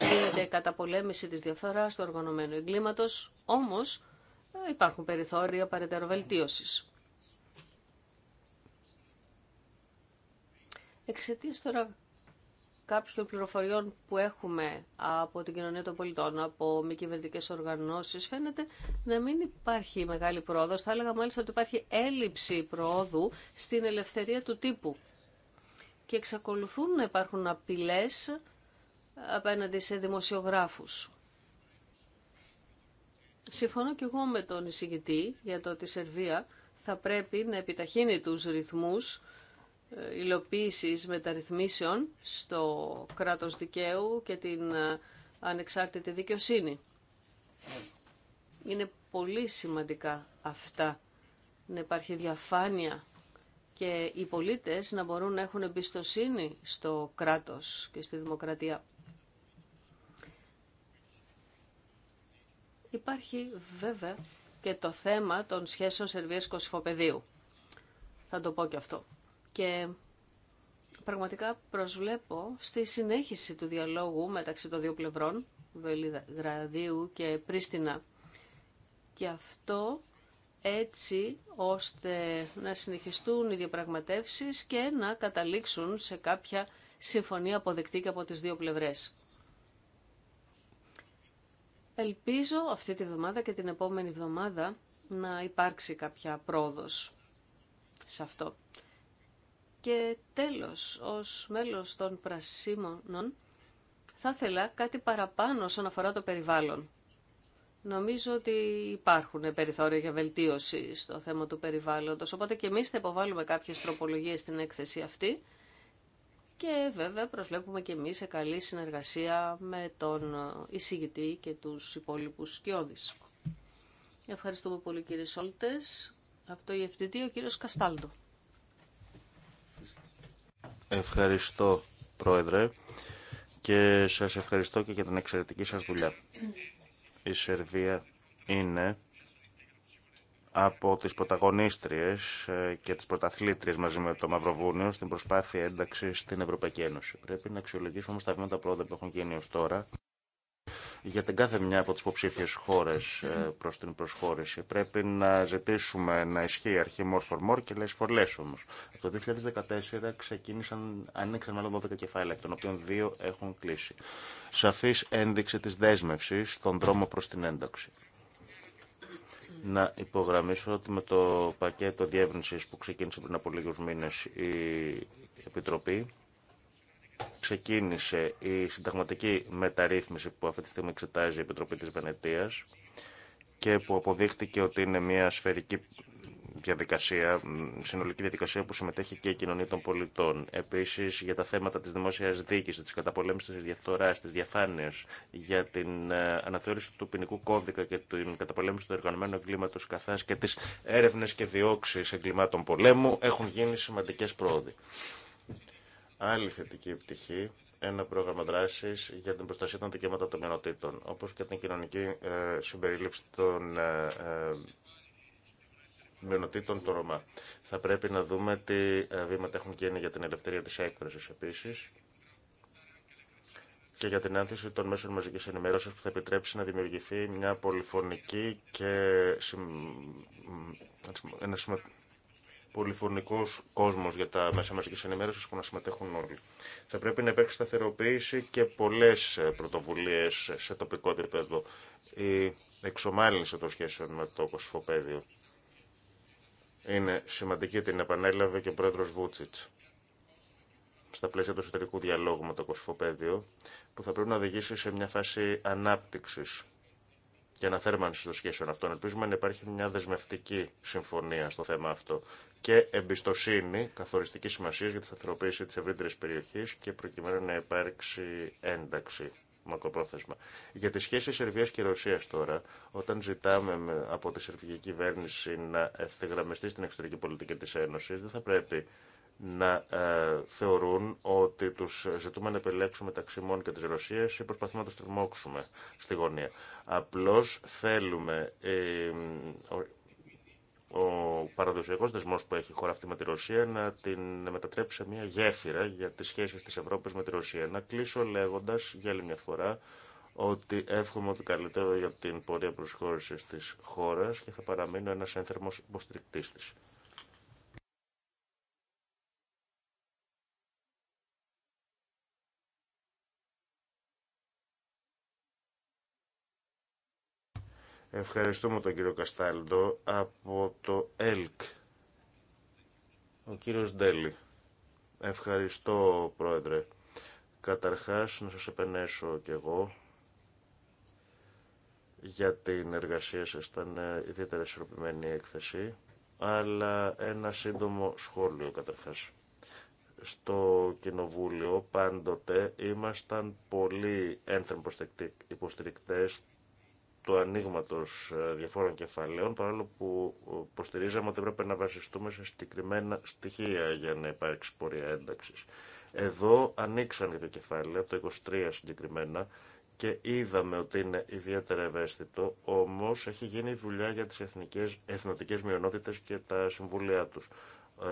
Γίνεται καταπολέμηση της διαφθοράς, του οργανωμένου εγκλήματος, όμως ε, υπάρχουν περιθώρια βελτίωσης. Εξαιτίας τώρα κάποιων πληροφοριών που έχουμε από την κοινωνία των πολιτών, από μη κυβερνητικέ οργανώσει, φαίνεται να μην υπάρχει μεγάλη πρόοδο. Θα έλεγα μάλιστα ότι υπάρχει έλλειψη πρόοδου στην ελευθερία του τύπου. Και εξακολουθούν να υπάρχουν απειλέ απέναντι σε δημοσιογράφους. Συμφωνώ και εγώ με τον εισηγητή για το ότι η Σερβία θα πρέπει να επιταχύνει τους ρυθμούς υλοποίησης μεταρρυθμίσεων στο κράτος δικαίου και την ε, ανεξάρτητη δικαιοσύνη. Είναι πολύ σημαντικά αυτά. Να υπάρχει διαφάνεια και οι πολίτες να μπορούν να έχουν εμπιστοσύνη στο κράτος και στη δημοκρατία. Υπάρχει βέβαια και το θέμα των σχέσεων Σερβίας Σερβίας-Κοσυφοπεδίου. Θα το πω και αυτό. Και πραγματικά προσβλέπω στη συνέχιση του διαλόγου μεταξύ των δύο πλευρών, Βελιγραδίου και Πρίστινα. Και αυτό έτσι ώστε να συνεχιστούν οι διαπραγματεύσεις και να καταλήξουν σε κάποια συμφωνία αποδεκτή και από τις δύο πλευρές. Ελπίζω αυτή τη βδομάδα και την επόμενη βδομάδα να υπάρξει κάποια πρόοδος σε αυτό. Και τέλος, ως μέλος των Πρασίμων, θα ήθελα κάτι παραπάνω όσον αφορά το περιβάλλον. Νομίζω ότι υπάρχουν περιθώρια για βελτίωση στο θέμα του περιβάλλοντος, οπότε και εμείς θα υποβάλουμε κάποιες τροπολογίες στην έκθεση αυτή και βέβαια προσβλέπουμε και εμείς σε καλή συνεργασία με τον εισηγητή και τους υπόλοιπους σκιώδης. Ευχαριστούμε πολύ κύριε Σόλτες. Από το Ιευθυντή ο κύριος Καστάλτο. Ευχαριστώ, Πρόεδρε, και σας ευχαριστώ και για την εξαιρετική σας δουλειά. Η Σερβία είναι από τις πρωταγωνίστριες ε, και τις πρωταθλήτριες μαζί με το Μαυροβούνιο στην προσπάθεια ένταξη στην Ευρωπαϊκή Ένωση. Πρέπει να αξιολογήσουμε όμως τα βήματα πρόοδο που έχουν γίνει ως τώρα για την κάθε μια από τις υποψήφιε χώρες ε, προς την προσχώρηση. Πρέπει να ζητήσουμε να ισχύει αρχή more for more και less for less όμως. Από το 2014 ξεκίνησαν, άνοιξαν μάλλον 12 κεφάλαια, εκ των οποίων δύο έχουν κλείσει. Σαφής ένδειξη της δέσμευσης στον δρόμο προς την ένταξη. Να υπογραμμίσω ότι με το πακέτο διεύρυνσης που ξεκίνησε πριν από λίγους μήνες η Επιτροπή ξεκίνησε η συνταγματική μεταρρύθμιση που αυτή τη στιγμή εξετάζει η Επιτροπή της Βενετίας και που αποδείχτηκε ότι είναι μια σφαιρική διαδικασία, συνολική διαδικασία που συμμετέχει και η κοινωνία των πολιτών. Επίση για τα θέματα τη δημόσια δίκη, τη καταπολέμηση τη διαφθορά, τη διαφάνεια, για την ε, αναθεώρηση του ποινικού κώδικα και την καταπολέμηση του εργανομένου εγκλήματο καθά και τι έρευνε και διώξει εγκλημάτων πολέμου έχουν γίνει σημαντικέ πρόοδοι. Άλλη θετική πτυχή, ένα πρόγραμμα δράση για την προστασία των δικαιωμάτων των μειονοτήτων, όπω και την κοινωνική ε, συμπερίληψη των ε, ε, μειονοτήτων των Ρωμά. Θα πρέπει να δούμε τι βήματα έχουν γίνει για την ελευθερία τη έκφραση επίση και για την άνθηση των μέσων μαζική ενημέρωση που θα επιτρέψει να δημιουργηθεί μια πολυφωνική και συμ... ένα Πολυφωνικό κόσμος για τα μέσα μαζικής ενημέρωσης που να συμμετέχουν όλοι. Θα πρέπει να υπάρξει σταθεροποίηση και πολλές ε, πρωτοβουλίες σε τοπικό επίπεδο. Η εξομάλυνση των σχέσεων με το κοσφοπέδιο είναι σημαντική, την επανέλαβε και ο πρόεδρο Βούτσιτ στα πλαίσια του εσωτερικού διαλόγου με το κοσφοπέδιο, που θα πρέπει να οδηγήσει σε μια φάση ανάπτυξη και αναθέρμανση των σχέσεων αυτών. Ελπίζουμε να υπάρχει μια δεσμευτική συμφωνία στο θέμα αυτό και εμπιστοσύνη καθοριστική σημασία για τη σταθεροποίηση τη ευρύτερη περιοχή και προκειμένου να υπάρξει ένταξη μακροπρόθεσμα. Για τι σχέσει Σερβία και Ρωσία τώρα, όταν ζητάμε από τη Σερβική κυβέρνηση να ευθυγραμμιστεί στην εξωτερική πολιτική τη Ένωση, δεν θα πρέπει να ε, θεωρούν ότι τους ζητούμε να επιλέξουμε μεταξύ και της Ρωσίας ή προσπαθούμε να τους τριμώξουμε στη γωνία. Απλώς θέλουμε ε, ο παραδοσιακός δεσμός που έχει η χώρα αυτή με τη Ρωσία να την μετατρέψει σε μια γέφυρα για τις σχέσεις της Ευρώπης με τη Ρωσία. Να κλείσω λέγοντας για άλλη μια φορά ότι εύχομαι ότι καλύτερο για την πορεία προσχώρησης της χώρας και θα παραμείνω ένας ένθερμος υποστηρικτής της. Ευχαριστούμε τον κύριο Καστάλντο από το ΕΛΚ. Ο κύριος Ντέλη. Ευχαριστώ, Πρόεδρε. Καταρχάς, να σας επενέσω κι εγώ για την εργασία σας. Ήταν ε, ιδιαίτερα ισορροπημένη η έκθεση, αλλά ένα σύντομο σχόλιο καταρχάς. Στο Κοινοβούλιο πάντοτε ήμασταν πολύ ένθρωποι υποστηρικτές του ανοίγματο ε, διαφόρων κεφαλαίων, παρόλο που ε, υποστηρίζαμε ότι πρέπει να βασιστούμε σε συγκεκριμένα στοιχεία για να υπάρξει πορεία ένταξη. Εδώ ανοίξαν το κεφάλαιο, το 23 συγκεκριμένα, και είδαμε ότι είναι ιδιαίτερα ευαίσθητο, όμω έχει γίνει δουλειά για τι εθνοτικέ μειονότητε και τα συμβούλια του.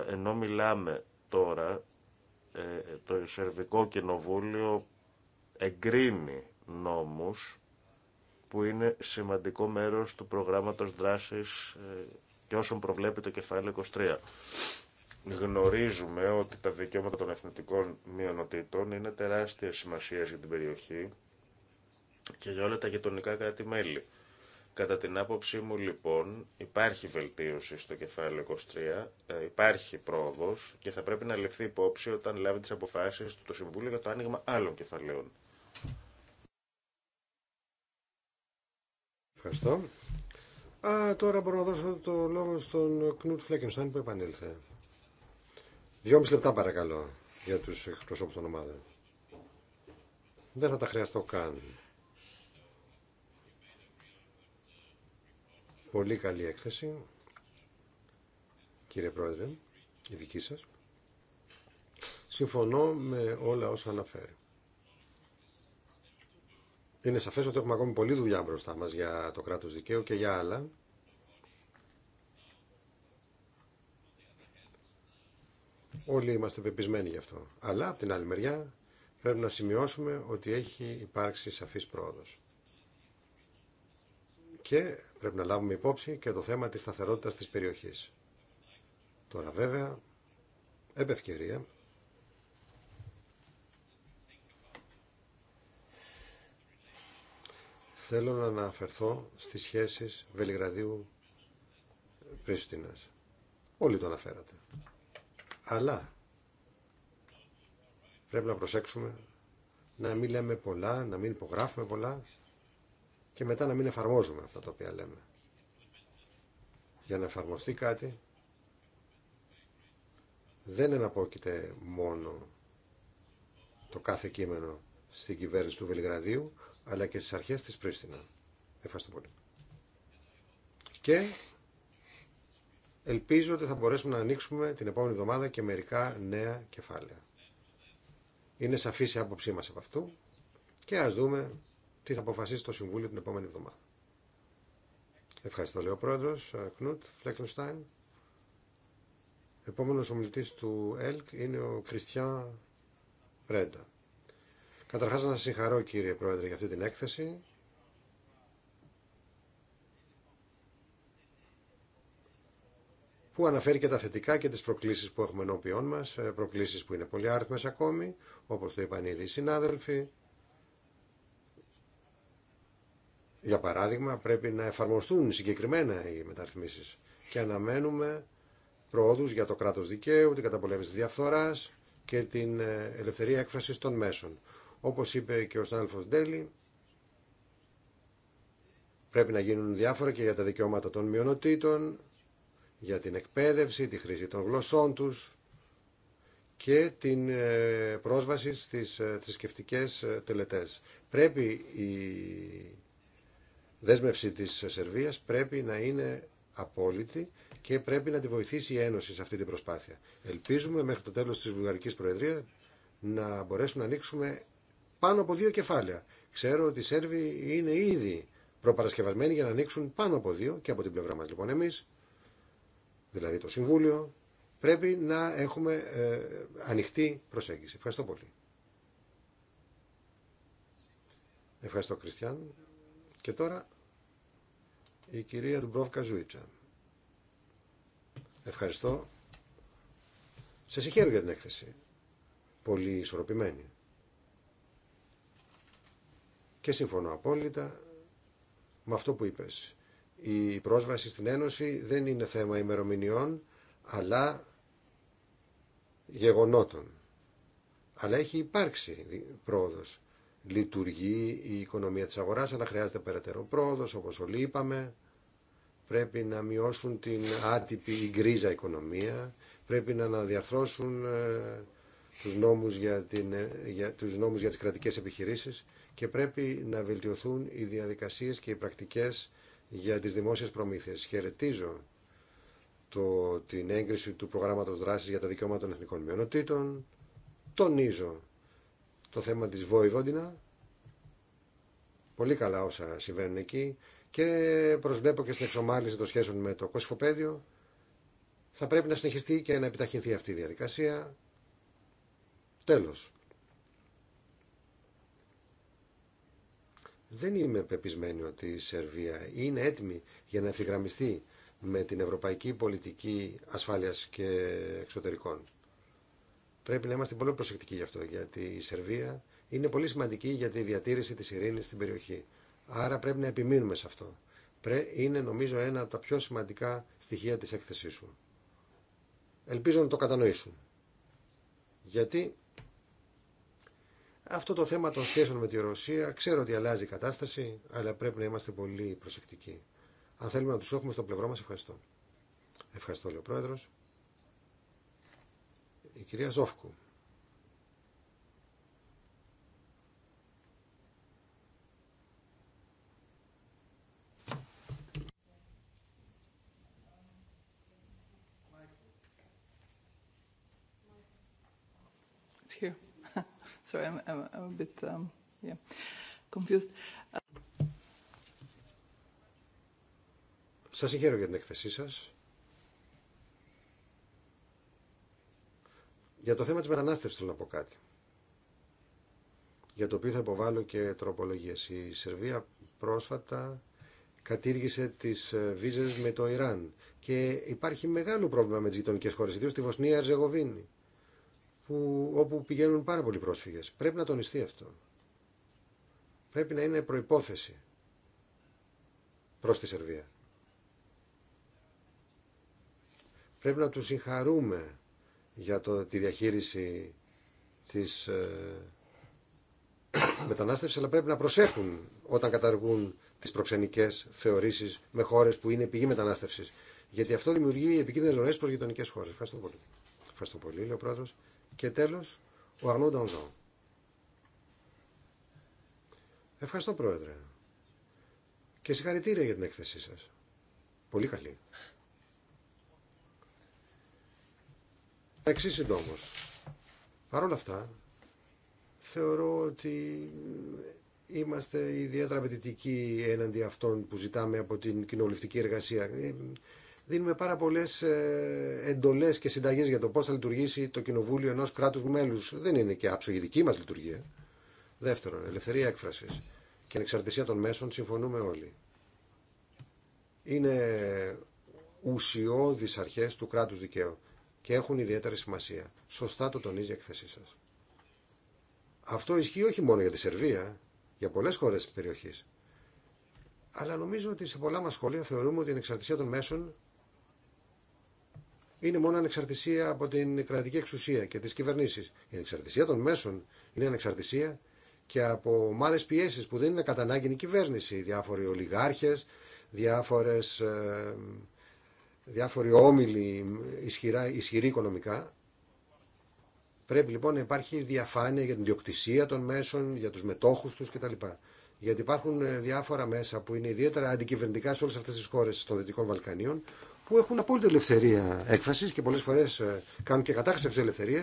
Ε, ενώ μιλάμε τώρα, το Σερβικό Κοινοβούλιο εγκρίνει νόμους που είναι σημαντικό μέρος του προγράμματος δράσης ε, και όσων προβλέπει το κεφάλαιο 23. Γνωρίζουμε ότι τα δικαιώματα των εθνικών μειονοτήτων είναι τεράστια σημασία για την περιοχή και για όλα τα γειτονικά κράτη-μέλη. Κατά την άποψή μου λοιπόν υπάρχει βελτίωση στο κεφάλαιο 23, ε, υπάρχει πρόοδος και θα πρέπει να ληφθεί υπόψη όταν λάβει τις αποφάσεις του Συμβούλου για το άνοιγμα άλλων κεφαλαίων. Ευχαριστώ. Α, τώρα μπορώ να δώσω το λόγο στον Κνούτ Φλέκενσταν που επανήλθε. Δυόμιση λεπτά παρακαλώ για τους εκπροσώπου των ομάδων. Δεν θα τα χρειαστώ καν. Πολύ καλή έκθεση, κύριε Πρόεδρε, η δική σας. Συμφωνώ με όλα όσα αναφέρει. Είναι σαφές ότι έχουμε ακόμη πολλή δουλειά μπροστά μας για το κράτος δικαίου και για άλλα. Όλοι είμαστε πεπισμένοι γι' αυτό. Αλλά, από την άλλη μεριά, πρέπει να σημειώσουμε ότι έχει υπάρξει σαφής πρόοδος. Και πρέπει να λάβουμε υπόψη και το θέμα της σταθερότητας της περιοχής. Τώρα βέβαια, επευκαιρία, θέλω να αναφερθώ στις σχέσεις Βελιγραδίου-Πρίστινας. Όλοι το αναφέρατε. Αλλά πρέπει να προσέξουμε να μην λέμε πολλά, να μην υπογράφουμε πολλά και μετά να μην εφαρμόζουμε αυτά τα οποία λέμε. Για να εφαρμοστεί κάτι δεν εναπόκειται μόνο το κάθε κείμενο στην κυβέρνηση του Βελιγραδίου, αλλά και στις αρχές της Πρίστινα. Ευχαριστώ πολύ. Και ελπίζω ότι θα μπορέσουμε να ανοίξουμε την επόμενη εβδομάδα και μερικά νέα κεφάλαια. Είναι σαφής η άποψή μας από αυτού και ας δούμε τι θα αποφασίσει το Συμβούλιο την επόμενη εβδομάδα. Ευχαριστώ, λέει ο πρόεδρος, ε, Κνούτ Φλέκενστάιν. Επόμενος ομιλητής του ΕΛΚ είναι ο Κριστιαν Ρέντα. Καταρχάς να σας συγχαρώ κύριε Πρόεδρε για αυτή την έκθεση. που αναφέρει και τα θετικά και τις προκλήσεις που έχουμε ενώπιόν μας, ε, προκλήσεις που είναι πολύ άριθμες ακόμη, όπως το είπαν ήδη οι συνάδελφοι. Για παράδειγμα, πρέπει να εφαρμοστούν συγκεκριμένα οι μεταρρυθμίσεις και αναμένουμε προόδους για το κράτος δικαίου, την καταπολέμηση της διαφθοράς και την ε, ελευθερία έκφρασης των μέσων. Όπως είπε και ο Σάλφος Ντέλη, πρέπει να γίνουν διάφορα και για τα δικαιώματα των μειονοτήτων, για την εκπαίδευση, τη χρήση των γλωσσών τους και την ε, πρόσβαση στις ε, θρησκευτικέ ε, τελετές. Πρέπει η δέσμευση της Σερβίας πρέπει να είναι απόλυτη και πρέπει να τη βοηθήσει η Ένωση σε αυτή την προσπάθεια. Ελπίζουμε μέχρι το τέλος της Βουλγαρικής Προεδρίας να μπορέσουμε να ανοίξουμε πάνω από δύο κεφάλαια. Ξέρω ότι οι Σέρβοι είναι ήδη προπαρασκευασμένοι για να ανοίξουν πάνω από δύο και από την πλευρά μας λοιπόν εμείς, δηλαδή το Συμβούλιο, πρέπει να έχουμε ε, ανοιχτή προσέγγιση. Ευχαριστώ πολύ. Ευχαριστώ Κριστιαν. Και τώρα η κυρία Ντουμπρόφκα Ζουίτσα. Ευχαριστώ. Σε συγχαίρω για την έκθεση. Πολύ ισορροπημένη. Και συμφωνώ απόλυτα με αυτό που είπες. Η πρόσβαση στην Ένωση δεν είναι θέμα ημερομηνιών, αλλά γεγονότων. Αλλά έχει υπάρξει πρόοδος. Λειτουργεί η οικονομία της αγοράς, αλλά χρειάζεται περαιτέρω πρόοδος, όπως όλοι είπαμε. Πρέπει να μειώσουν την άτυπη ή γκρίζα οικονομία. Πρέπει να αναδιαρθρώσουν ε, τους νόμους για, την, ε, για, τους για τις κρατικές επιχειρήσεις και πρέπει να βελτιωθούν οι διαδικασίες και οι πρακτικές για τις δημόσιες προμήθειες. Χαιρετίζω το, την έγκριση του προγράμματος δράσης για τα δικαιώματα των εθνικών μειονοτήτων. Τονίζω το θέμα της Βόηβοντινα. Πολύ καλά όσα συμβαίνουν εκεί. Και προσβλέπω και στην εξομάλυση των σχέσεων με το Κωσυφοπαίδιο. Θα πρέπει να συνεχιστεί και να επιταχυνθεί αυτή η διαδικασία. Τέλος. Δεν είμαι πεπισμένη ότι η Σερβία είναι έτοιμη για να ευθυγραμμιστεί με την ευρωπαϊκή πολιτική ασφάλειας και εξωτερικών. Πρέπει να είμαστε πολύ προσεκτικοί γι' αυτό, γιατί η Σερβία είναι πολύ σημαντική για τη διατήρηση της ειρήνης στην περιοχή. Άρα πρέπει να επιμείνουμε σε αυτό. Είναι νομίζω ένα από τα πιο σημαντικά στοιχεία της έκθεσής σου. Ελπίζω να το κατανοήσουν. Γιατί αυτό το θέμα των σχέσεων με τη Ρωσία ξέρω ότι αλλάζει η κατάσταση, αλλά πρέπει να είμαστε πολύ προσεκτικοί. Αν θέλουμε να τους έχουμε στο πλευρό μας, ευχαριστώ. Ευχαριστώ, λέει ο Πρόεδρος. Η κυρία Ζόφκου. Τι you. Sorry, I'm, a bit um, yeah, confused. Σας συγχαίρω για την εκθεσή σας. Για το θέμα της μετανάστευσης θέλω να πω κάτι. Για το οποίο θα υποβάλω και τροπολογίες. Η Σερβία πρόσφατα κατήργησε τις ε, βίζες με το Ιράν. Και υπάρχει μεγάλο πρόβλημα με τις γειτονικές χώρες, ιδίως στη Βοσνία-Ερζεγοβίνη όπου πηγαίνουν πάρα πολλοί πρόσφυγες. Πρέπει να τονιστεί αυτό. Πρέπει να είναι προϋπόθεση προς τη Σερβία. Πρέπει να τους συγχαρούμε για το, τη διαχείριση της ε, μετανάστευσης, αλλά πρέπει να προσέχουν όταν καταργούν τις προξενικές θεωρήσεις με χώρες που είναι πηγή μετανάστευσης. Γιατί αυτό δημιουργεί επικίνδυνες ζωές προς γειτονικές χώρες. Ευχαριστώ πολύ. Ευχαριστώ πολύ, λέει ο και τέλος, ο Αρνό Ντανζόν. Ευχαριστώ Πρόεδρε. Και συγχαρητήρια για την έκθεσή σας. Πολύ καλή. Εξή συντόμω. Παρ' όλα αυτά, θεωρώ ότι είμαστε ιδιαίτερα απαιτητικοί έναντι αυτών που ζητάμε από την κοινοβουλευτική εργασία. Ε, δίνουμε πάρα πολλέ ε, εντολέ και συνταγέ για το πώ θα λειτουργήσει το κοινοβούλιο ενό κράτου μέλου. Δεν είναι και άψογη δική μα λειτουργία. Δεύτερον, ελευθερία έκφραση και ανεξαρτησία των μέσων συμφωνούμε όλοι. Είναι ουσιώδει αρχέ του κράτου δικαίου και έχουν ιδιαίτερη σημασία. Σωστά το τονίζει η έκθεσή σα. Αυτό ισχύει όχι μόνο για τη Σερβία, για πολλέ χώρε τη περιοχή. Αλλά νομίζω ότι σε πολλά μα σχολεία θεωρούμε ότι η ανεξαρτησία των μέσων είναι μόνο ανεξαρτησία από την κρατική εξουσία και τις κυβερνήσεις. Η ανεξαρτησία των μέσων είναι ανεξαρτησία και από ομάδε πιέσει που δεν είναι κατά ανάγκη η κυβέρνηση. Διάφοροι ολιγάρχες, διάφορες, ε, διάφοροι όμιλοι ισχυρά, ισχυροί οικονομικά. Πρέπει λοιπόν να υπάρχει διαφάνεια για την διοκτησία των μέσων, για τους μετόχους τους κτλ. Γιατί υπάρχουν ε, διάφορα μέσα που είναι ιδιαίτερα αντικυβερνητικά σε όλες αυτές τις χώρες των Δυτικών Βαλκανίων, που έχουν απόλυτη ελευθερία έκφραση και πολλέ φορέ ε, κάνουν και κατάχρηση αυτή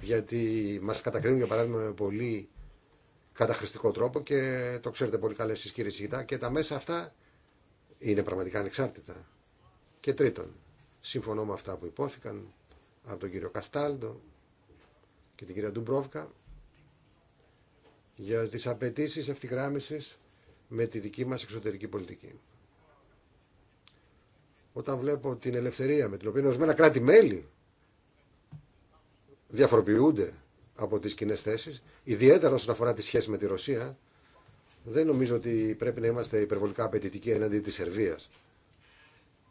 γιατί μα κατακρίνουν για παράδειγμα με πολύ καταχρηστικό τρόπο και το ξέρετε πολύ καλά εσεί κύριε Σιγητά και τα μέσα αυτά είναι πραγματικά ανεξάρτητα. Και τρίτον, συμφωνώ με αυτά που υπόθηκαν από τον κύριο Καστάλντο και την κυρία Ντουμπρόβκα για τις απαιτήσει ευθυγράμμισης με τη δική μας εξωτερική πολιτική. Όταν βλέπω την ελευθερία με την οποία ορισμένα κράτη-μέλη διαφοροποιούνται από τις κοινέ θέσει, ιδιαίτερα όσον αφορά τη σχέση με τη Ρωσία, δεν νομίζω ότι πρέπει να είμαστε υπερβολικά απαιτητικοί εναντί της Σερβίας.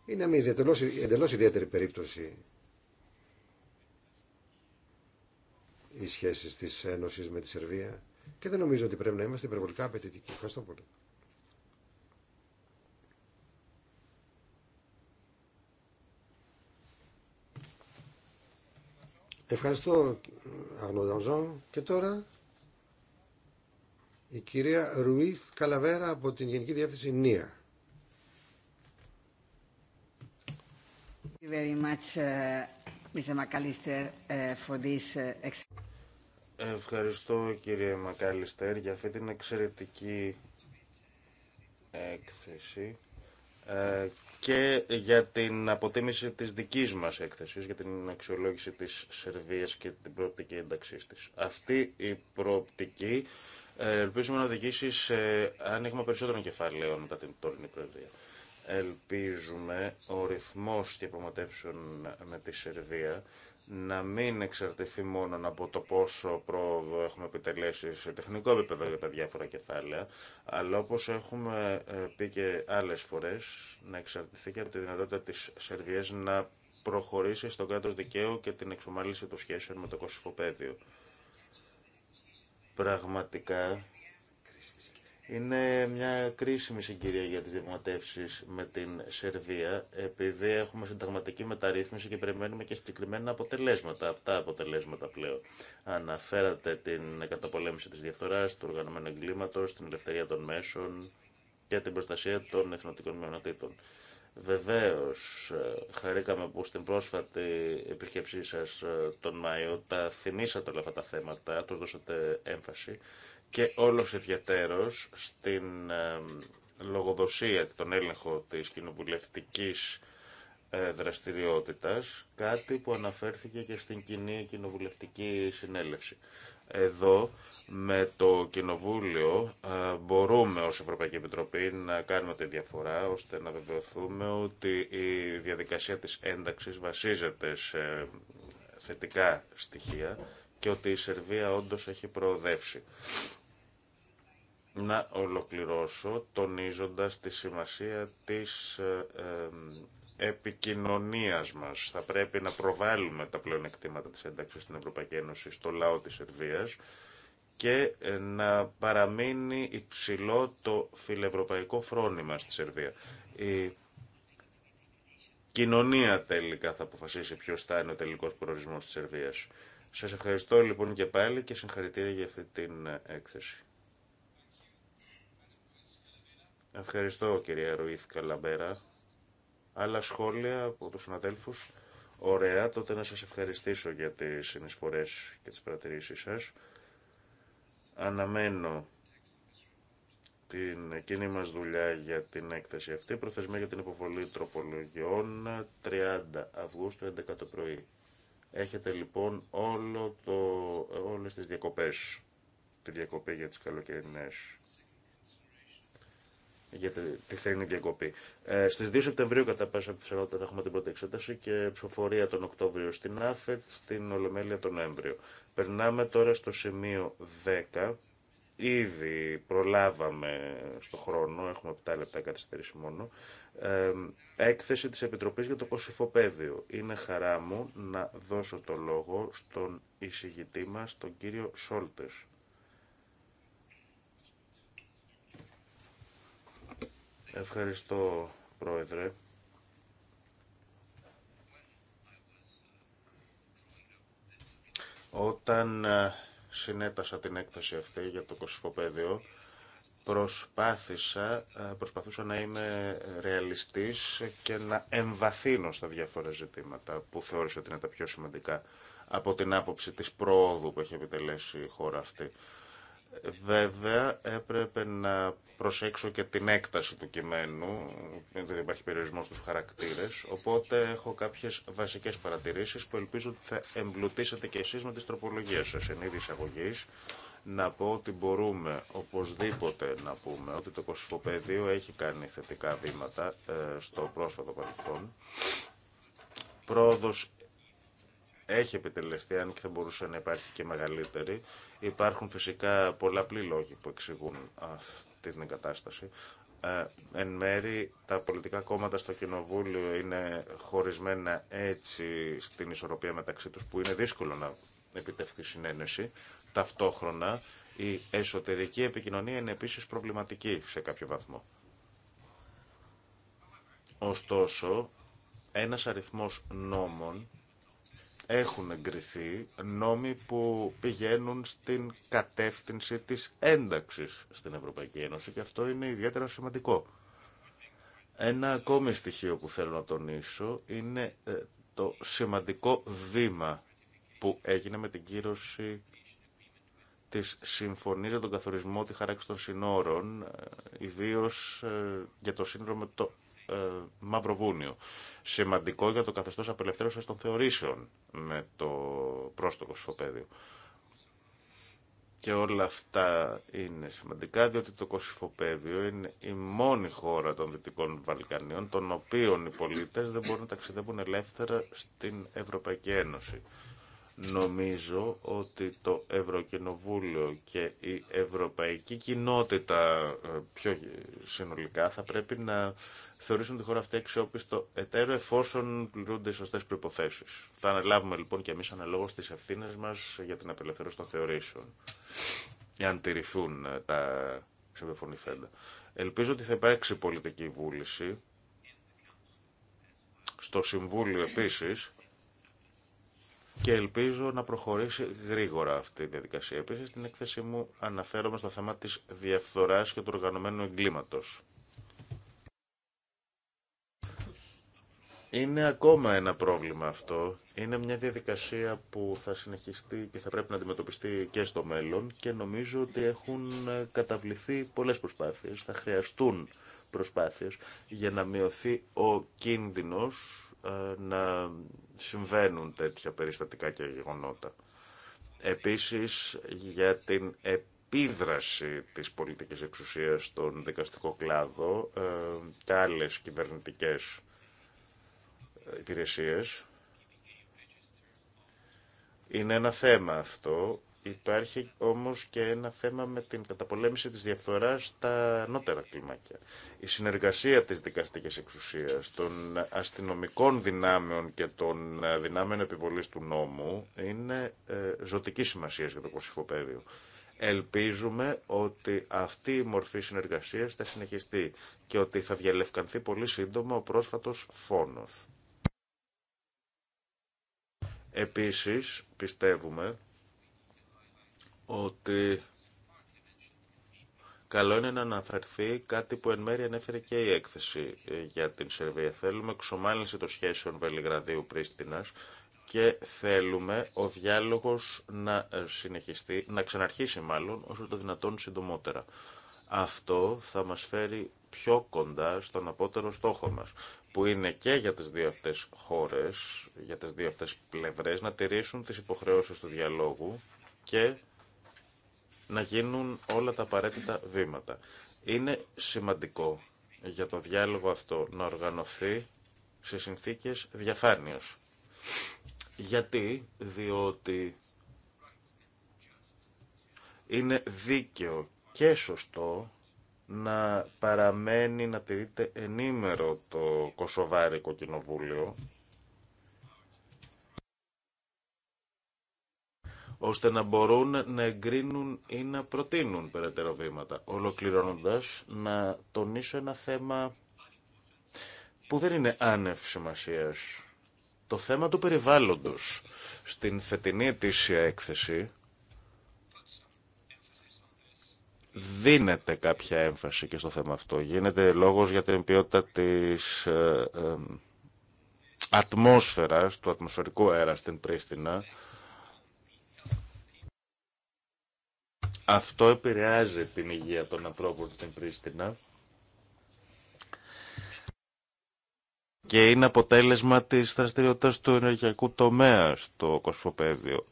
Είναι μια εντελώς, εντελώς ιδιαίτερη περίπτωση οι σχέσεις της Ένωσης με τη Σερβία και δεν νομίζω ότι πρέπει να είμαστε υπερβολικά απαιτητικοί. Ευχαριστώ πολύ. Ευχαριστώ Αγνοδανζόν και τώρα η κυρία Ρουίθ Καλαβέρα από την Γενική Διεύθυνση ΝΙΑ. Ευχαριστώ κύριε Μακάλιστερ για αυτή την εξαιρετική ε, έκθεση ε, και για την αποτίμηση της δικής μας έκθεσης, για την αξιολόγηση της Σερβίας και την προοπτική ένταξής της. Αυτή η προοπτική ε, ελπίζουμε να οδηγήσει σε άνοιγμα περισσότερων κεφαλαίων μετά την τωρινή προεδρία. Ελπίζουμε ο ρυθμός διαπραγματεύσεων με τη Σερβία να μην εξαρτηθεί μόνο από το πόσο πρόοδο έχουμε επιτελέσει σε τεχνικό επίπεδο για τα διάφορα κεφάλαια, αλλά όπως έχουμε ε, πει και άλλες φορές, να εξαρτηθεί και από τη δυνατότητα της Σερβίας να προχωρήσει στο κράτος δικαίου και την εξομάλυση των σχέσεων με το κοσυφοπαίδιο. Πραγματικά είναι μια κρίσιμη συγκυρία για τις διαπραγματεύσεις με την Σερβία, επειδή έχουμε συνταγματική μεταρρύθμιση και περιμένουμε και συγκεκριμένα αποτελέσματα, τα αποτελέσματα πλέον. Αναφέρατε την καταπολέμηση της διαφθοράς, του οργανωμένου εγκλήματος, την ελευθερία των μέσων και την προστασία των εθνοτικών μειονοτήτων. Βεβαίω, ε, χαρήκαμε που στην πρόσφατη επισκέψή σα ε, τον Μάιο τα θυμήσατε όλα αυτά τα θέματα, του δώσατε έμφαση και όλος ιδιαίτερος στην λογοδοσία και τον έλεγχο της κοινοβουλευτικής ε, δραστηριότητας, κάτι που αναφέρθηκε και στην κοινή κοινοβουλευτική συνέλευση. Εδώ με το Κοινοβούλιο ε, μπορούμε ως Ευρωπαϊκή Επιτροπή να κάνουμε τη διαφορά ώστε να βεβαιωθούμε ότι η διαδικασία της ένταξης βασίζεται σε θετικά στοιχεία και ότι η Σερβία όντως έχει προοδεύσει να ολοκληρώσω τονίζοντας τη σημασία της ε, ε, επικοινωνίας μας. Θα πρέπει να προβάλλουμε τα πλεονεκτήματα της ένταξης στην Ευρωπαϊκή Ένωση στο λαό της Σερβίας και ε, να παραμείνει υψηλό το φιλευρωπαϊκό φρόνημα στη Σερβία. Η κοινωνία τελικά θα αποφασίσει ποιος θα είναι ο τελικός προορισμός της Σερβίας. Σας ευχαριστώ λοιπόν και πάλι και συγχαρητήρια για αυτή την έκθεση. Ευχαριστώ κυρία Ρουίθ Καλαμπέρα. Άλλα σχόλια από τους συναδέλφους. Ωραία, τότε να σας ευχαριστήσω για τις συνεισφορές και τις παρατηρήσεις σας. Αναμένω την εκείνη μας δουλειά για την έκθεση αυτή, προθεσμία για την υποβολή τροπολογιών 30 Αυγούστου 11 το πρωί. Έχετε λοιπόν όλο το, όλες τις διακοπές, τη διακοπή για τις καλοκαιρινές για τη θερινή διακοπή. Ε, Στι 2 Σεπτεμβρίου, κατά πάσα πιθανότητα, θα έχουμε την πρώτη εξέταση και ψηφοφορία τον Οκτώβριο στην ΑΦΕΤ, στην Ολομέλεια τον Νοέμβριο. Περνάμε τώρα στο σημείο 10. Ήδη προλάβαμε στο χρόνο, έχουμε 7 λεπτά καθυστέρηση μόνο, ε, έκθεση της Επιτροπής για το Κωσυφοπαίδιο. Είναι χαρά μου να δώσω το λόγο στον εισηγητή μας, τον κύριο Σόλτες. Ευχαριστώ, Πρόεδρε. Όταν ε, συνέτασα την έκθεση αυτή για το κοσυφοπαίδιο, προσπάθησα, ε, προσπαθούσα να είμαι ρεαλιστής και να εμβαθύνω στα διάφορα ζητήματα που θεώρησα ότι είναι τα πιο σημαντικά από την άποψη της πρόοδου που έχει επιτελέσει η χώρα αυτή. Βέβαια, έπρεπε να προσέξω και την έκταση του κειμένου, δεν υπάρχει περιορισμό στους χαρακτήρες, οπότε έχω κάποιες βασικές παρατηρήσεις που ελπίζω ότι θα εμπλουτίσετε και εσείς με τις τροπολογίες σας εν είδη εισαγωγής. Να πω ότι μπορούμε οπωσδήποτε να πούμε ότι το κοσυφοπαίδιο έχει κάνει θετικά βήματα ε, στο πρόσφατο παρελθόν. Πρόοδος έχει επιτελεστεί, αν και θα μπορούσε να υπάρχει και μεγαλύτερη. Υπάρχουν φυσικά πολλαπλοί λόγοι που εξηγούν αυτή την εγκατάσταση. Ε, εν μέρη τα πολιτικά κόμματα στο Κοινοβούλιο είναι χωρισμένα έτσι στην ισορροπία μεταξύ τους που είναι δύσκολο να επιτευχθεί συνένεση. Ταυτόχρονα η εσωτερική επικοινωνία είναι επίσης προβληματική σε κάποιο βαθμό. Ωστόσο, ένας αριθμός νόμων έχουν εγκριθεί νόμοι που πηγαίνουν στην κατεύθυνση της ένταξης στην Ευρωπαϊκή Ένωση και αυτό είναι ιδιαίτερα σημαντικό. Ένα ακόμη στοιχείο που θέλω να τονίσω είναι ε, το σημαντικό βήμα που έγινε με την κύρωση της συμφωνίας για τον καθορισμό τη χάραξη των συνόρων, ε, ιδίως ε, για το σύνδρομο το ε, Μαυροβούνιο. Σημαντικό για το καθεστώ απελευθέρωση των θεωρήσεων με το πρόστοκο σφοπέδιο. Και όλα αυτά είναι σημαντικά διότι το Κωσυφοπέδιο είναι η μόνη χώρα των Δυτικών Βαλκανίων των οποίων οι πολίτες δεν μπορούν να ταξιδεύουν ελεύθερα στην Ευρωπαϊκή Ένωση. Νομίζω ότι το Ευρωκοινοβούλιο και η Ευρωπαϊκή Κοινότητα ε, πιο συνολικά θα πρέπει να θεωρήσουν τη χώρα αυτή αξιόπιστο εταίρο εφόσον πληρούνται οι σωστές προϋποθέσεις. Θα αναλάβουμε λοιπόν και εμείς αναλόγως τις ευθύνες μας για την απελευθέρωση των θεωρήσεων, εάν τηρηθούν ε, τα ξεπεφωνηθέντα. Ελπίζω ότι θα υπάρξει πολιτική βούληση, στο Συμβούλιο επίσης, και ελπίζω να προχωρήσει γρήγορα αυτή η διαδικασία. Επίση, στην έκθεση μου αναφέρομαι στο θέμα τη διαφθορά και του οργανωμένου εγκλήματο. Είναι ακόμα ένα πρόβλημα αυτό. Είναι μια διαδικασία που θα συνεχιστεί και θα πρέπει να αντιμετωπιστεί και στο μέλλον και νομίζω ότι έχουν καταβληθεί πολλές προσπάθειες, θα χρειαστούν προσπάθειες για να μειωθεί ο κίνδυνος ε, να συμβαίνουν τέτοια περιστατικά και γεγονότα. Επίσης για την επίδραση της πολιτικής εξουσίας στον δικαστικό κλάδο ε, και άλλες κυβερνητικές υπηρεσίες. Είναι ένα θέμα αυτό Υπάρχει όμως και ένα θέμα με την καταπολέμηση της διαφθοράς στα ανώτερα κλιμάκια. Η συνεργασία της δικαστικής εξουσίας, των αστυνομικών δυνάμεων και των δυνάμεων επιβολής του νόμου είναι ε, ζωτική σημασία για το κοσυφοπαίδιο. Ελπίζουμε ότι αυτή η μορφή συνεργασίας θα συνεχιστεί και ότι θα διαλευκανθεί πολύ σύντομα ο πρόσφατος φόνος. Επίσης, πιστεύουμε ότι καλό είναι να αναφερθεί κάτι που εν μέρει ανέφερε και η έκθεση ε, για την Σερβία. Θέλουμε εξομάλυνση των σχέσεων Βελιγραδίου-Πρίστινας και θέλουμε ο διάλογος να ε, συνεχιστεί, να ξαναρχίσει μάλλον όσο το δυνατόν συντομότερα. Αυτό θα μας φέρει πιο κοντά στον απότερο στόχο μας, που είναι και για τις δύο αυτές χώρες, για τις δύο αυτές πλευρές, να τηρήσουν τις υποχρεώσεις του διαλόγου και να γίνουν όλα τα απαραίτητα βήματα. Είναι σημαντικό για το διάλογο αυτό να οργανωθεί σε συνθήκες διαφάνειας. Γιατί, διότι είναι δίκαιο και σωστό να παραμένει να τηρείται ενήμερο το Κωσοβάρικο Κοινοβούλιο ώστε να μπορούν να εγκρίνουν ή να προτείνουν περαιτέρω βήματα. Ολοκληρώνοντας, να τονίσω ένα θέμα που δεν είναι άνευ σημασία. Το θέμα του περιβάλλοντος. Στην φετινή ετήσια έκθεση δίνεται κάποια έμφαση και στο θέμα αυτό. Γίνεται λόγος για την ποιότητα της ε, ε ατμόσφαιρας, του ατμοσφαιρικού αέρα στην Πρίστινα, Αυτό επηρεάζει την υγεία των ανθρώπων στην Πρίστινα και είναι αποτέλεσμα της δραστηριότητας του ενεργειακού τομέα στο κοσφοπέδιο.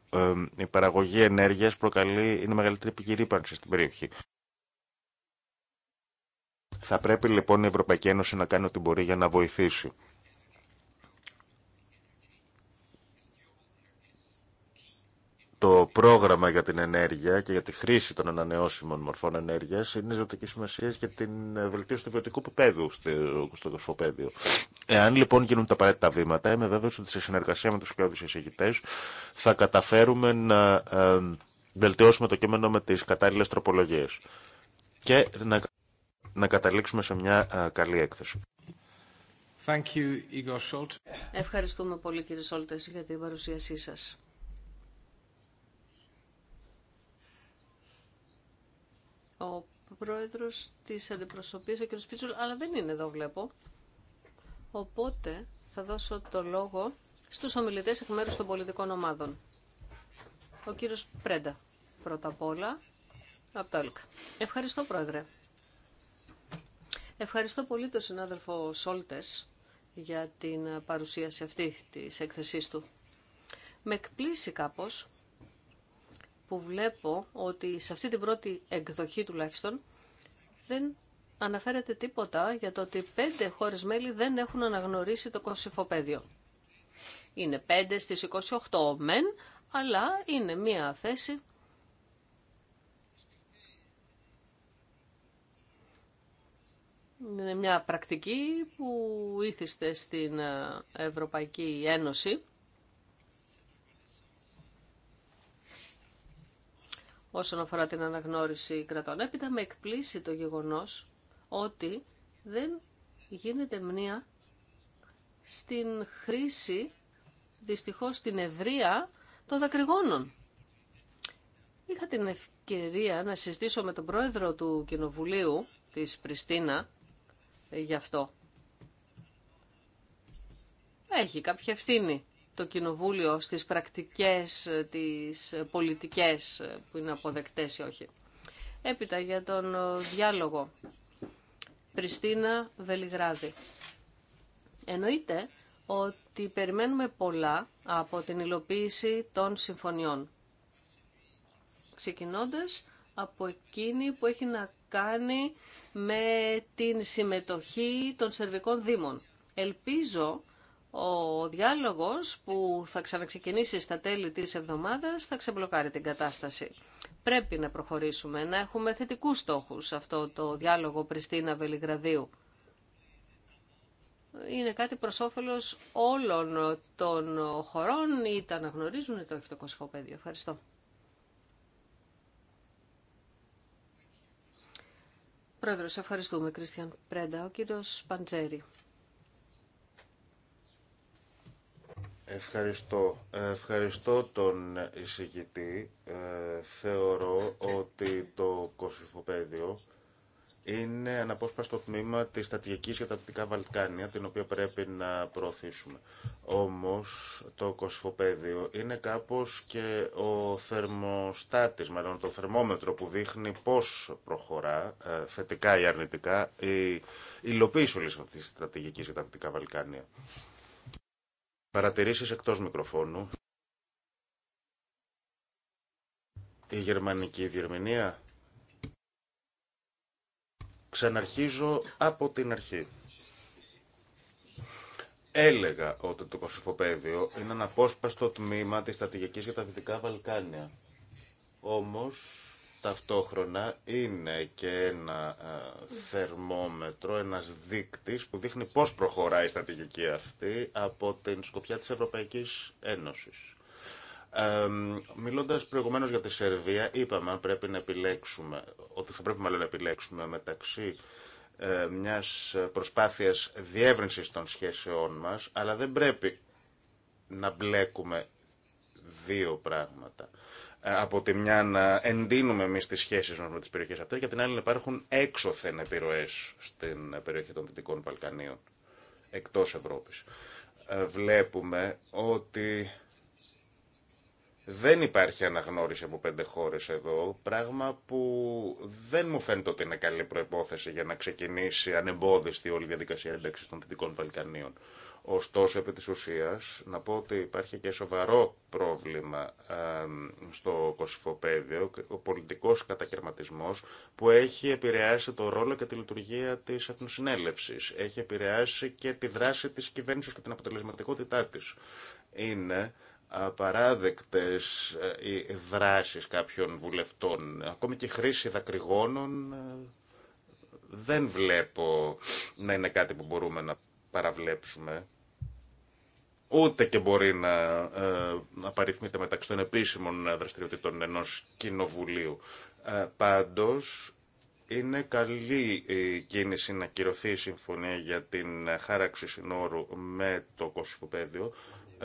η παραγωγή ενέργειας προκαλεί, είναι μεγαλύτερη επικυρύπανση στην περιοχή. Θα πρέπει λοιπόν η Ευρωπαϊκή Ένωση να κάνει ό,τι μπορεί για να βοηθήσει. το πρόγραμμα για την ενέργεια και για τη χρήση των ανανεώσιμων μορφών ενέργεια είναι ζωτική σημασία για την ε, βελτίωση του βιωτικού επίπεδου στο δοσφοπέδιο. Εάν λοιπόν γίνουν τα απαραίτητα βήματα, είμαι βέβαιο ότι σε συνεργασία με του κλάδου εισηγητέ θα καταφέρουμε να ε, βελτιώσουμε το κείμενο με τι κατάλληλε τροπολογίε και να, να καταλήξουμε σε μια ε, καλή έκθεση. Thank you, Igor Ευχαριστούμε πολύ κύριε Σόλτες για την παρουσίασή σας. ο πρόεδρος της αντιπροσωπείας, ο κ. Σπίτσουλ, αλλά δεν είναι εδώ βλέπω. Οπότε θα δώσω το λόγο στους ομιλητές εκ μέρους των πολιτικών ομάδων. Ο κύριος Πρέντα, πρώτα απ' όλα, από το ΕΛΚ. Ευχαριστώ, Πρόεδρε. Ευχαριστώ πολύ τον συνάδελφο Σόλτες για την παρουσίαση αυτή της έκθεσής του. Με εκπλήσει κάπως που βλέπω ότι σε αυτή την πρώτη εκδοχή τουλάχιστον δεν αναφέρεται τίποτα για το ότι πέντε χώρες μέλη δεν έχουν αναγνωρίσει το κοσυφοπαίδιο. Είναι πέντε στις 28 μεν, αλλά είναι μία θέση Είναι μια πρακτική που ήθιστε στην ε, Ευρωπαϊκή Ένωση όσον αφορά την αναγνώριση κρατών. Έπειτα με εκπλήσει το γεγονός ότι δεν γίνεται μνήα στην χρήση, δυστυχώς στην ευρεία των δακρυγόνων. Είχα την ευκαιρία να συζητήσω με τον πρόεδρο του Κοινοβουλίου της Πριστίνα γι' αυτό. Έχει κάποια ευθύνη το Κοινοβούλιο στις πρακτικές, τις πολιτικές που είναι αποδεκτές ή όχι. Έπειτα για τον ε, διάλογο. Πριστίνα Βελιγράδη. Εννοείται ότι περιμένουμε πολλά από την υλοποίηση των συμφωνιών. Ξεκινώντας από εκείνη που έχει να κάνει με την συμμετοχή των Σερβικών Δήμων. Ελπίζω ο διάλογος που θα ξαναξεκινήσει στα τέλη της εβδομάδας θα ξεμπλοκάρει την κατάσταση. Πρέπει να προχωρήσουμε, να έχουμε θετικούς στόχους αυτό το διάλογο Πριστίνα Βελιγραδίου. Είναι κάτι προς όφελος όλων των χωρών, είτε αναγνωρίζουν είτε όχι το πεδίο. Ευχαριστώ. Πρόεδρος, ευχαριστούμε, Κρίστιαν Πρέντα. Ο κύριος Παντζέρη. Ευχαριστώ. Ευχαριστώ τον εισηγητή. Ε, θεωρώ ότι το κοσυφοπαίδιο είναι αναπόσπαστο τμήμα της στρατηγική για τα Δυτικά Βαλκάνια, την οποία πρέπει να προωθήσουμε. Όμως το κοσφοπέδιο είναι κάπω και ο θερμοστάτης, μάλλον το θερμόμετρο που δείχνει πώς προχωρά ε, θετικά ή αρνητικά, η υλοποίηση όλη αυτή τη στρατηγική για τα Δυτικά Βαλκάνια. Παρατηρήσεις εκτός μικροφώνου. Η γερμανική διερμηνία. Ξαναρχίζω από την αρχή. Έλεγα ότι το Κωσυφοπαίδιο είναι ένα απόσπαστο τμήμα της στρατηγικής για τα Δυτικά Βαλκάνια. Όμως, ταυτόχρονα είναι και ένα ε, θερμόμετρο, ένας δείκτης που δείχνει πώς προχωράει η στρατηγική αυτή από την σκοπιά της Ευρωπαϊκής Ένωσης. Ε, μιλώντας προηγουμένως για τη Σερβία, είπαμε πρέπει να επιλέξουμε, ότι θα πρέπει μάλλον να επιλέξουμε μεταξύ ε, μιας προσπάθειας διεύρυνσης των σχέσεών μας, αλλά δεν πρέπει να μπλέκουμε δύο πράγματα. Ε, από τη μια να εντείνουμε εμεί τι σχέσει μα με τι περιοχέ αυτέ, για την άλλη να υπάρχουν έξωθεν επιρροέ στην περιοχή των Δυτικών Βαλκανίων, εκτό Ευρώπη. Ε, βλέπουμε ότι δεν υπάρχει αναγνώριση από πέντε χώρε εδώ, πράγμα που δεν μου φαίνεται ότι είναι καλή προπόθεση για να ξεκινήσει ανεμπόδιστη όλη η διαδικασία ένταξη των Δυτικών Βαλκανίων. Ωστόσο, επί της ουσίας, να πω ότι υπάρχει και σοβαρό πρόβλημα στο κοσυφοπαίδιο, ο πολιτικός κατακαιρματισμός που έχει επηρεάσει το ρόλο και τη λειτουργία της Εθνοσυνέλευσης. Έχει επηρεάσει και τη δράση της κυβέρνησης και την αποτελεσματικότητά της. Είναι απαράδεκτες ε, οι δράσεις κάποιων βουλευτών, ακόμη και χρήση δακρυγόνων, ε, δεν βλέπω να είναι κάτι που μπορούμε να παραβλέψουμε ούτε και μπορεί να ε, τα μεταξύ των επίσημων ε, δραστηριοτήτων ενός κοινοβουλίου. Ε, πάντως, είναι καλή η κίνηση να κυρωθεί η συμφωνία για την χάραξη συνόρου με το Κωσυφοπαίδιο,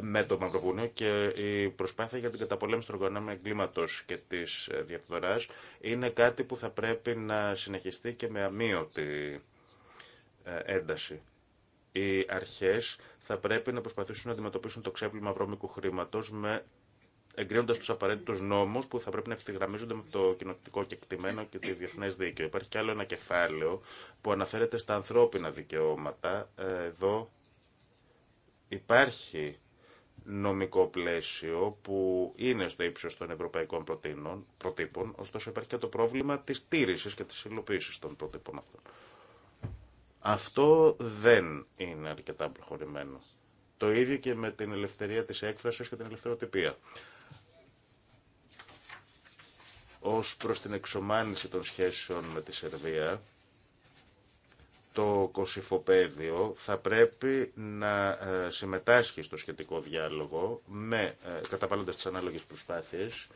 με το Μαυροβούνιο και η προσπάθεια για την καταπολέμηση του οργανωμένου εγκλήματο και της ε, διαφθοράς είναι κάτι που θα πρέπει να συνεχιστεί και με αμύωτη ε, ένταση. Οι αρχές θα πρέπει να προσπαθήσουν να αντιμετωπίσουν το ξέπλυμα βρώμικου χρήματο με εγκρίνοντα του απαραίτητου νόμου που θα πρέπει να ευθυγραμμίζονται με το κοινοτικό κεκτημένο και το διεθνέ δίκαιο. Υπάρχει κι άλλο ένα κεφάλαιο που αναφέρεται στα ανθρώπινα δικαιώματα. Ε, εδώ υπάρχει νομικό πλαίσιο που είναι στο ύψο των ευρωπαϊκών προτύπων, ωστόσο υπάρχει και το πρόβλημα της τήρησης και της υλοποίησης των προτύπων αυτών. Αυτό δεν είναι αρκετά προχωρημένο. Το ίδιο και με την ελευθερία της έκφρασης και την ελευθεροτυπία. Ως προς την εξομάνιση των σχέσεων με τη Σερβία, το κοσυφοπέδιο θα πρέπει να ε, συμμετάσχει στο σχετικό διάλογο με, ε, καταβάλλοντας τις ανάλογες προσπάθειες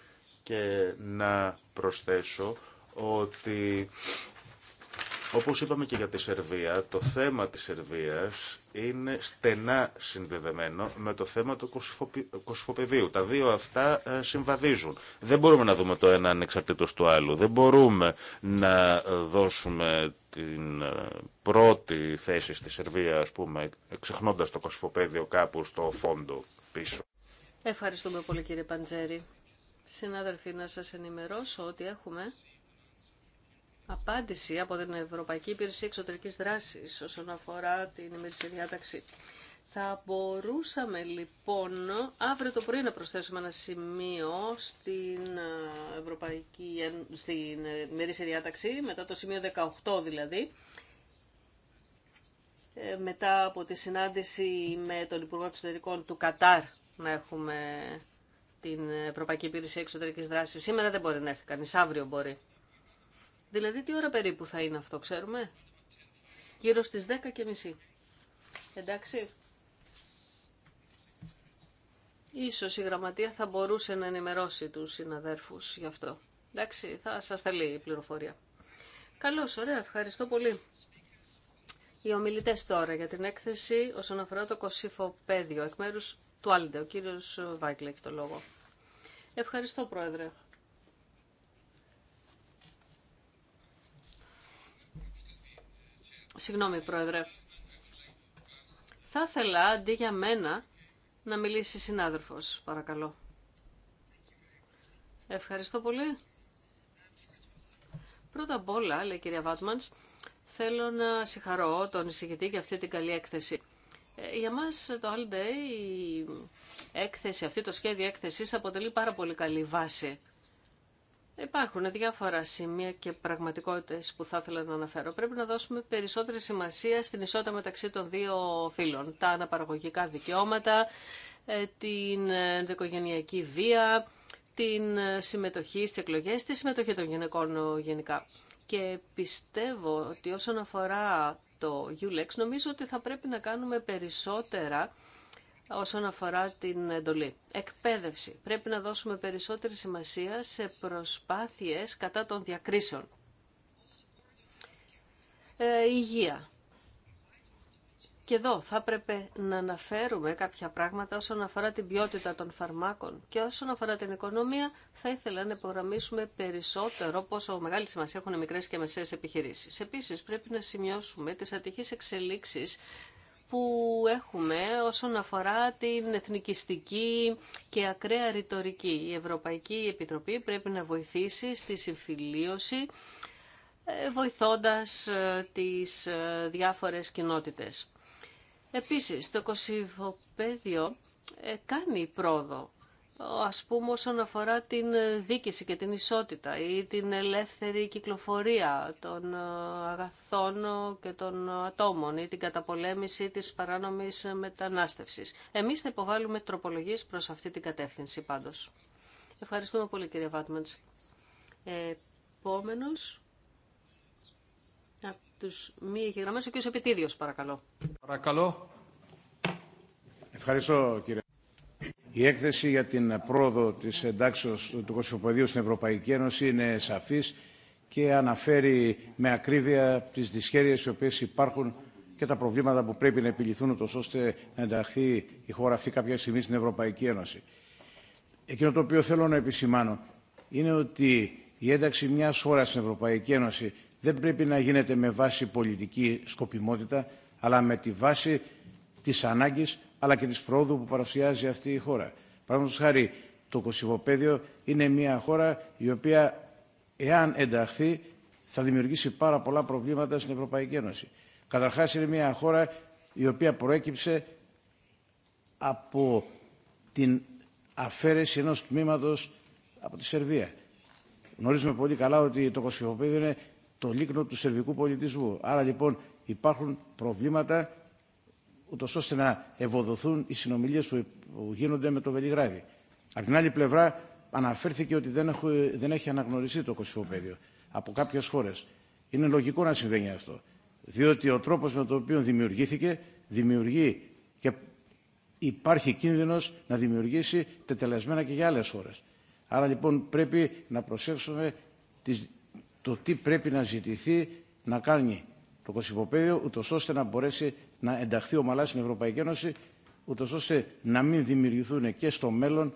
και να προσθέσω ότι όπως είπαμε και για τη Σερβία, το θέμα της Σερβίας είναι στενά συνδεδεμένο με το θέμα του κοσφοπεδίου. Τα δύο αυτά ε, συμβαδίζουν. Δεν μπορούμε να δούμε το ένα ανεξαρτήτως του άλλου. Δεν μπορούμε να ε, δώσουμε την ε, πρώτη θέση στη Σερβία, ας πούμε, ξεχνώντας το κοσφοπέδιο κάπου στο φόντο πίσω. Ευχαριστούμε πολύ κύριε Παντζέρη. Συνάδελφοι, να σας ενημερώσω ότι έχουμε απάντηση από την Ευρωπαϊκή Υπηρεσία Εξωτερικής Δράσης όσον αφορά την ημερησία διάταξη. Θα μπορούσαμε λοιπόν αύριο το πρωί να προσθέσουμε ένα σημείο στην ε, Ευρωπαϊκή, στην ε, ημερήσια διάταξη, μετά το σημείο 18 δηλαδή, ε, μετά από τη συνάντηση με τον Υπουργό Εξωτερικών του Κατάρ να έχουμε την Ευρωπαϊκή Υπηρεσία Εξωτερικής Δράσης. Σήμερα δεν μπορεί να έρθει κανείς, αύριο μπορεί. Δηλαδή τι ώρα περίπου θα είναι αυτό, ξέρουμε. Γύρω στις 10 και μισή. Εντάξει. Ίσως η γραμματεία θα μπορούσε να ενημερώσει τους συναδέρφους γι' αυτό. Εντάξει, θα σας θέλει η πληροφορία. Καλώς, ωραία, ευχαριστώ πολύ. Οι ομιλητές τώρα για την έκθεση όσον αφορά το κοσίφο πέδιο εκ μέρους του Άλντε, ο κύριος Βάγκλε έχει το λόγο. Ευχαριστώ, Πρόεδρε. Συγγνώμη, Πρόεδρε. Θα ήθελα αντί για μένα να μιλήσει συνάδελφος, παρακαλώ. Ευχαριστώ πολύ. Πρώτα απ' όλα, λέει η κυρία Βάτμανς, θέλω να συγχαρώ τον εισηγητή για αυτή την καλή έκθεση. Ε, για μας το All Day η έκθεση αυτή, το σχέδιο έκθεσης αποτελεί πάρα πολύ καλή βάση Υπάρχουν διάφορα σημεία και πραγματικότητε που θα ήθελα να αναφέρω. Πρέπει να δώσουμε περισσότερη σημασία στην ισότητα μεταξύ των δύο φύλων. Τα αναπαραγωγικά δικαιώματα, ε, την ενδοικογενειακή βία, την συμμετοχή στις εκλογές, τη συμμετοχή των γυναικών γενικά. Και πιστεύω ότι όσον αφορά το ULEX, νομίζω ότι θα πρέπει να κάνουμε περισσότερα όσον αφορά την εντολή. Εκπαίδευση. Πρέπει να δώσουμε περισσότερη σημασία σε προσπάθειες κατά των διακρίσεων. Ε, υγεία. Και εδώ θα έπρεπε να αναφέρουμε κάποια πράγματα όσον αφορά την ποιότητα των φαρμάκων και όσον αφορά την οικονομία θα ήθελα να υπογραμμίσουμε περισσότερο πόσο μεγάλη σημασία έχουν οι μικρές και μεσαίες επιχειρήσεις. Επίσης πρέπει να σημειώσουμε τις ατυχείς εξελίξεις που έχουμε όσον αφορά την εθνικιστική και ακραία ρητορική. Η Ευρωπαϊκή Επιτροπή πρέπει να βοηθήσει στη συμφιλίωση ε, βοηθώντας ε, τις ε, διάφορες κοινότητες. Επίσης, το κοσυβοπαίδιο κάνει πρόοδο ας πούμε όσον αφορά την ε, δίκηση και την ισότητα ή την ελεύθερη κυκλοφορία των ε, αγαθών ε, και των ατόμων ή την καταπολέμηση της παράνομης μετανάστευσης. Εμείς θα υποβάλουμε τροπολογίες προς αυτή την κατεύθυνση πάντως. Ευχαριστούμε πολύ κύριε Βάτμαντς. Επόμενος, από τους μη εγγεγραμμένους, ο κύριος Επιτίδιος παρακαλώ. Παρακαλώ. Ευχαριστώ κύριε. Η έκθεση για την πρόοδο της εντάξεως του Κωσυφοπεδίου στην Ευρωπαϊκή Ένωση είναι σαφής και αναφέρει με ακρίβεια τις δυσχέρειες οι οποίες υπάρχουν και τα προβλήματα που πρέπει να επιληθούν ούτως ώστε να ενταχθεί η χώρα αυτή κάποια στιγμή στην Ευρωπαϊκή Ένωση. Εκείνο το οποίο θέλω να επισημάνω είναι ότι η ένταξη μιας χώρας στην Ευρωπαϊκή Ένωση δεν πρέπει να γίνεται με βάση πολιτική σκοπιμότητα, αλλά με τη βάση της ανάγκης αλλά και τη πρόοδου που παρουσιάζει αυτή η χώρα. Παραδείγματο χάρη, το Κωσυβοπαίδιο είναι μια χώρα η οποία, εάν ενταχθεί, θα δημιουργήσει πάρα πολλά προβλήματα στην Ευρωπαϊκή Ένωση. Καταρχά, είναι μια χώρα η οποία προέκυψε από την αφαίρεση ενός τμήματο από τη Σερβία. Γνωρίζουμε πολύ καλά ότι το Κωσυφοπέδιο είναι το λίκνο του σερβικού πολιτισμού. Άρα λοιπόν υπάρχουν προβλήματα ούτω ώστε να ευοδοθούν οι συνομιλίε που γίνονται με το Βελιγράδι. Απ' την άλλη πλευρά, αναφέρθηκε ότι δεν, δεν έχει αναγνωριστεί το κοσυφοπαίδιο από κάποιε χώρε. Είναι λογικό να συμβαίνει αυτό. Διότι ο τρόπο με τον οποίο δημιουργήθηκε δημιουργεί και υπάρχει κίνδυνο να δημιουργήσει τετελεσμένα και για άλλε χώρε. Άρα λοιπόν πρέπει να προσέξουμε το τι πρέπει να ζητηθεί να κάνει το κοσυφοπαίδιο, ούτω ώστε να μπορέσει να ενταχθεί ομαλά στην Ευρωπαϊκή Ένωση, ούτω ώστε να μην δημιουργηθούν και στο μέλλον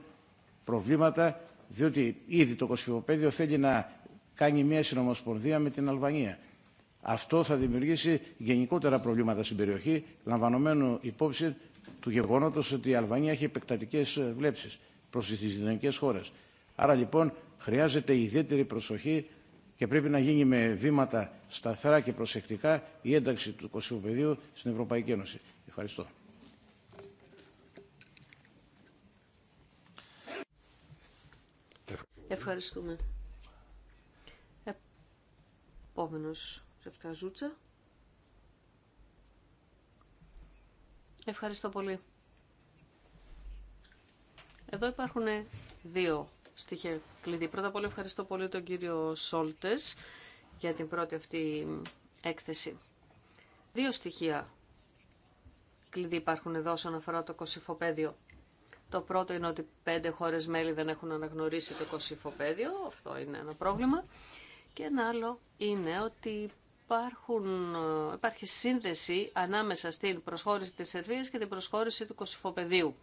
προβλήματα, διότι ήδη το Κωσυφοπαίδιο θέλει να κάνει μια συνομοσπονδία με την Αλβανία. Αυτό θα δημιουργήσει γενικότερα προβλήματα στην περιοχή, λαμβανομένου υπόψη του γεγονότος ότι η Αλβανία έχει επεκτατικές ε, βλέψεις προ τι γειτονικές χώρε. Άρα λοιπόν χρειάζεται ιδιαίτερη προσοχή και πρέπει να γίνει με βήματα σταθερά και προσεκτικά η ένταξη του πεδίου στην Ευρωπαϊκή Ένωση. Ευχαριστώ. Ευχαριστούμε. Επόμενος Ζούτσα. Ευχαριστώ πολύ. Εδώ υπάρχουν δύο στοιχεία κλειδί. Πρώτα απ' όλα ευχαριστώ πολύ τον κύριο Σόλτες για την πρώτη αυτή έκθεση. Δύο στοιχεία κλειδί υπάρχουν εδώ όσον αφορά το κοσυφοπέδιο. Το πρώτο είναι ότι πέντε χώρες μέλη δεν έχουν αναγνωρίσει το κοσυφοπέδιο, αυτό είναι ένα πρόβλημα. Και ένα άλλο είναι ότι υπάρχουν, υπάρχει σύνδεση ανάμεσα στην προσχώρηση της Σερβίας και την προσχώρηση του κοσυφοπεδίου.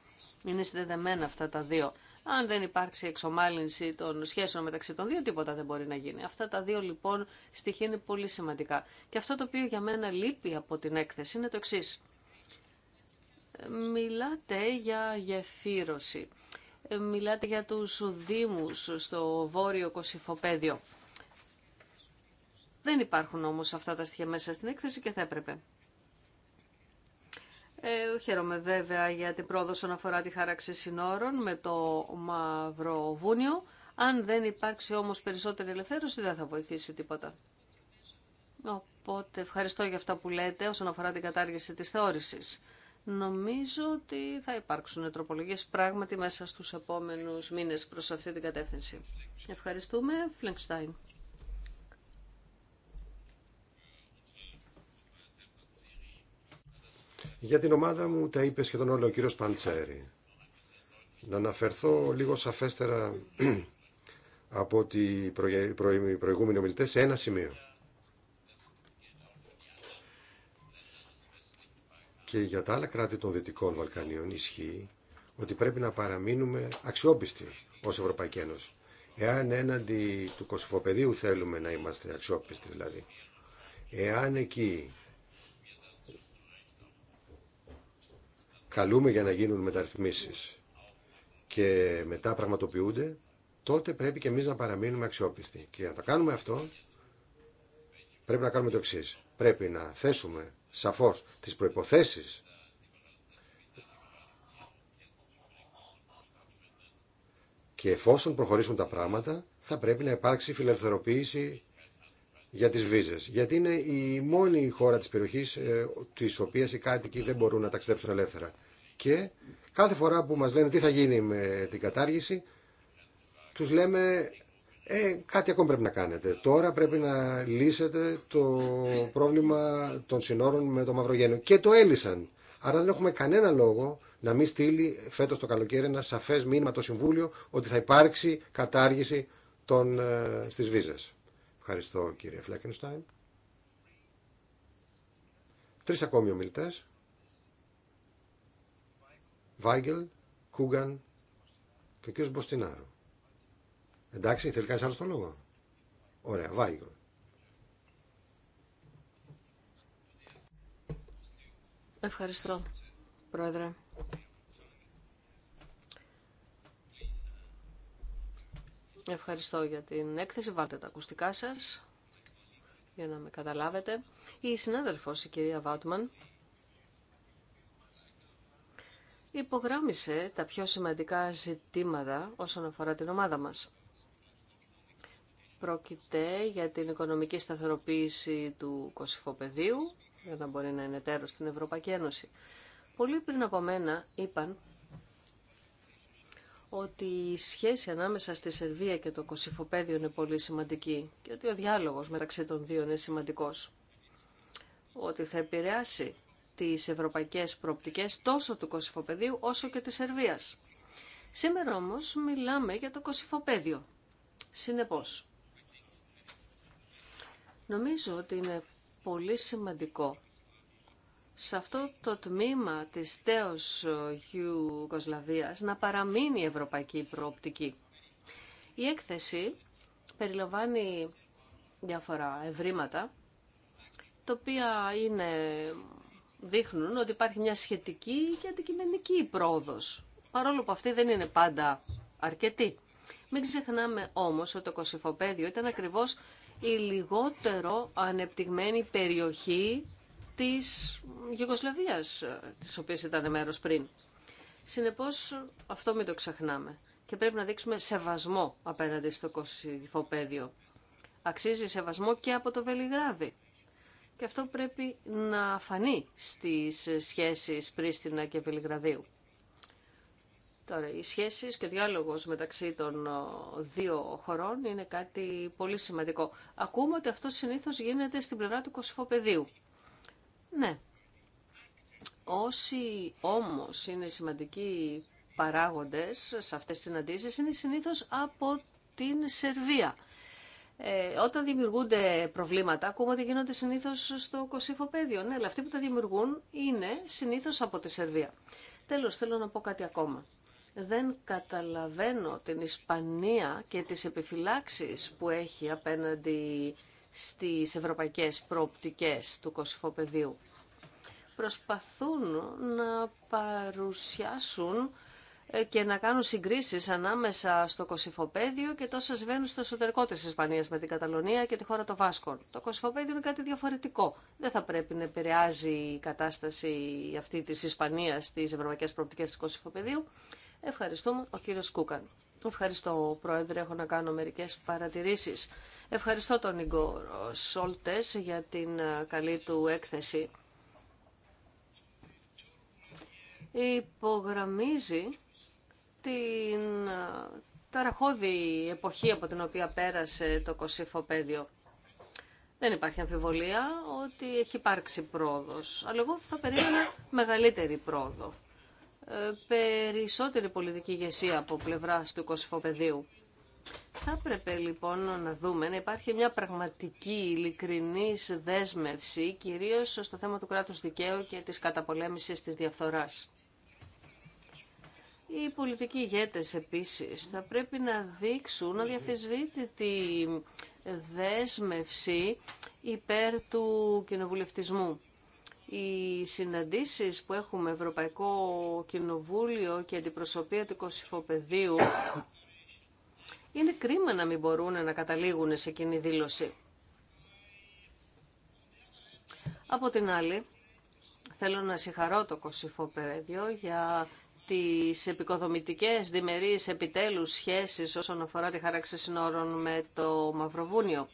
Είναι συνδεδεμένα αυτά τα δύο. Αν δεν υπάρξει εξομάλυνση των σχέσεων μεταξύ των δύο, τίποτα δεν μπορεί να γίνει. Αυτά τα δύο λοιπόν στοιχεία είναι πολύ σημαντικά. Και αυτό το οποίο για μένα λείπει από την έκθεση είναι το εξή. Μιλάτε για γεφύρωση. Ε, μιλάτε για τους δήμους στο βόρειο Κωσυφοπαίδιο. Δεν υπάρχουν όμως αυτά τα στοιχεία μέσα στην έκθεση και θα έπρεπε. Ε, χαίρομαι βέβαια για την πρόοδο όσον αφορά τη χάραξη συνόρων με το Μαυροβούνιο. Αν δεν υπάρξει όμως περισσότερη ελευθέρωση δεν θα βοηθήσει τίποτα. Οπότε ευχαριστώ για αυτά που λέτε όσον αφορά την κατάργηση της θεώρησης. Νομίζω ότι θα υπάρξουν τροπολογίες πράγματι μέσα στους επόμενους μήνες προς αυτή την κατεύθυνση. Ευχαριστούμε. Φλενκστάιν. Για την ομάδα μου τα είπε σχεδόν όλο ο κύριο Παντσέρη. Να αναφερθώ λίγο σαφέστερα από ότι οι προηγούμενοι ομιλητές σε ένα σημείο. Και για τα άλλα κράτη των Δυτικών Βαλκανίων ισχύει ότι πρέπει να παραμείνουμε αξιόπιστοι ως Ευρωπαϊκή Ένωση. Εάν έναντι του κοσυφοπεδίου θέλουμε να είμαστε αξιόπιστοι δηλαδή, εάν εκεί καλούμε για να γίνουν μεταρρυθμίσεις και μετά πραγματοποιούνται, τότε πρέπει και εμείς να παραμείνουμε αξιόπιστοι. Και για να το κάνουμε αυτό, πρέπει να κάνουμε το εξή. Πρέπει να θέσουμε σαφώς τις προϋποθέσεις και εφόσον προχωρήσουν τα πράγματα, θα πρέπει να υπάρξει φιλελευθεροποίηση για τις βίζες. Γιατί είναι η μόνη χώρα της περιοχής ε, της οποίας οι κάτοικοι δεν μπορούν να ταξιδέψουν ελεύθερα. Και κάθε φορά που μας λένε τι θα γίνει με την κατάργηση, τους λέμε «Ε, κάτι ακόμη πρέπει να κάνετε. Τώρα πρέπει να λύσετε το πρόβλημα των συνόρων με το Μαυρογένιο. Και το έλυσαν. Άρα δεν έχουμε κανένα λόγο να μην στείλει φέτος το καλοκαίρι ένα σαφές μήνυμα το Συμβούλιο ότι θα υπάρξει κατάργηση των, ε, στις βίζες. Ευχαριστώ κύριε Φλέκενστάιν. Τρεις ακόμη ομιλητές. Βάγκελ, Κούγκαν και ο κ. Μποστινάρο. Εντάξει, θέλει κανεί άλλο το λόγο. Ωραία, Βάγκελ. Ευχαριστώ, Πρόεδρε. Ευχαριστώ για την έκθεση. Βάλτε τα ακουστικά σας για να με καταλάβετε. Η συνάδελφος, η κυρία Βάτμαν, υπογράμμισε τα πιο σημαντικά ζητήματα όσον αφορά την ομάδα μας. Πρόκειται για την οικονομική σταθεροποίηση του κοσυφοπεδίου, για να μπορεί να είναι τέρος στην Ευρωπαϊκή Ένωση. Πολύ πριν από μένα είπαν ότι η σχέση ανάμεσα στη Σερβία και το κοσυφοπέδιο είναι πολύ σημαντική και ότι ο διάλογος μεταξύ των δύο είναι σημαντικός. Ότι θα επηρεάσει τις ευρωπαϊκές προοπτικές τόσο του Κωσυφοπεδίου όσο και της Σερβίας. Σήμερα όμως μιλάμε για το Κωσυφοπέδιο. Συνεπώς, νομίζω ότι είναι πολύ σημαντικό σε αυτό το τμήμα της τέως Ιουγκοσλαβίας να παραμείνει η ευρωπαϊκή προοπτική. Η έκθεση περιλαμβάνει διάφορα ευρήματα, τα οποία είναι δείχνουν ότι υπάρχει μια σχετική και αντικειμενική πρόοδος, παρόλο που αυτή δεν είναι πάντα αρκετή. Μην ξεχνάμε όμως ότι το Κωσυφοπαίδιο ήταν ακριβώς η λιγότερο ανεπτυγμένη περιοχή της Γιουγκοσλαβίας, της οποίας ήταν μέρος πριν. Συνεπώς αυτό μην το ξεχνάμε και πρέπει να δείξουμε σεβασμό απέναντι στο Κωσυφοπαίδιο. Αξίζει σεβασμό και από το Βελιγράδι. Και αυτό πρέπει να φανεί στις σχέσεις Πρίστινα και Βελιγραδίου. Τώρα, οι σχέσεις και ο διάλογος μεταξύ των δύο χωρών είναι κάτι πολύ σημαντικό. Ακούμε ότι αυτό συνήθως γίνεται στην πλευρά του κοσφοπεδίου. Ναι. Όσοι όμως είναι σημαντικοί παράγοντες σε αυτές τις συναντήσεις είναι συνήθως από την Σερβία. Ε, όταν δημιουργούνται προβλήματα, ακούμε ότι γίνονται συνήθω στο Πέδιο. Ναι, αλλά αυτοί που τα δημιουργούν είναι συνήθω από τη Σερβία. Τέλο, θέλω να πω κάτι ακόμα. Δεν καταλαβαίνω την Ισπανία και τις επιφυλάξεις που έχει απέναντι στις ευρωπαϊκές προοπτικές του Πεδίου. Προσπαθούν να παρουσιάσουν ε, και να κάνουν συγκρίσει ανάμεσα στο Κωσυφοπαίδιο και τόσα συμβαίνουν στο εσωτερικό τη ισπανία με την Καταλωνία και τη χώρα των Βάσκων. Το Κωσυφοπαίδιο είναι κάτι διαφορετικό. Δεν θα πρέπει να επηρεάζει η κατάσταση αυτή τη ισπανία στις ευρωπαϊκές προοπτικέ του Κωσυφοπαιδίου. Ευχαριστούμε ο κύριο Κούκαν. Ευχαριστώ, Πρόεδρε. Έχω να κάνω μερικέ παρατηρήσει. Ευχαριστώ τον Ιγκόρ Σόλτε για την ε, καλή του έκθεση. Υπογραμμίζει την ε, ταραχώδη εποχή από την οποία πέρασε το Πέδιο. Δεν υπάρχει αμφιβολία ότι έχει υπάρξει πρόοδος, αλλά εγώ θα περίμενα μεγαλύτερη πρόοδο. Ε, περισσότερη πολιτική ηγεσία από πλευρά του κοσυφοπεδίου. Θα έπρεπε λοιπόν να δούμε να υπάρχει μια πραγματική ειλικρινής δέσμευση, κυρίως στο θέμα του κράτους δικαίου και της καταπολέμησης της διαφθοράς. Οι πολιτικοί ηγέτες επίσης θα πρέπει να δείξουν τη δέσμευση υπέρ του κοινοβουλευτισμού. Οι συναντήσεις που έχουμε Ευρωπαϊκό Κοινοβούλιο και αντιπροσωπεία του Κωσυφοπεδίου είναι κρίμα να μην μπορούν να καταλήγουν σε κοινή δήλωση. Από την άλλη, θέλω να συγχαρώ το Κωσυφοπεδίο για τις επικοδομητικές διμερείς επιτέλους σχέσεις όσον αφορά τη χάραξη συνόρων με το Μαυροβούνιο.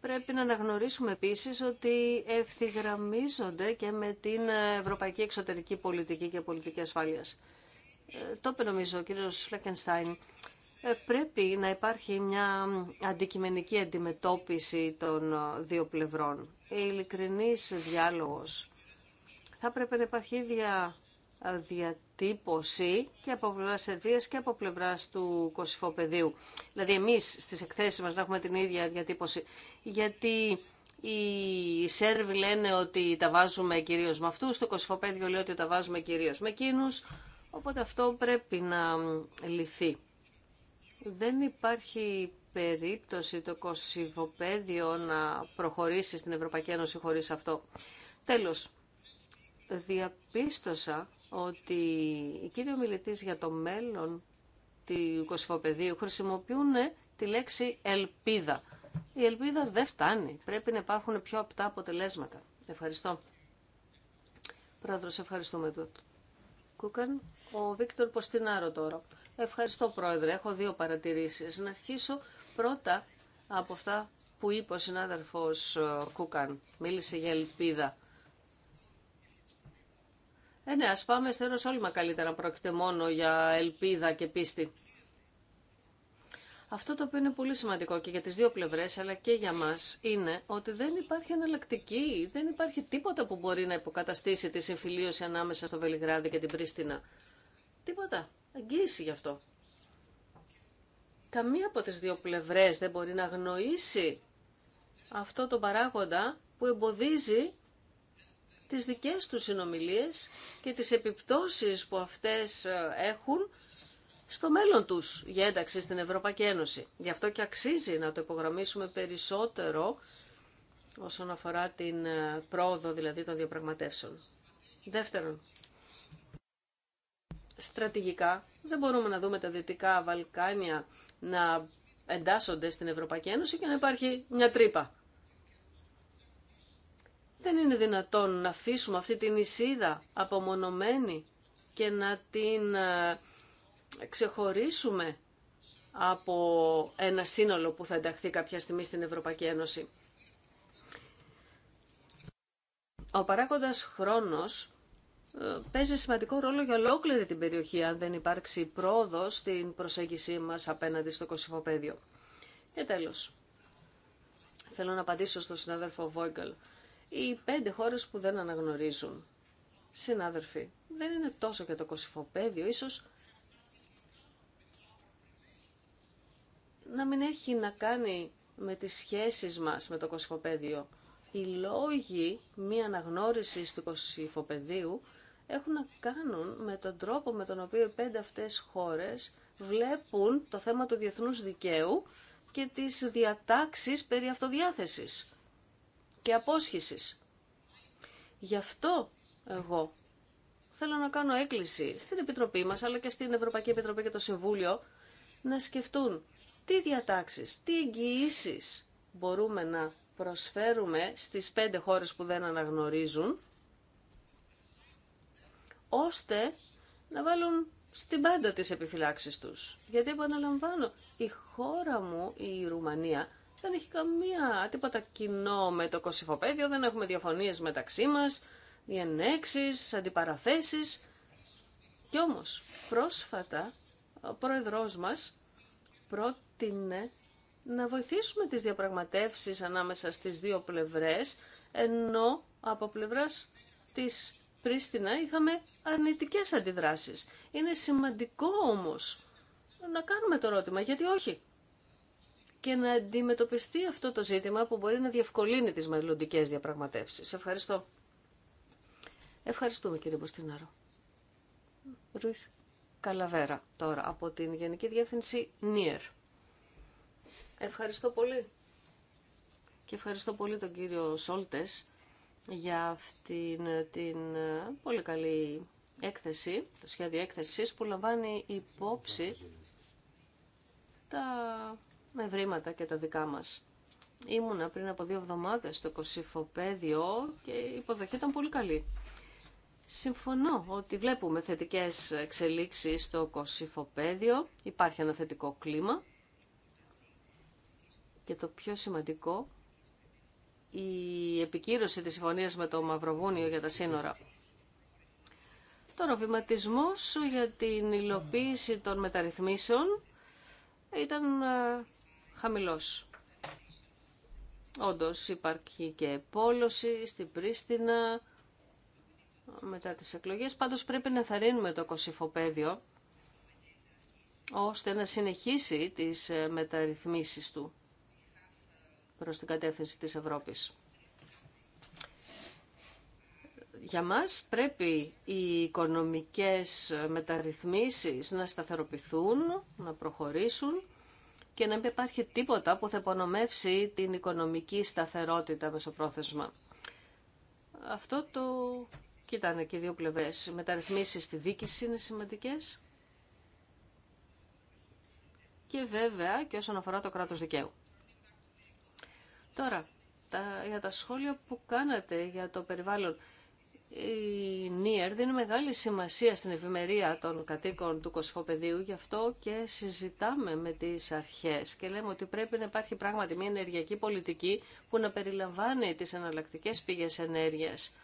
Πρέπει να αναγνωρίσουμε επίσης ότι ευθυγραμμίζονται και με την ευρωπαϊκή εξωτερική πολιτική και πολιτική ασφάλειας. Ε, το είπε νομίζω ο κύριος Φλέκενστάιν. Ε, πρέπει να υπάρχει μια αντικειμενική αντιμετώπιση των δύο πλευρών. Ειλικρινής διάλογος. Θα πρέπει να υπάρχει ίδια και από πλευρά Σερβία και από πλευρά του Κωσυφοπεδίου. Δηλαδή, εμεί στι εκθέσει μα να έχουμε την ίδια διατύπωση. Γιατί οι Σέρβοι λένε ότι τα βάζουμε κυρίω με αυτού, το Κωσυφοπέδιο λέει ότι τα βάζουμε κυρίω με εκείνου. Οπότε αυτό πρέπει να λυθεί. Δεν υπάρχει περίπτωση το κοσιφοπεδίο να προχωρήσει στην Ευρωπαϊκή Ένωση χωρίς αυτό. Τέλος, διαπίστωσα ότι οι κύριοι ομιλητής για το μέλλον του κοσυφοπεδίου χρησιμοποιούν τη λέξη ελπίδα. Η ελπίδα δεν φτάνει. Πρέπει να υπάρχουν πιο απτά αποτελέσματα. Ευχαριστώ. Πρόεδρος, ευχαριστούμε Κούκαν, ο Βίκτορ Ποστινάρο τώρα. Ευχαριστώ πρόεδρε, έχω δύο παρατηρήσεις. Να αρχίσω πρώτα από αυτά που είπε ο συνάδελφος ε, Κούκαν. Μίλησε για ελπίδα. Ε, ναι, ας πάμε όλοι μα καλύτερα, πρόκειται μόνο για ελπίδα και πίστη. Αυτό το οποίο είναι πολύ σημαντικό και για τις δύο πλευρές, αλλά και για μας, είναι ότι δεν υπάρχει εναλλακτική, δεν υπάρχει τίποτα που μπορεί να υποκαταστήσει τη συμφιλίωση ανάμεσα στο Βελιγράδι και την Πρίστινα. Τίποτα. Αγγίση γι' αυτό. Καμία από τις δύο πλευρές δεν μπορεί να γνωρίσει αυτό το παράγοντα που εμποδίζει τις δικές τους συνομιλίες και τις επιπτώσεις που αυτές ε, έχουν στο μέλλον τους για ένταξη στην Ευρωπαϊκή Ένωση. Γι' αυτό και αξίζει να το υπογραμμίσουμε περισσότερο όσον αφορά την ε, πρόοδο δηλαδή των διαπραγματεύσεων. Δεύτερον, στρατηγικά δεν μπορούμε να δούμε τα Δυτικά Βαλκάνια να εντάσσονται στην Ευρωπαϊκή Ένωση και να υπάρχει μια τρύπα. Δεν είναι δυνατόν να αφήσουμε αυτή την εισίδα απομονωμένη και να την ε, ξεχωρίσουμε από ένα σύνολο που θα ενταχθεί κάποια στιγμή στην Ευρωπαϊκή Ένωση. Ο παράγοντας χρόνος ε, παίζει σημαντικό ρόλο για ολόκληρη την περιοχή αν δεν υπάρξει πρόοδος στην προσέγγιση μας απέναντι στο κοσυφοπαίδιο. Και τέλος, θέλω να απαντήσω στον συνάδελφο Βόγκαλ οι πέντε χώρες που δεν αναγνωρίζουν. Συνάδελφοι, δεν είναι τόσο και το Κωσυφοπαίδιο. ίσως να μην έχει να κάνει με τις σχέσεις μας με το Κωσυφοπαίδιο. Οι λόγοι μη αναγνώριση του Κωσυφοπαίδιου έχουν να κάνουν με τον τρόπο με τον οποίο οι πέντε αυτές χώρες βλέπουν το θέμα του διεθνούς δικαίου και τις διατάξεις περί αυτοδιάθεσης και απόσχησης. Γι' αυτό εγώ θέλω να κάνω έκκληση στην Επιτροπή μας, αλλά και στην Ευρωπαϊκή Επιτροπή και το Συμβούλιο, να σκεφτούν τι διατάξεις, τι εγγυήσει μπορούμε να προσφέρουμε στις πέντε χώρες που δεν αναγνωρίζουν, ώστε να βάλουν στην πάντα τις επιφυλάξεις τους. Γιατί επαναλαμβάνω, η χώρα μου, η Ρουμανία, δεν έχει καμία τίποτα κοινό με το κοσυφοπέδιο, δεν έχουμε διαφωνίες μεταξύ μας, διενέξεις, αντιπαραθέσεις. Κι όμως, πρόσφατα, ο πρόεδρός μας πρότεινε να βοηθήσουμε τις διαπραγματεύσεις ανάμεσα στις δύο πλευρές, ενώ από πλευράς της Πρίστινα είχαμε αρνητικές αντιδράσεις. Είναι σημαντικό όμως να κάνουμε το ερώτημα, γιατί όχι και να αντιμετωπιστεί αυτό το ζήτημα που μπορεί να διευκολύνει τις μελλοντικέ διαπραγματεύσεις. Ευχαριστώ. Ευχαριστούμε κύριε Μποστινάρο. Ρουίθ Καλαβέρα τώρα από την Γενική Διεύθυνση ΝΙΕΡ. Ευχαριστώ πολύ. Και ευχαριστώ πολύ τον κύριο Σόλτες για αυτήν την ε, πολύ καλή έκθεση, το σχέδιο έκθεσης που λαμβάνει υπόψη τα με ευρήματα και τα δικά μας. Ήμουνα πριν από δύο εβδομάδες στο κοσυφοπέδιο και η υποδοχή ήταν πολύ καλή. Συμφωνώ ότι βλέπουμε θετικές εξελίξεις στο κοσυφοπέδιο. υπάρχει ένα θετικό κλίμα και το πιο σημαντικό η επικύρωση της συμφωνίας με το Μαυροβούνιο για τα σύνορα. Τώρα ο βηματισμός για την υλοποίηση των μεταρρυθμίσεων ήταν ε, χαμηλός. Όντως υπάρχει και πόλωση στην Πρίστινα μετά τις εκλογές. Πάντως πρέπει να θαρρύνουμε το κοσυφοπέδιο ώστε να συνεχίσει τις ε, μεταρρυθμίσεις του προς την κατεύθυνση της Ευρώπης. Για μας πρέπει οι οικονομικές μεταρρυθμίσεις να σταθεροποιηθούν, να προχωρήσουν και να μην υπάρχει τίποτα που θα υπονομεύσει την οικονομική σταθερότητα μεσοπρόθεσμα. Αυτό το κοίτανε και οι δύο πλευρές. Οι μεταρρυθμίσεις στη δίκηση είναι σημαντικές και βέβαια και όσον αφορά το κράτος δικαίου. Τώρα, για τα σχόλια που κάνατε για το περιβάλλον, η ΝΙΕΡ δίνει μεγάλη σημασία στην ευημερία των κατοίκων του Κοσφοπεδίου, γι' αυτό και συζητάμε με τις αρχές και λέμε ότι πρέπει να υπάρχει πράγματι μια ενεργειακή πολιτική που να περιλαμβάνει τις εναλλακτικέ πηγές ενέργειας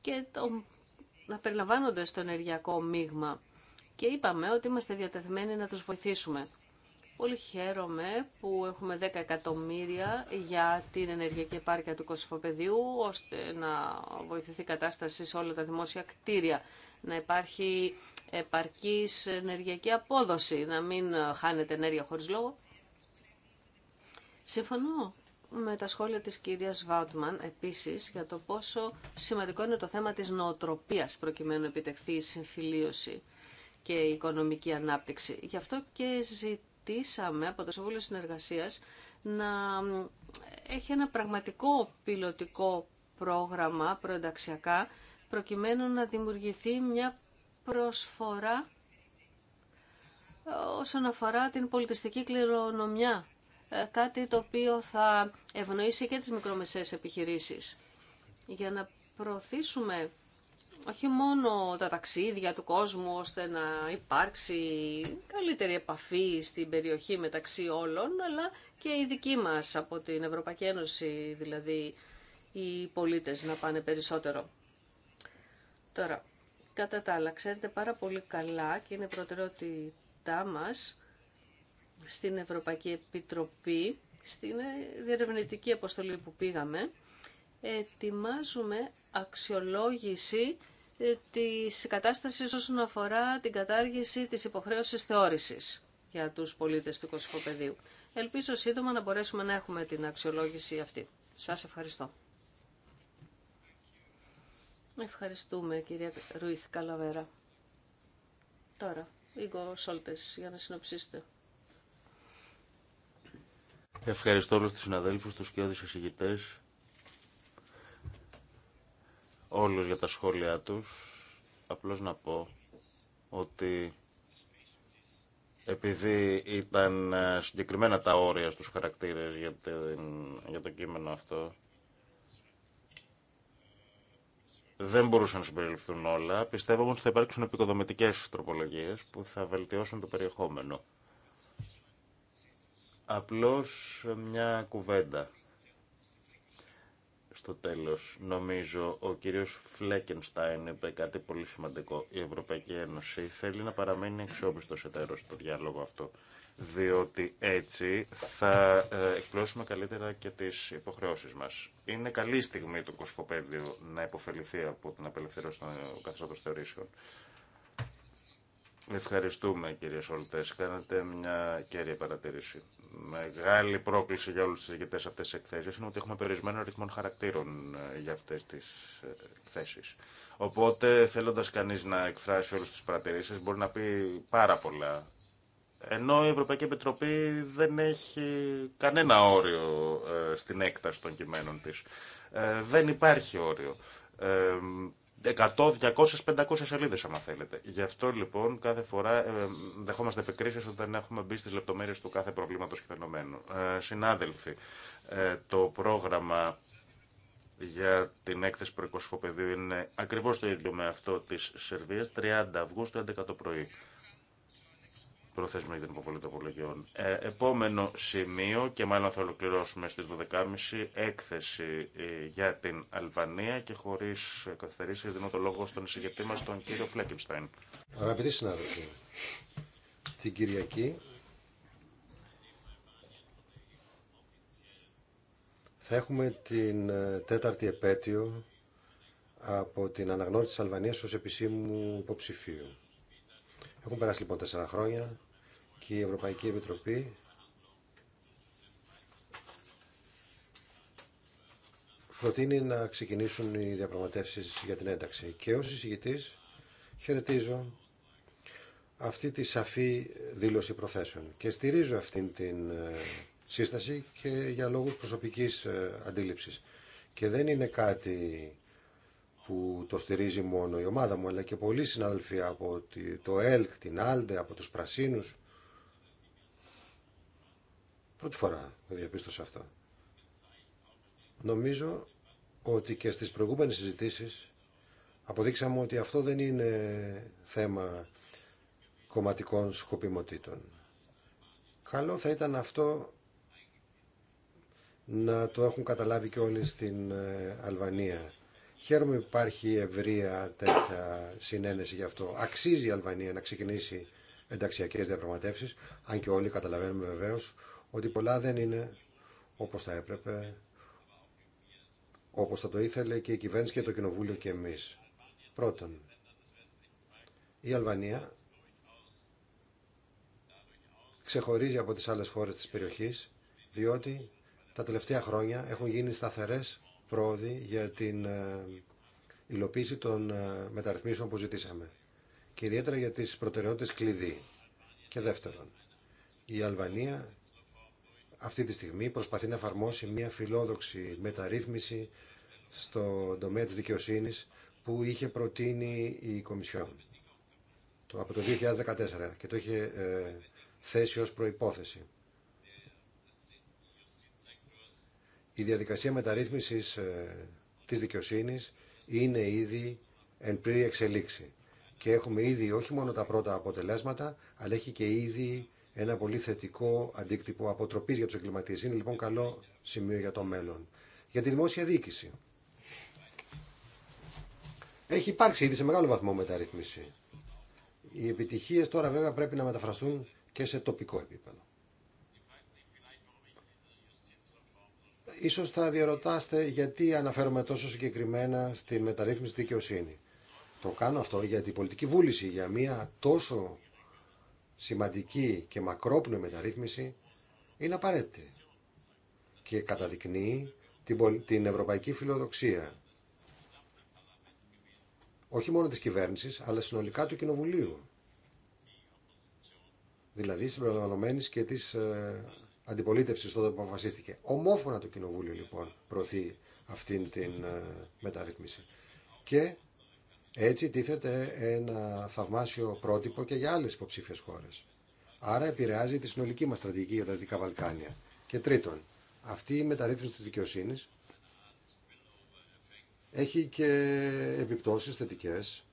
και να περιλαμβάνονται στο ενεργειακό μείγμα. Και είπαμε ότι είμαστε διατεθειμένοι να τους βοηθήσουμε. Πολύ χαίρομαι που έχουμε 10 εκατομμύρια για την ενεργειακή επάρκεια του Κωσυφοπεδίου, ώστε να βοηθηθεί η κατάσταση σε όλα τα δημόσια κτίρια, να υπάρχει επαρκής ενεργειακή απόδοση, να μην χάνεται ενέργεια χωρίς λόγο. Συμφωνώ με τα σχόλια της κυρίας Βάουτμαν επίσης για το πόσο σημαντικό είναι το θέμα της νοοτροπίας προκειμένου να επιτευχθεί η συμφιλίωση και η οικονομική ανάπτυξη. Γι' αυτό και ζητώ ζητήσαμε από το Συμβούλιο Συνεργασίας να έχει ένα πραγματικό πιλωτικό πρόγραμμα προενταξιακά προκειμένου να δημιουργηθεί μια προσφορά ε, όσον αφορά την πολιτιστική κληρονομιά. Ε, κάτι το οποίο θα ευνοήσει και τις μικρομεσαίες επιχειρήσεις. Για να προωθήσουμε όχι μόνο τα ταξίδια του κόσμου ώστε να υπάρξει καλύτερη επαφή στην περιοχή μεταξύ όλων, αλλά και οι δικοί μας από την Ευρωπαϊκή Ένωση, δηλαδή οι πολίτες να πάνε περισσότερο. Τώρα, κατά τα άλλα, ξέρετε πάρα πολύ καλά και είναι προτεραιότητά μας στην Ευρωπαϊκή Επιτροπή, στην διερευνητική αποστολή που πήγαμε, ετοιμάζουμε αξιολόγηση ε, της κατάστασης όσον αφορά την κατάργηση της υποχρέωσης θεώρησης για τους πολίτες του Κωσυφοπεδίου. Ελπίζω σύντομα να μπορέσουμε να έχουμε την αξιολόγηση αυτή. Σας ευχαριστώ. Ευχαριστούμε κυρία Ρουίθ Καλαβέρα. Τώρα, Ίγκο Σόλτες, για να συνοψίσετε. Ευχαριστώ όλους τους συναδέλφους, τους κοιόδης εισηγητές όλους για τα σχόλια τους. Απλώς να πω ότι επειδή ήταν ε, συγκεκριμένα τα όρια στους χαρακτήρες για, για το κείμενο αυτό, δεν μπορούσαν να συμπεριληφθούν όλα. Πιστεύω όμως ότι θα υπάρξουν επικοδομητικές τροπολογίες που θα βελτιώσουν το περιεχόμενο. Απλώς μια κουβέντα στο τέλος. Νομίζω ο κύριος Φλέκενστάιν είπε κάτι πολύ σημαντικό. Η Ευρωπαϊκή Ένωση θέλει να παραμένει εξόπιστος εταίρος στο διάλογο αυτό. Διότι έτσι θα ε, εκπλώσουμε καλύτερα και τις υποχρεώσεις μας. Είναι καλή στιγμή το κοσφοπέδιο να υποφεληθεί από την απελευθέρωση των καθεστώτων θεωρήσεων. Ευχαριστούμε κύριε Σολτές. Κάνατε μια κέρια παρατήρηση. Μεγάλη πρόκληση για όλους τους ηγετές αυτές τις εκθέσεις είναι ότι έχουμε περιορισμένο αριθμό χαρακτήρων ε, για αυτές τις εκθέσεις. Οπότε θέλοντας κανείς να εκφράσει όλε τι παρατηρήσεις μπορεί να πει πάρα πολλά. Ενώ η Ευρωπαϊκή Επιτροπή δεν έχει κανένα όριο ε, στην έκταση των κειμένων της. Ε, δεν υπάρχει όριο. 100, 200, 500 σελίδε, άμα θέλετε. Γι' αυτό λοιπόν κάθε φορά ε, δεχόμαστε επικρίσει ότι δεν έχουμε μπει στι λεπτομέρειε του κάθε προβλήματο και φαινομένου. Ε, συνάδελφοι, ε, το πρόγραμμα για την έκθεση προοικοσφοπεδίου είναι ακριβώ το ίδιο με αυτό τη Σερβία, 30 Αυγούστου, 11 το πρωί για την των ε, επόμενο σημείο, και μάλλον θα ολοκληρώσουμε στις 12.30, έκθεση ε, για την Αλβανία και χωρίς καθυστερήσεις δίνω το λόγο στον εισηγητή μας, τον κύριο Φλέκενστάιν. Αγαπητοί συνάδελφοι, την Κυριακή θα έχουμε την ε, τέταρτη επέτειο από την αναγνώριση της Αλβανίας ως επισήμου υποψηφίου. Έχουν περάσει λοιπόν τέσσερα χρόνια και η Ευρωπαϊκή Επιτροπή προτείνει να ξεκινήσουν οι διαπραγματεύσεις για την ένταξη. Και ως εισηγητής χαιρετίζω αυτή τη σαφή δήλωση προθέσεων και στηρίζω αυτήν την ε, σύσταση και για λόγους προσωπικής ε, αντίληψης. Και δεν είναι κάτι που το στηρίζει μόνο η ομάδα μου, αλλά και πολλοί συνάδελφοι από το ΕΛΚ, την ΑΛΔΕ, από τους Πρασίνους. Πρώτη φορά το διαπίστωσα αυτό. Νομίζω ότι και στις προηγούμενες συζητήσεις αποδείξαμε ότι αυτό δεν είναι θέμα κομματικών σκοπιμοτήτων. Καλό θα ήταν αυτό να το έχουν καταλάβει και όλοι στην ε, Αλβανία Χαίρομαι που υπάρχει ευρεία τέτοια συνένεση γι' αυτό. Αξίζει η Αλβανία να ξεκινήσει ενταξιακές διαπραγματεύσεις, αν και όλοι καταλαβαίνουμε βεβαίως ότι πολλά δεν είναι όπως θα έπρεπε, όπως θα το ήθελε και η κυβέρνηση και το κοινοβούλιο και εμείς. Πρώτον, η Αλβανία ξεχωρίζει από τις άλλες χώρες της περιοχής, διότι τα τελευταία χρόνια έχουν γίνει σταθερές πρόοδοι για την ε, υλοποίηση των ε, μεταρρυθμίσεων που ζητήσαμε και ιδιαίτερα για τις προτεραιότητες κλειδί. Και δεύτερον, η Αλβανία αυτή τη στιγμή προσπαθεί να εφαρμόσει μια φιλόδοξη μεταρρύθμιση στο τομέα της δικαιοσύνης που είχε προτείνει η Κομισιόν το, από το 2014 και το είχε ε, θέσει ως προϋπόθεση. Η διαδικασία μεταρρύθμισης ε, της δικαιοσύνης είναι ήδη εν πλήρη εξελίξη και έχουμε ήδη όχι μόνο τα πρώτα αποτελέσματα, αλλά έχει και ήδη ένα πολύ θετικό αντίκτυπο αποτροπής για τους εγκληματίες. Είναι λοιπόν καλό σημείο για το μέλλον. Για τη δημόσια διοίκηση. Έχει υπάρξει ήδη σε μεγάλο βαθμό μεταρρύθμιση. Οι επιτυχίες τώρα βέβαια πρέπει να μεταφραστούν και σε τοπικό επίπεδο. Ίσως θα διαρωτάστε γιατί αναφέρομαι τόσο συγκεκριμένα στην μεταρρύθμιση δικαιοσύνη. Το κάνω αυτό γιατί η πολιτική βούληση για μια τόσο σημαντική και μακρόπνοη μεταρρύθμιση είναι απαραίτητη και καταδεικνύει την ευρωπαϊκή φιλοδοξία όχι μόνο της κυβέρνησης αλλά συνολικά του Κοινοβουλίου δηλαδή συμπεριλαμβανομένης και της ε, αντιπολίτευση τότε που αποφασίστηκε. Ομόφωνα το Κοινοβούλιο λοιπόν προωθεί αυτήν την ε, μεταρρύθμιση. Και έτσι τίθεται ένα θαυμάσιο πρότυπο και για άλλες υποψήφιε χώρε. Άρα επηρεάζει τη συνολική μας στρατηγική για τα Δυτικά Βαλκάνια. Και τρίτον, αυτή η μεταρρύθμιση τη δικαιοσύνη έχει και επιπτώσεις θετικές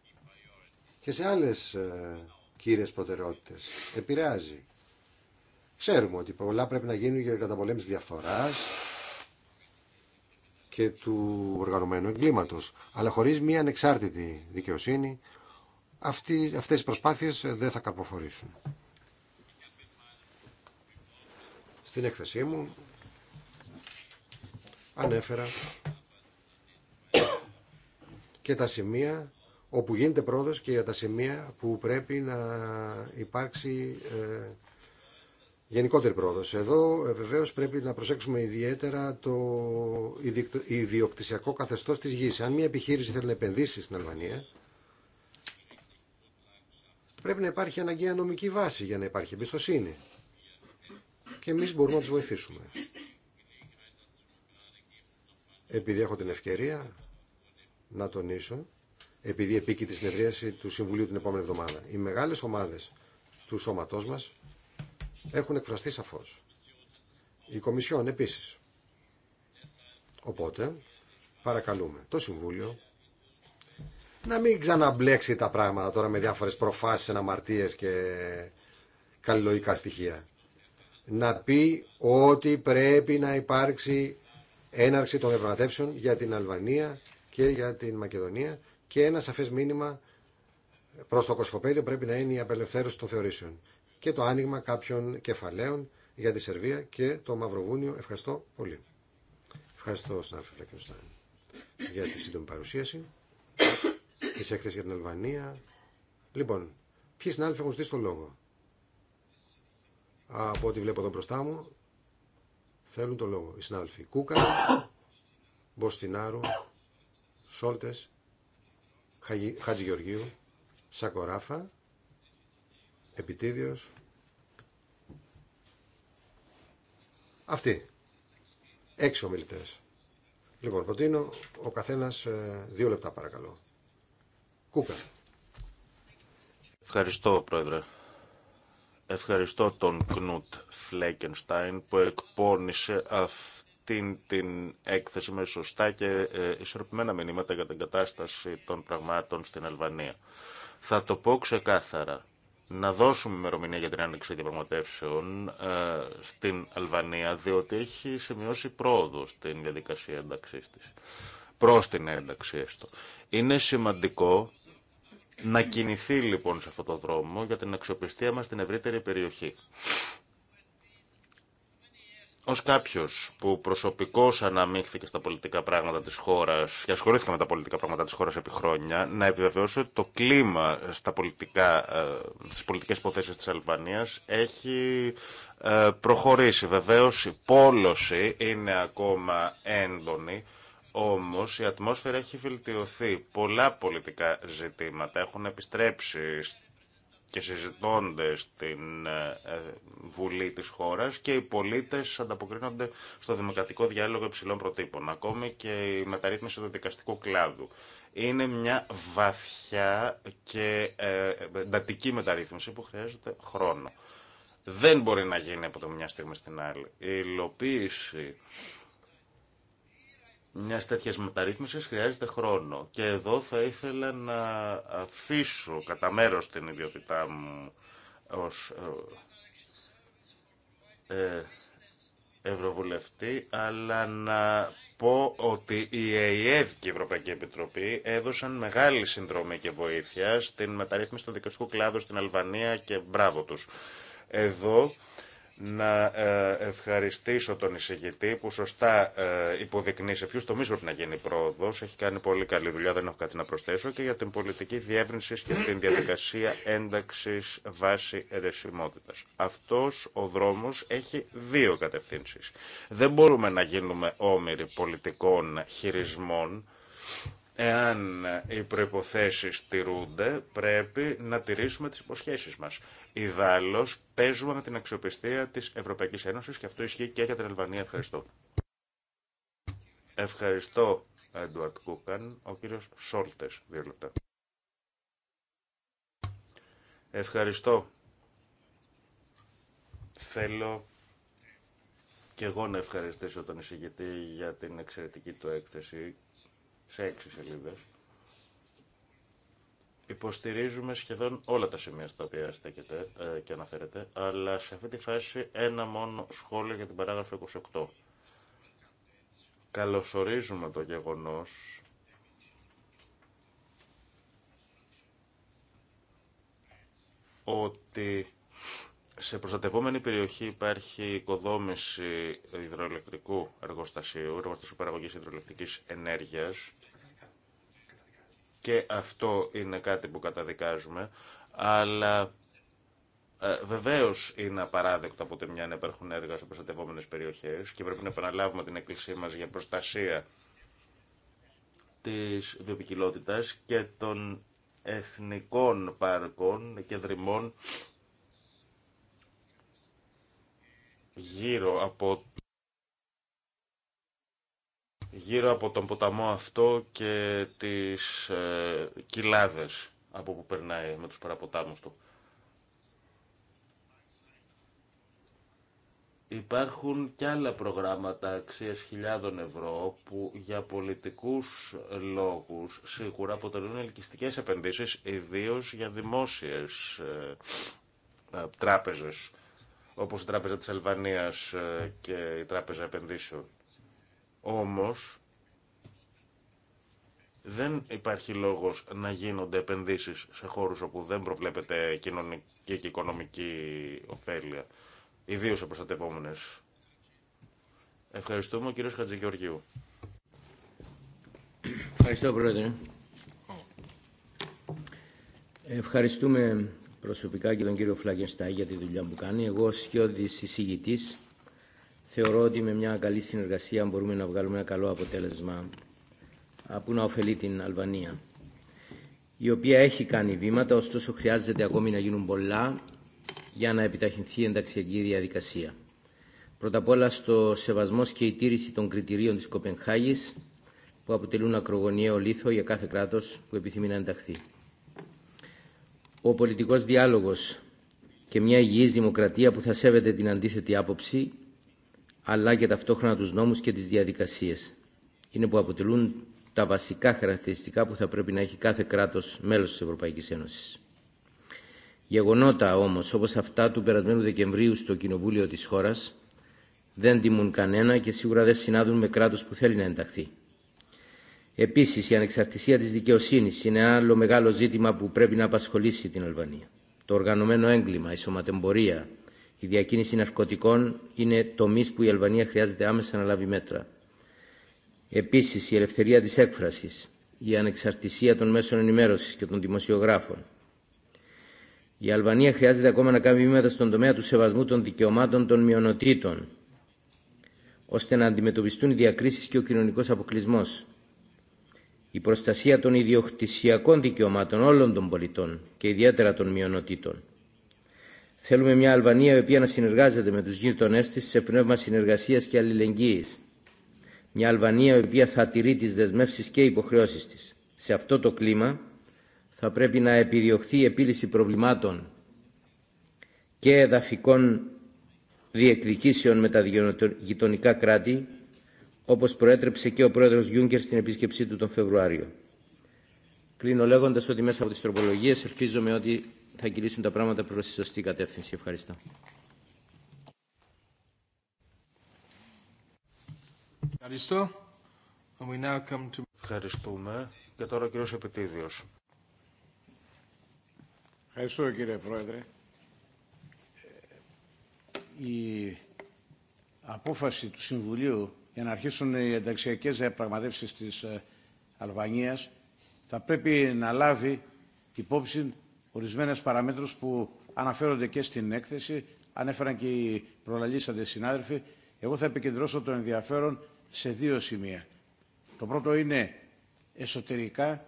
και σε άλλες ε, κύριες προτεραιότητε. Επηρεάζει Ξέρουμε ότι πολλά πρέπει να γίνουν για καταπολέμηση διαφθοράς και του οργανωμένου εγκλήματος. Αλλά χωρίς μια ανεξάρτητη δικαιοσύνη αυτοί, αυτές οι προσπάθειες δεν θα καρποφορήσουν. Στην έκθεσή μου ανέφερα και τα σημεία όπου γίνεται πρόοδος και για τα σημεία που πρέπει να υπάρξει ε, γενικότερη πρόοδος. Εδώ ε, βεβαίω πρέπει να προσέξουμε ιδιαίτερα το ιδιοκτησιακό καθεστώς της γης. Αν μια επιχείρηση θέλει να επενδύσει στην Αλβανία, πρέπει να υπάρχει αναγκαία νομική βάση για να υπάρχει εμπιστοσύνη. Και εμείς μπορούμε να τους βοηθήσουμε. Επειδή έχω την ευκαιρία να τονίσω, επειδή επίκειται τη συνεδρίαση του Συμβουλίου την επόμενη εβδομάδα, οι μεγάλες ομάδες του σώματός μας έχουν εκφραστεί σαφώς. Η Κομισιόν επίσης. Οπότε, παρακαλούμε το Συμβούλιο να μην ξαναμπλέξει τα πράγματα τώρα με διάφορες προφάσεις, αναμαρτίες και καλλιλογικά στοιχεία. Να πει ότι πρέπει να υπάρξει έναρξη των διαπραγματεύσεων για την Αλβανία και για την Μακεδονία και ένα σαφές μήνυμα προς το κοσφοπέδιο πρέπει να είναι η απελευθέρωση των θεωρήσεων και το άνοιγμα κάποιων κεφαλαίων για τη Σερβία και το Μαυροβούνιο. Ευχαριστώ πολύ. Ευχαριστώ, συνάδελφε Φλέκενστάιν, για τη σύντομη παρουσίαση τη έκθεση για την Αλβανία. Λοιπόν, ποιοι συνάδελφοι έχουν ζητήσει το λόγο. Από ό,τι βλέπω εδώ μπροστά μου, θέλουν το λόγο. Οι συνάδελφοι Κούκα, Μποστινάρου, Σόλτε, Χατζηγεωργίου, Σακοράφα, επιτίδιος. Αυτοί. Έξι ομιλητέ. Λοιπόν, προτείνω ο καθένας ε, δύο λεπτά παρακαλώ. Κούκα. Ευχαριστώ, Πρόεδρε. Ευχαριστώ τον Κνούτ Φλέκενστάιν που εκπώνησε αυτήν την έκθεση με σωστά και ε, ισορροπημένα μηνύματα για την κατάσταση των πραγμάτων στην Αλβανία. Θα το πω ξεκάθαρα να δώσουμε ημερομηνία για την άνοιξη διαπραγματεύσεων ε, στην Αλβανία, διότι έχει σημειώσει πρόοδο στην διαδικασία ένταξή τη. Προ την ένταξη έστω. Είναι σημαντικό να κινηθεί λοιπόν σε αυτό το δρόμο για την αξιοπιστία μας στην ευρύτερη περιοχή ω κάποιο που προσωπικώ αναμίχθηκε στα πολιτικά πράγματα τη χώρα και ασχολήθηκα με τα πολιτικά πράγματα τη χώρα επί χρόνια, να επιβεβαιώσω ότι το κλίμα στα πολιτικά, ε, στις πολιτικές υποθέσεις της Αλβανίας έχει ε, προχωρήσει. Βεβαίω, η πόλωση είναι ακόμα έντονη, όμως η ατμόσφαιρα έχει βελτιωθεί. Πολλά πολιτικά ζητήματα έχουν επιστρέψει και συζητώνται στην ε, ε, Βουλή της χώρας και οι πολίτες ανταποκρίνονται στο δημοκρατικό διάλογο υψηλών προτύπων, ακόμη και η μεταρρύθμιση του δικαστικού κλάδου. Είναι μια βαθιά και ε, εντατική μεταρρύθμιση που χρειάζεται χρόνο. Δεν μπορεί να γίνει από το μια στιγμή στην άλλη. Η υλοποίηση μια τέτοια μεταρρύθμιση χρειάζεται χρόνο. Και εδώ θα ήθελα να αφήσω κατά μέρο την ιδιότητά μου ω ε, ε, Ευρωβουλευτή, αλλά να πω ότι η ΕΕΔ και η Ευρωπαϊκή Επιτροπή έδωσαν μεγάλη συνδρομή και βοήθεια στην μεταρρύθμιση του δικαστικού κλάδου στην Αλβανία και μπράβο τους. Εδώ να ε, ευχαριστήσω τον εισηγητή που σωστά ε, υποδεικνύει σε ποιου τομεί πρέπει να γίνει πρόοδο. Έχει κάνει πολύ καλή δουλειά, δεν έχω κάτι να προσθέσω και για την πολιτική διεύρυνση και την διαδικασία ένταξη βάση ερεσιμότητα. Αυτό ο δρόμο έχει δύο κατευθύνσει. Δεν μπορούμε να γίνουμε όμοιροι πολιτικών χειρισμών. Εάν οι προϋποθέσεις τηρούνται, πρέπει να τηρήσουμε τις υποσχέσεις μας. Ιδάλω, παίζουμε με την αξιοπιστία τη Ευρωπαϊκή Ένωση και αυτό ισχύει και για την Αλβανία. Ευχαριστώ. Ευχαριστώ, Έντουαρτ Κούκαν. Ο κύριο Σόλτε, δύο λεπτά. Ευχαριστώ. Θέλω και εγώ να ευχαριστήσω τον εισηγητή για την εξαιρετική του έκθεση σε έξι σελίδες. Υποστηρίζουμε σχεδόν όλα τα σημεία στα οποία στέκεται ε, και αναφέρεται, αλλά σε αυτή τη φάση ένα μόνο σχόλιο για την παράγραφο 28. Καλωσορίζουμε το γεγονός ότι σε προστατευόμενη περιοχή υπάρχει οικοδόμηση υδροελεκτρικού εργοστασίου, εργοστασίου παραγωγής υδροελεκτρικής ενέργειας, και αυτό είναι κάτι που καταδικάζουμε, αλλά ε, Βεβαίω είναι απαράδεκτο από τη μια να υπάρχουν έργα σε προστατευόμενε περιοχέ και πρέπει να επαναλάβουμε την έκκλησή μα για προστασία τη βιοπικιλότητα και των εθνικών πάρκων και δρυμών γύρω από γύρω από τον ποταμό αυτό και τις ε, κοιλάδες από που περνάει με τους παραποτάμους του. Υπάρχουν και άλλα προγράμματα αξίας χιλιάδων ευρώ που για πολιτικούς λόγους σίγουρα αποτελούν ελκυστικές επενδύσεις, ιδίως για δημόσιες ε, ε τράπεζες, όπως η Τράπεζα της Αλβανίας ε, και η Τράπεζα Επενδύσεων. Όμως δεν υπάρχει λόγος να γίνονται επενδύσεις σε χώρους όπου δεν προβλέπεται κοινωνική και οικονομική ωφέλεια, ιδίως σε προστατευόμενες. Ευχαριστούμε ο κύριος Χατζηγεωργίου. Ευχαριστώ Πρόεδρε. Ευχαριστούμε προσωπικά και τον κύριο Φλαγκενστάι για τη δουλειά που κάνει. Εγώ ως σκιώδης εισηγητής θεωρώ ότι με μια καλή συνεργασία μπορούμε να βγάλουμε ένα καλό αποτέλεσμα που να ωφελεί την Αλβανία, η οποία έχει κάνει βήματα, ωστόσο χρειάζεται ακόμη να γίνουν πολλά για να επιταχυνθεί η ενταξιακή διαδικασία. Πρώτα απ' όλα στο σεβασμό και η τήρηση των κριτηρίων της Κοπενχάγης που αποτελούν ακρογωνιαίο λίθο για κάθε κράτος που επιθυμεί να ενταχθεί. Ο πολιτικός διάλογος και μια υγιής δημοκρατία που θα σέβεται την αντίθετη άποψη αλλά και ταυτόχρονα τους νόμους και τις διαδικασίες. Είναι που αποτελούν τα βασικά χαρακτηριστικά που θα πρέπει να έχει κάθε κράτος μέλος της Ευρωπαϊκής Ένωσης. Γεγονότα όμως όπως αυτά του περασμένου Δεκεμβρίου στο Κοινοβούλιο της χώρας δεν τιμούν κανένα και σίγουρα δεν συνάδουν με κράτος που θέλει να ενταχθεί. Επίσης, η ανεξαρτησία της δικαιοσύνης είναι άλλο μεγάλο ζήτημα που πρέπει να απασχολήσει την Αλβανία. Το οργανωμένο έγκλημα, η σωματεμπορία, η διακίνηση ναρκωτικών είναι τομεί που η Αλβανία χρειάζεται άμεσα να λάβει μέτρα. Επίση, η ελευθερία τη έκφραση, η ανεξαρτησία των μέσων ενημέρωση και των δημοσιογράφων. Η Αλβανία χρειάζεται ακόμα να κάνει βήματα στον τομέα του σεβασμού των δικαιωμάτων των μειονοτήτων, ώστε να αντιμετωπιστούν οι διακρίσει και ο κοινωνικό αποκλεισμό. Η προστασία των ιδιοκτησιακών δικαιωμάτων όλων των πολιτών και ιδιαίτερα των μειονοτήτων Θέλουμε μια Αλβανία η οποία να συνεργάζεται με τους γείτονές της σε πνεύμα συνεργασίας και αλληλεγγύης. Μια Αλβανία η οποία θα τηρεί τις δεσμεύσεις και υποχρεώσεις της. Σε αυτό το κλίμα θα πρέπει να επιδιωχθεί η επίλυση προβλημάτων και εδαφικών διεκδικήσεων με τα γειτονικά κράτη, όπως προέτρεψε και ο πρόεδρος Γιούγκερ στην επίσκεψή του τον Φεβρουάριο. Κλείνω λέγοντας ότι μέσα από τις τροπολογίες ελπίζομαι ότι θα κυλήσουν τα πράγματα προς τη σωστή κατεύθυνση. Ευχαριστώ. Ευχαριστώ. Ευχαριστούμε. Και τώρα ο κύριος Επιτίδιος. Ευχαριστώ κύριε Πρόεδρε. Ε, η απόφαση του Συμβουλίου για να αρχίσουν οι ενταξιακές διαπραγματεύσεις της ε, Αλβανίας θα πρέπει να λάβει υπόψη Ορισμένε παραμέτρους που αναφέρονται και στην έκθεση, ανέφεραν και οι προλαλήσαντε συνάδελφοι. Εγώ θα επικεντρώσω το ενδιαφέρον σε δύο σημεία. Το πρώτο είναι εσωτερικά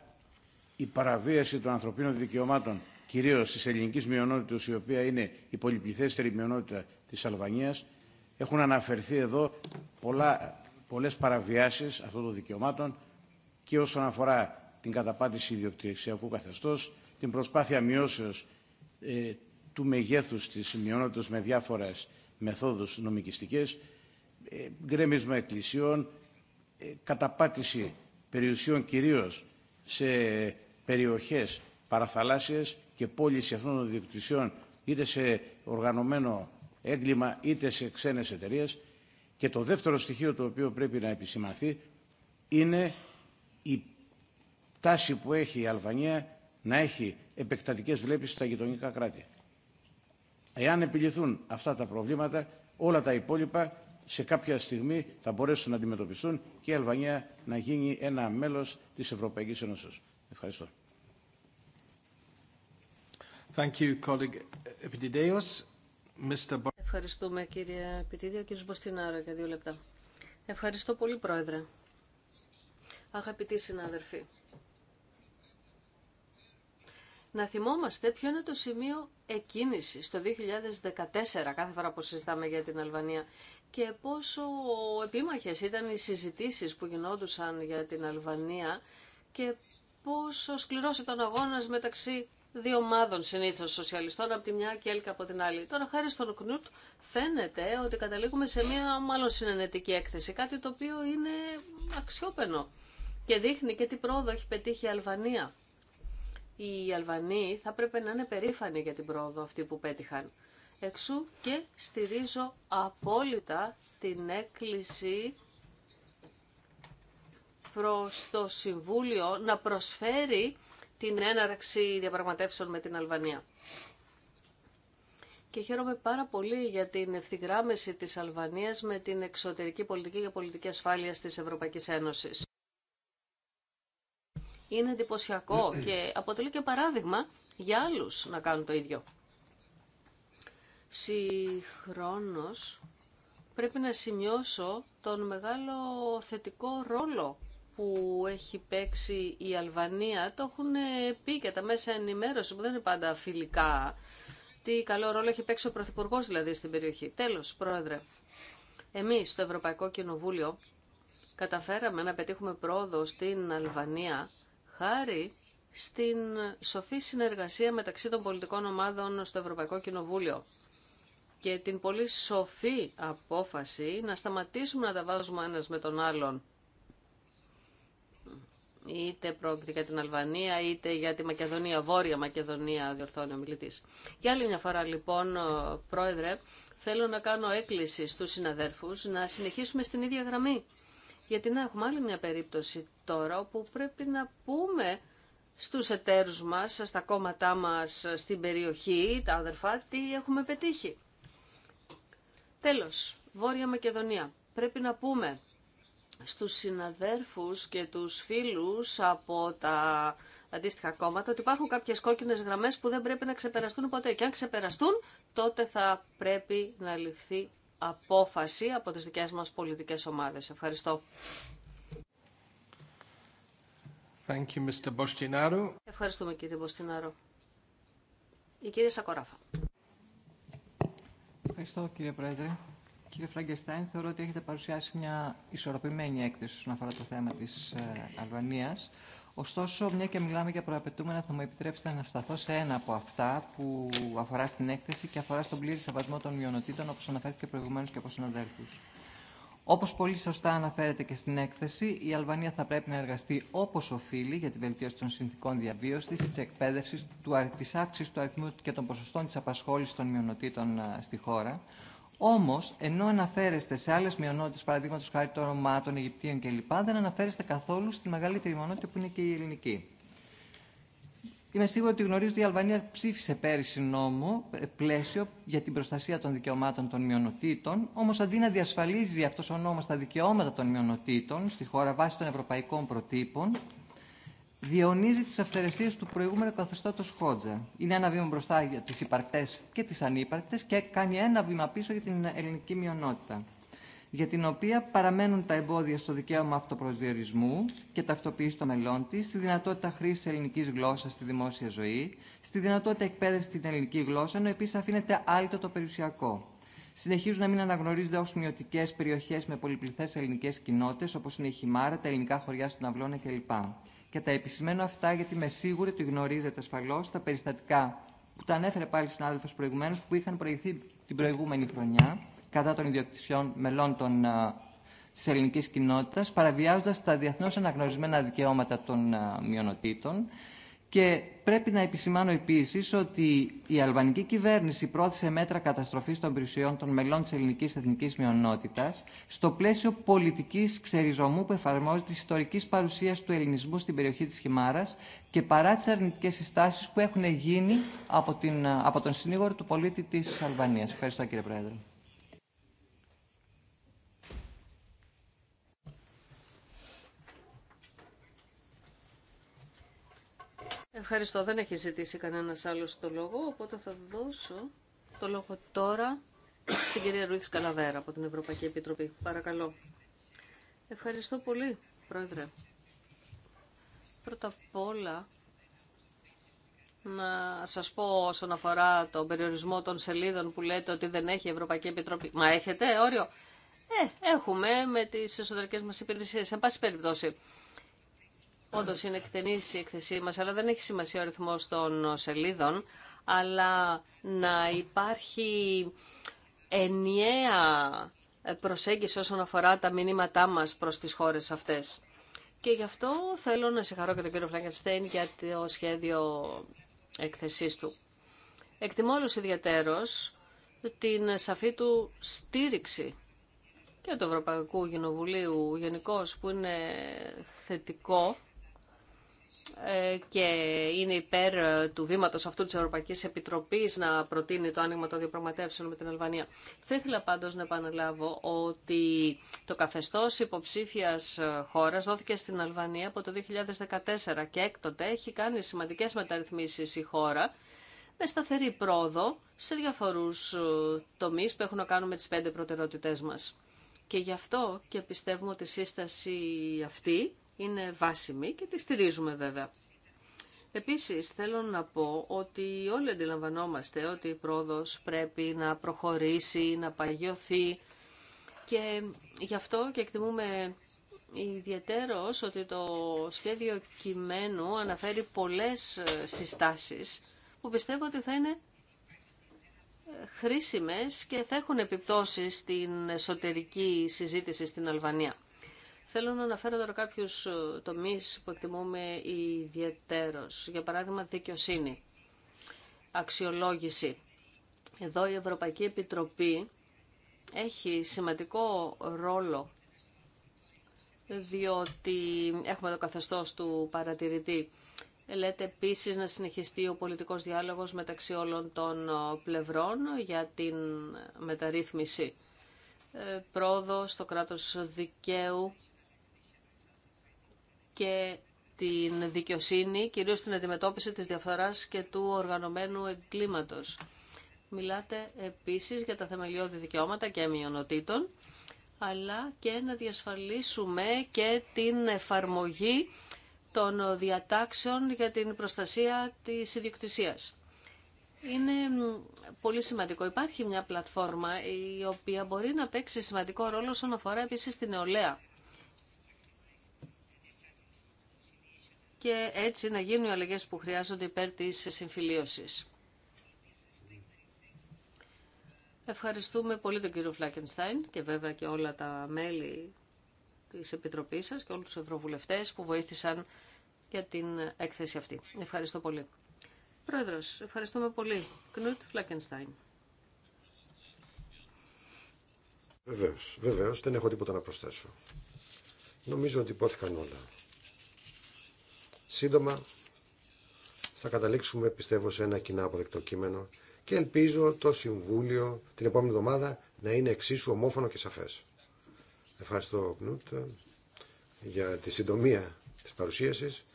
η παραβίαση των ανθρωπίνων δικαιωμάτων, κυρίω τη ελληνική μειονότητα, η οποία είναι η πολυπληθέστερη μειονότητα τη Αλβανία, Έχουν αναφερθεί εδώ πολλά, πολλές παραβιάσεις αυτών των δικαιωμάτων και όσον αφορά την καταπάτηση ιδιοκτησιακού καθεστώς, την προσπάθεια μειώσεως ε, του μεγέθους της μειώνοντας με διάφορες μεθόδους νομικιστικές, ε, γκρέμισμα εκκλησιών, ε, καταπάτηση περιουσιών κυρίως σε περιοχές παραθαλάσσιες και πώληση αυτών των διοκτησιών είτε σε οργανωμένο έγκλημα είτε σε ξένες εταιρείε. Και το δεύτερο στοιχείο το οποίο πρέπει να επισημαθεί είναι η τάση που έχει η Αλβανία να έχει επεκτατικές βλέπεις στα γειτονικά κράτη. Εάν επιληθούν αυτά τα προβλήματα, όλα τα υπόλοιπα σε κάποια στιγμή θα μπορέσουν να αντιμετωπιστούν και η Αλβανία να γίνει ένα μέλος της Ευρωπαϊκής Ένωσης. Ευχαριστώ. Thank you, Mr. Ευχαριστούμε κύριε Επιτίδιο. Κύριος Μποστινάρο για δύο λεπτά. Ευχαριστώ πολύ Πρόεδρε. Αγαπητοί συνάδελφοι, να θυμόμαστε ποιο είναι το σημείο εκκίνησης το 2014 κάθε φορά που συζητάμε για την Αλβανία και πόσο επίμαχες ήταν οι συζητήσεις που γινόντουσαν για την Αλβανία και πόσο σκληρός ήταν ο αγώνας μεταξύ δύο ομάδων συνήθω σοσιαλιστών από τη μια και έλκα από την άλλη. Τώρα, χάρη στον Κνούτ, φαίνεται ότι καταλήγουμε σε μια μάλλον συνενετική έκθεση. Κάτι το οποίο είναι αξιόπαινο και δείχνει και τι πρόοδο έχει πετύχει η Αλβανία οι Αλβανοί θα πρέπει να είναι περήφανοι για την πρόοδο αυτή που πέτυχαν. Εξού και στηρίζω απόλυτα την έκκληση προς το Συμβούλιο να προσφέρει την έναρξη διαπραγματεύσεων με την Αλβανία. Και χαίρομαι πάρα πολύ για την ευθυγράμμιση της Αλβανίας με την εξωτερική πολιτική και πολιτική ασφάλεια της Ευρωπαϊκής Ένωσης είναι εντυπωσιακό και αποτελεί και παράδειγμα για άλλους να κάνουν το ίδιο. Συγχρόνως πρέπει να σημειώσω τον μεγάλο θετικό ρόλο που έχει παίξει η Αλβανία. Το έχουν πει και τα μέσα ενημέρωση που δεν είναι πάντα φιλικά. Τι καλό ρόλο έχει παίξει ο Πρωθυπουργό δηλαδή στην περιοχή. Τέλος, Πρόεδρε, εμείς στο Ευρωπαϊκό Κοινοβούλιο καταφέραμε να πετύχουμε πρόοδο στην Αλβανία χάρη στην σοφή συνεργασία μεταξύ των πολιτικών ομάδων στο Ευρωπαϊκό Κοινοβούλιο και την πολύ σοφή απόφαση να σταματήσουμε να τα βάζουμε ένας με τον άλλον είτε πρόκειται για την Αλβανία, είτε για τη Μακεδονία, Βόρεια Μακεδονία, διορθώνει ο μιλητής. Για άλλη μια φορά λοιπόν, Πρόεδρε, θέλω να κάνω έκκληση στους συναδέρφους να συνεχίσουμε στην ίδια γραμμή. Γιατί να έχουμε άλλη μια περίπτωση τώρα όπου πρέπει να πούμε στους εταίρους μας, στα κόμματά μας, στην περιοχή, τα αδερφά, τι έχουμε πετύχει. Τέλος, Βόρεια Μακεδονία. Πρέπει να πούμε στους συναδέρφους και τους φίλους από τα αντίστοιχα κόμματα ότι υπάρχουν κάποιες κόκκινες γραμμές που δεν πρέπει να ξεπεραστούν ποτέ και αν ξεπεραστούν τότε θα πρέπει να ληφθεί απόφαση από τις δικές μας πολιτικές ομάδες. Ευχαριστώ. Thank you, Mr. Ευχαριστούμε κύριε Μποστινάρο. Η κυρία Σακοράφα. Ευχαριστώ κύριε Πρόεδρε. Κύριε Φραγκεστάιν, θεωρώ ότι έχετε παρουσιάσει μια ισορροπημένη έκθεση όσον αφορά το θέμα της ε, Αλβανίας. Ωστόσο, μια και μιλάμε για προαπαιτούμενα, θα μου επιτρέψετε να σταθώ σε ένα από αυτά που αφορά στην έκθεση και αφορά στον πλήρη σεβασμό των μειονοτήτων, όπω αναφέρθηκε προηγουμένω και από συναδέλφου. Όπω πολύ σωστά αναφέρεται και στην έκθεση, η Αλβανία θα πρέπει να εργαστεί όπω οφείλει για τη βελτίωση των συνθήκων διαβίωση, τη εκπαίδευση, τη αύξηση του αριθμού και των ποσοστών τη απασχόληση των μειονοτήτων ε, στη χώρα, Όμω, ενώ αναφέρεστε σε άλλε μειονότητε, παραδείγματο χάρη των Ρωμάτων, των Αιγυπτίων κλπ., δεν αναφέρεστε καθόλου στη μεγαλύτερη μειονότητα που είναι και η ελληνική. Είμαι σίγουρη ότι γνωρίζω ότι η Αλβανία ψήφισε πέρυσι νόμο ε, πλαίσιο για την προστασία των δικαιωμάτων των μειονοτήτων, όμω αντί να διασφαλίζει αυτό ο νόμο τα δικαιώματα των μειονοτήτων στη χώρα βάσει των ευρωπαϊκών προτύπων, διονύζει τι αυθαιρεσίε του προηγούμενου καθεστώτο Χότζα. Είναι ένα βήμα μπροστά για τι υπαρκτέ και τι ανύπαρκτε και κάνει ένα βήμα πίσω για την ελληνική μειονότητα, για την οποία παραμένουν τα εμπόδια στο δικαίωμα αυτοπροσδιορισμού και ταυτοποίηση των μελών τη, στη δυνατότητα χρήση ελληνική γλώσσα στη δημόσια ζωή, στη δυνατότητα εκπαίδευση στην ελληνική γλώσσα, ενώ επίση αφήνεται άλυτο το περιουσιακό. Συνεχίζουν να μην αναγνωρίζονται ω μειωτικέ περιοχέ με πολυπληθέ ελληνικέ κοινότητε, όπω είναι η Χιμάρα, τα ελληνικά χωριά στον Αυλώνα κλπ. Και τα επισημαίνω αυτά γιατί είμαι σίγουρη ότι γνωρίζετε ασφαλώ τα περιστατικά που τα ανέφερε πάλι συνάδελφο προηγουμένω που είχαν προηγηθεί την προηγούμενη χρονιά κατά των ιδιοκτησιών μελών των, ε, τη ελληνική κοινότητα, παραβιάζοντα τα διεθνώ αναγνωρισμένα δικαιώματα των ε, μειονοτήτων και πρέπει να επισημάνω επίση ότι η αλβανική κυβέρνηση πρόθεσε μέτρα καταστροφή των περιουσιών των μελών τη ελληνική εθνική μειονότητα στο πλαίσιο πολιτική ξεριζωμού που εφαρμόζει τη ιστορική παρουσία του ελληνισμού στην περιοχή τη Χιμάρα και παρά τι αρνητικέ συστάσει που έχουν γίνει από, την, από τον συνήγορο του πολίτη τη Αλβανία. Ευχαριστώ, κύριε Πρόεδρε. Ευχαριστώ. Δεν έχει ζητήσει κανένας άλλο το λόγο, οπότε θα δώσω το λόγο τώρα στην κυρία Ρουίθ Καλαβέρα από την Ευρωπαϊκή Επιτροπή. Παρακαλώ. Ευχαριστώ πολύ, Πρόεδρε. Πρώτα απ' όλα, να σας πω όσον αφορά τον περιορισμό των σελίδων που λέτε ότι δεν έχει η Ευρωπαϊκή Επιτροπή. Μα έχετε όριο. Ε, έχουμε με τις εσωτερικές μας υπηρεσίες, σε πάση περιπτώσει. Όντω είναι εκτενή η εκθεσή μα, αλλά δεν έχει σημασία ο αριθμό των σελίδων. Αλλά να υπάρχει ενιαία προσέγγιση όσον αφορά τα μηνύματά μας προς τις χώρες αυτές. Και γι' αυτό θέλω να συγχαρώ και τον κύριο Φλάγκενστέιν για το σχέδιο εκθεσή του. Εκτιμώ όλος ιδιαίτερω την σαφή του στήριξη και του Ευρωπαϊκού Γενοβουλίου γενικώ που είναι θετικό ε, και είναι υπέρ ε, του βήματο αυτού της Ευρωπαϊκή Επιτροπής να προτείνει το άνοιγμα των διαπραγματεύσεων με την Αλβανία. Θα ήθελα πάντω να επαναλάβω ότι το καθεστώ υποψήφιας ε, χώρας δόθηκε στην Αλβανία από το 2014 και έκτοτε έχει κάνει σημαντικές μεταρρυθμίσεις η χώρα με σταθερή πρόοδο σε διαφορούς τομεί που έχουν να κάνουν με τι πέντε προτεραιότητέ μα. Και γι' αυτό και πιστεύουμε ότι η σύσταση αυτή είναι βάσιμη και τη στηρίζουμε βέβαια. Επίσης θέλω να πω ότι όλοι αντιλαμβανόμαστε ότι η πρόοδος πρέπει να προχωρήσει, να παγιωθεί και γι' αυτό και εκτιμούμε ιδιαίτερος ότι το σχέδιο κειμένου αναφέρει πολλές συστάσεις που πιστεύω ότι θα είναι χρήσιμες και θα έχουν επιπτώσεις στην εσωτερική συζήτηση στην Αλβανία. Θέλω να αναφέρω τώρα κάποιου ε, τομεί που εκτιμούμε ιδιαίτερω. Για παράδειγμα, δικαιοσύνη, αξιολόγηση. Εδώ η Ευρωπαϊκή Επιτροπή έχει σημαντικό ρόλο διότι έχουμε το καθεστώς του παρατηρητή. Λέτε επίσης να συνεχιστεί ο πολιτικός διάλογος μεταξύ όλων των ε, πλευρών για την μεταρρύθμιση. Ε, πρόοδο στο κράτος δικαίου και την δικαιοσύνη, κυρίως την αντιμετώπιση της διαφοράς και του οργανωμένου εγκλήματος. Μιλάτε επίσης για τα θεμελιώδη δικαιώματα και μειονοτήτων, αλλά και να διασφαλίσουμε και την εφαρμογή των διατάξεων για την προστασία της ιδιοκτησίας. Είναι πολύ σημαντικό. Υπάρχει μια πλατφόρμα η οποία μπορεί να παίξει σημαντικό ρόλο όσον αφορά επίσης την νεολαία. και έτσι να γίνουν οι αλλαγέ που χρειάζονται υπέρ της συμφιλίωσης. Ευχαριστούμε πολύ τον κύριο Φλάκενστάιν και βέβαια και όλα τα μέλη της Επιτροπής σας και όλους τους ευρωβουλευτές που βοήθησαν για την έκθεση αυτή. Ευχαριστώ πολύ. Πρόεδρος, ευχαριστούμε πολύ. Κνούτ Φλάκενστάιν. Βεβαίως, βεβαίως, δεν έχω τίποτα να προσθέσω. Νομίζω ότι υπόθηκαν όλα. Σύντομα θα καταλήξουμε πιστεύω σε ένα κοινά αποδεκτό κείμενο και ελπίζω το Συμβούλιο την επόμενη εβδομάδα να είναι εξίσου ομόφωνο και σαφές. Ευχαριστώ Κνούτ για τη συντομία της παρουσίασης.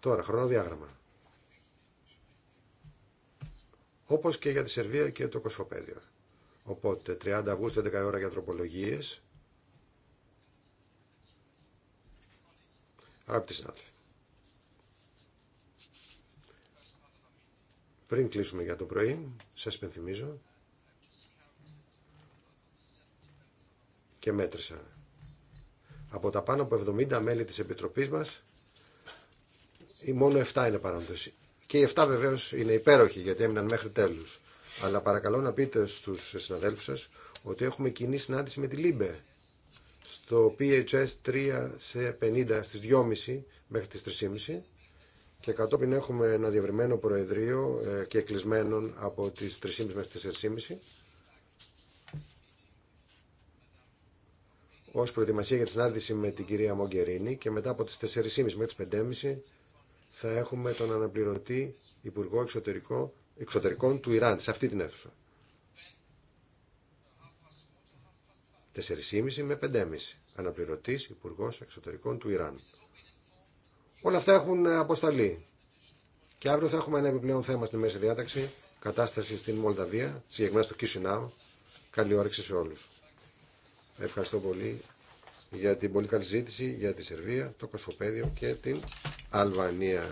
Τώρα, χρονοδιάγραμμα. Όπως και για τη Σερβία και το Κοσφοπέδιο. Οπότε, 30 Αυγούστου, 11 ώρα για τροπολογίες. Αγαπητοί συνάδελφοι. Πριν κλείσουμε για το πρωί, σας πενθυμίζω. και μέτρησα. Από τα πάνω από 70 μέλη της Επιτροπής μας, μόνο 7 είναι παρανόντες. Και οι 7 βεβαίως είναι υπέροχοι γιατί έμειναν μέχρι τέλους. Αλλά παρακαλώ να πείτε στους συναδέλφους σας ότι έχουμε κοινή συνάντηση με τη ΛΥΜΠΕ στο PHS 3 σε 50 στις 2.30 μέχρι τις 3.30 και κατόπιν έχουμε ένα διαβριμένο προεδρείο ε, και κλεισμένων από τις 3.30 μέχρι τις 4.30 ως προετοιμασία για τη συνάντηση με την κυρία Μογκερίνη και μετά από τις 4.30 μέχρι τις 5.30 θα έχουμε τον αναπληρωτή Υπουργό Εξωτερικό, Εξωτερικών του Ιράν σε αυτή την αίθουσα. 4.30 με 5.30 αναπληρωτής Υπουργός Εξωτερικών του Ιράν. Όλα αυτά έχουν ε, αποσταλεί. Και αύριο θα έχουμε ένα επιπλέον θέμα στη μέση διάταξη, κατάσταση στην Μολδαβία, συγκεκριμένα στο Κισινάου. Καλή όρεξη σε όλους. Ευχαριστώ πολύ για την πολύ καλή ζήτηση, για τη Σερβία, το Κοσμοπέδιο και την Αλβανία.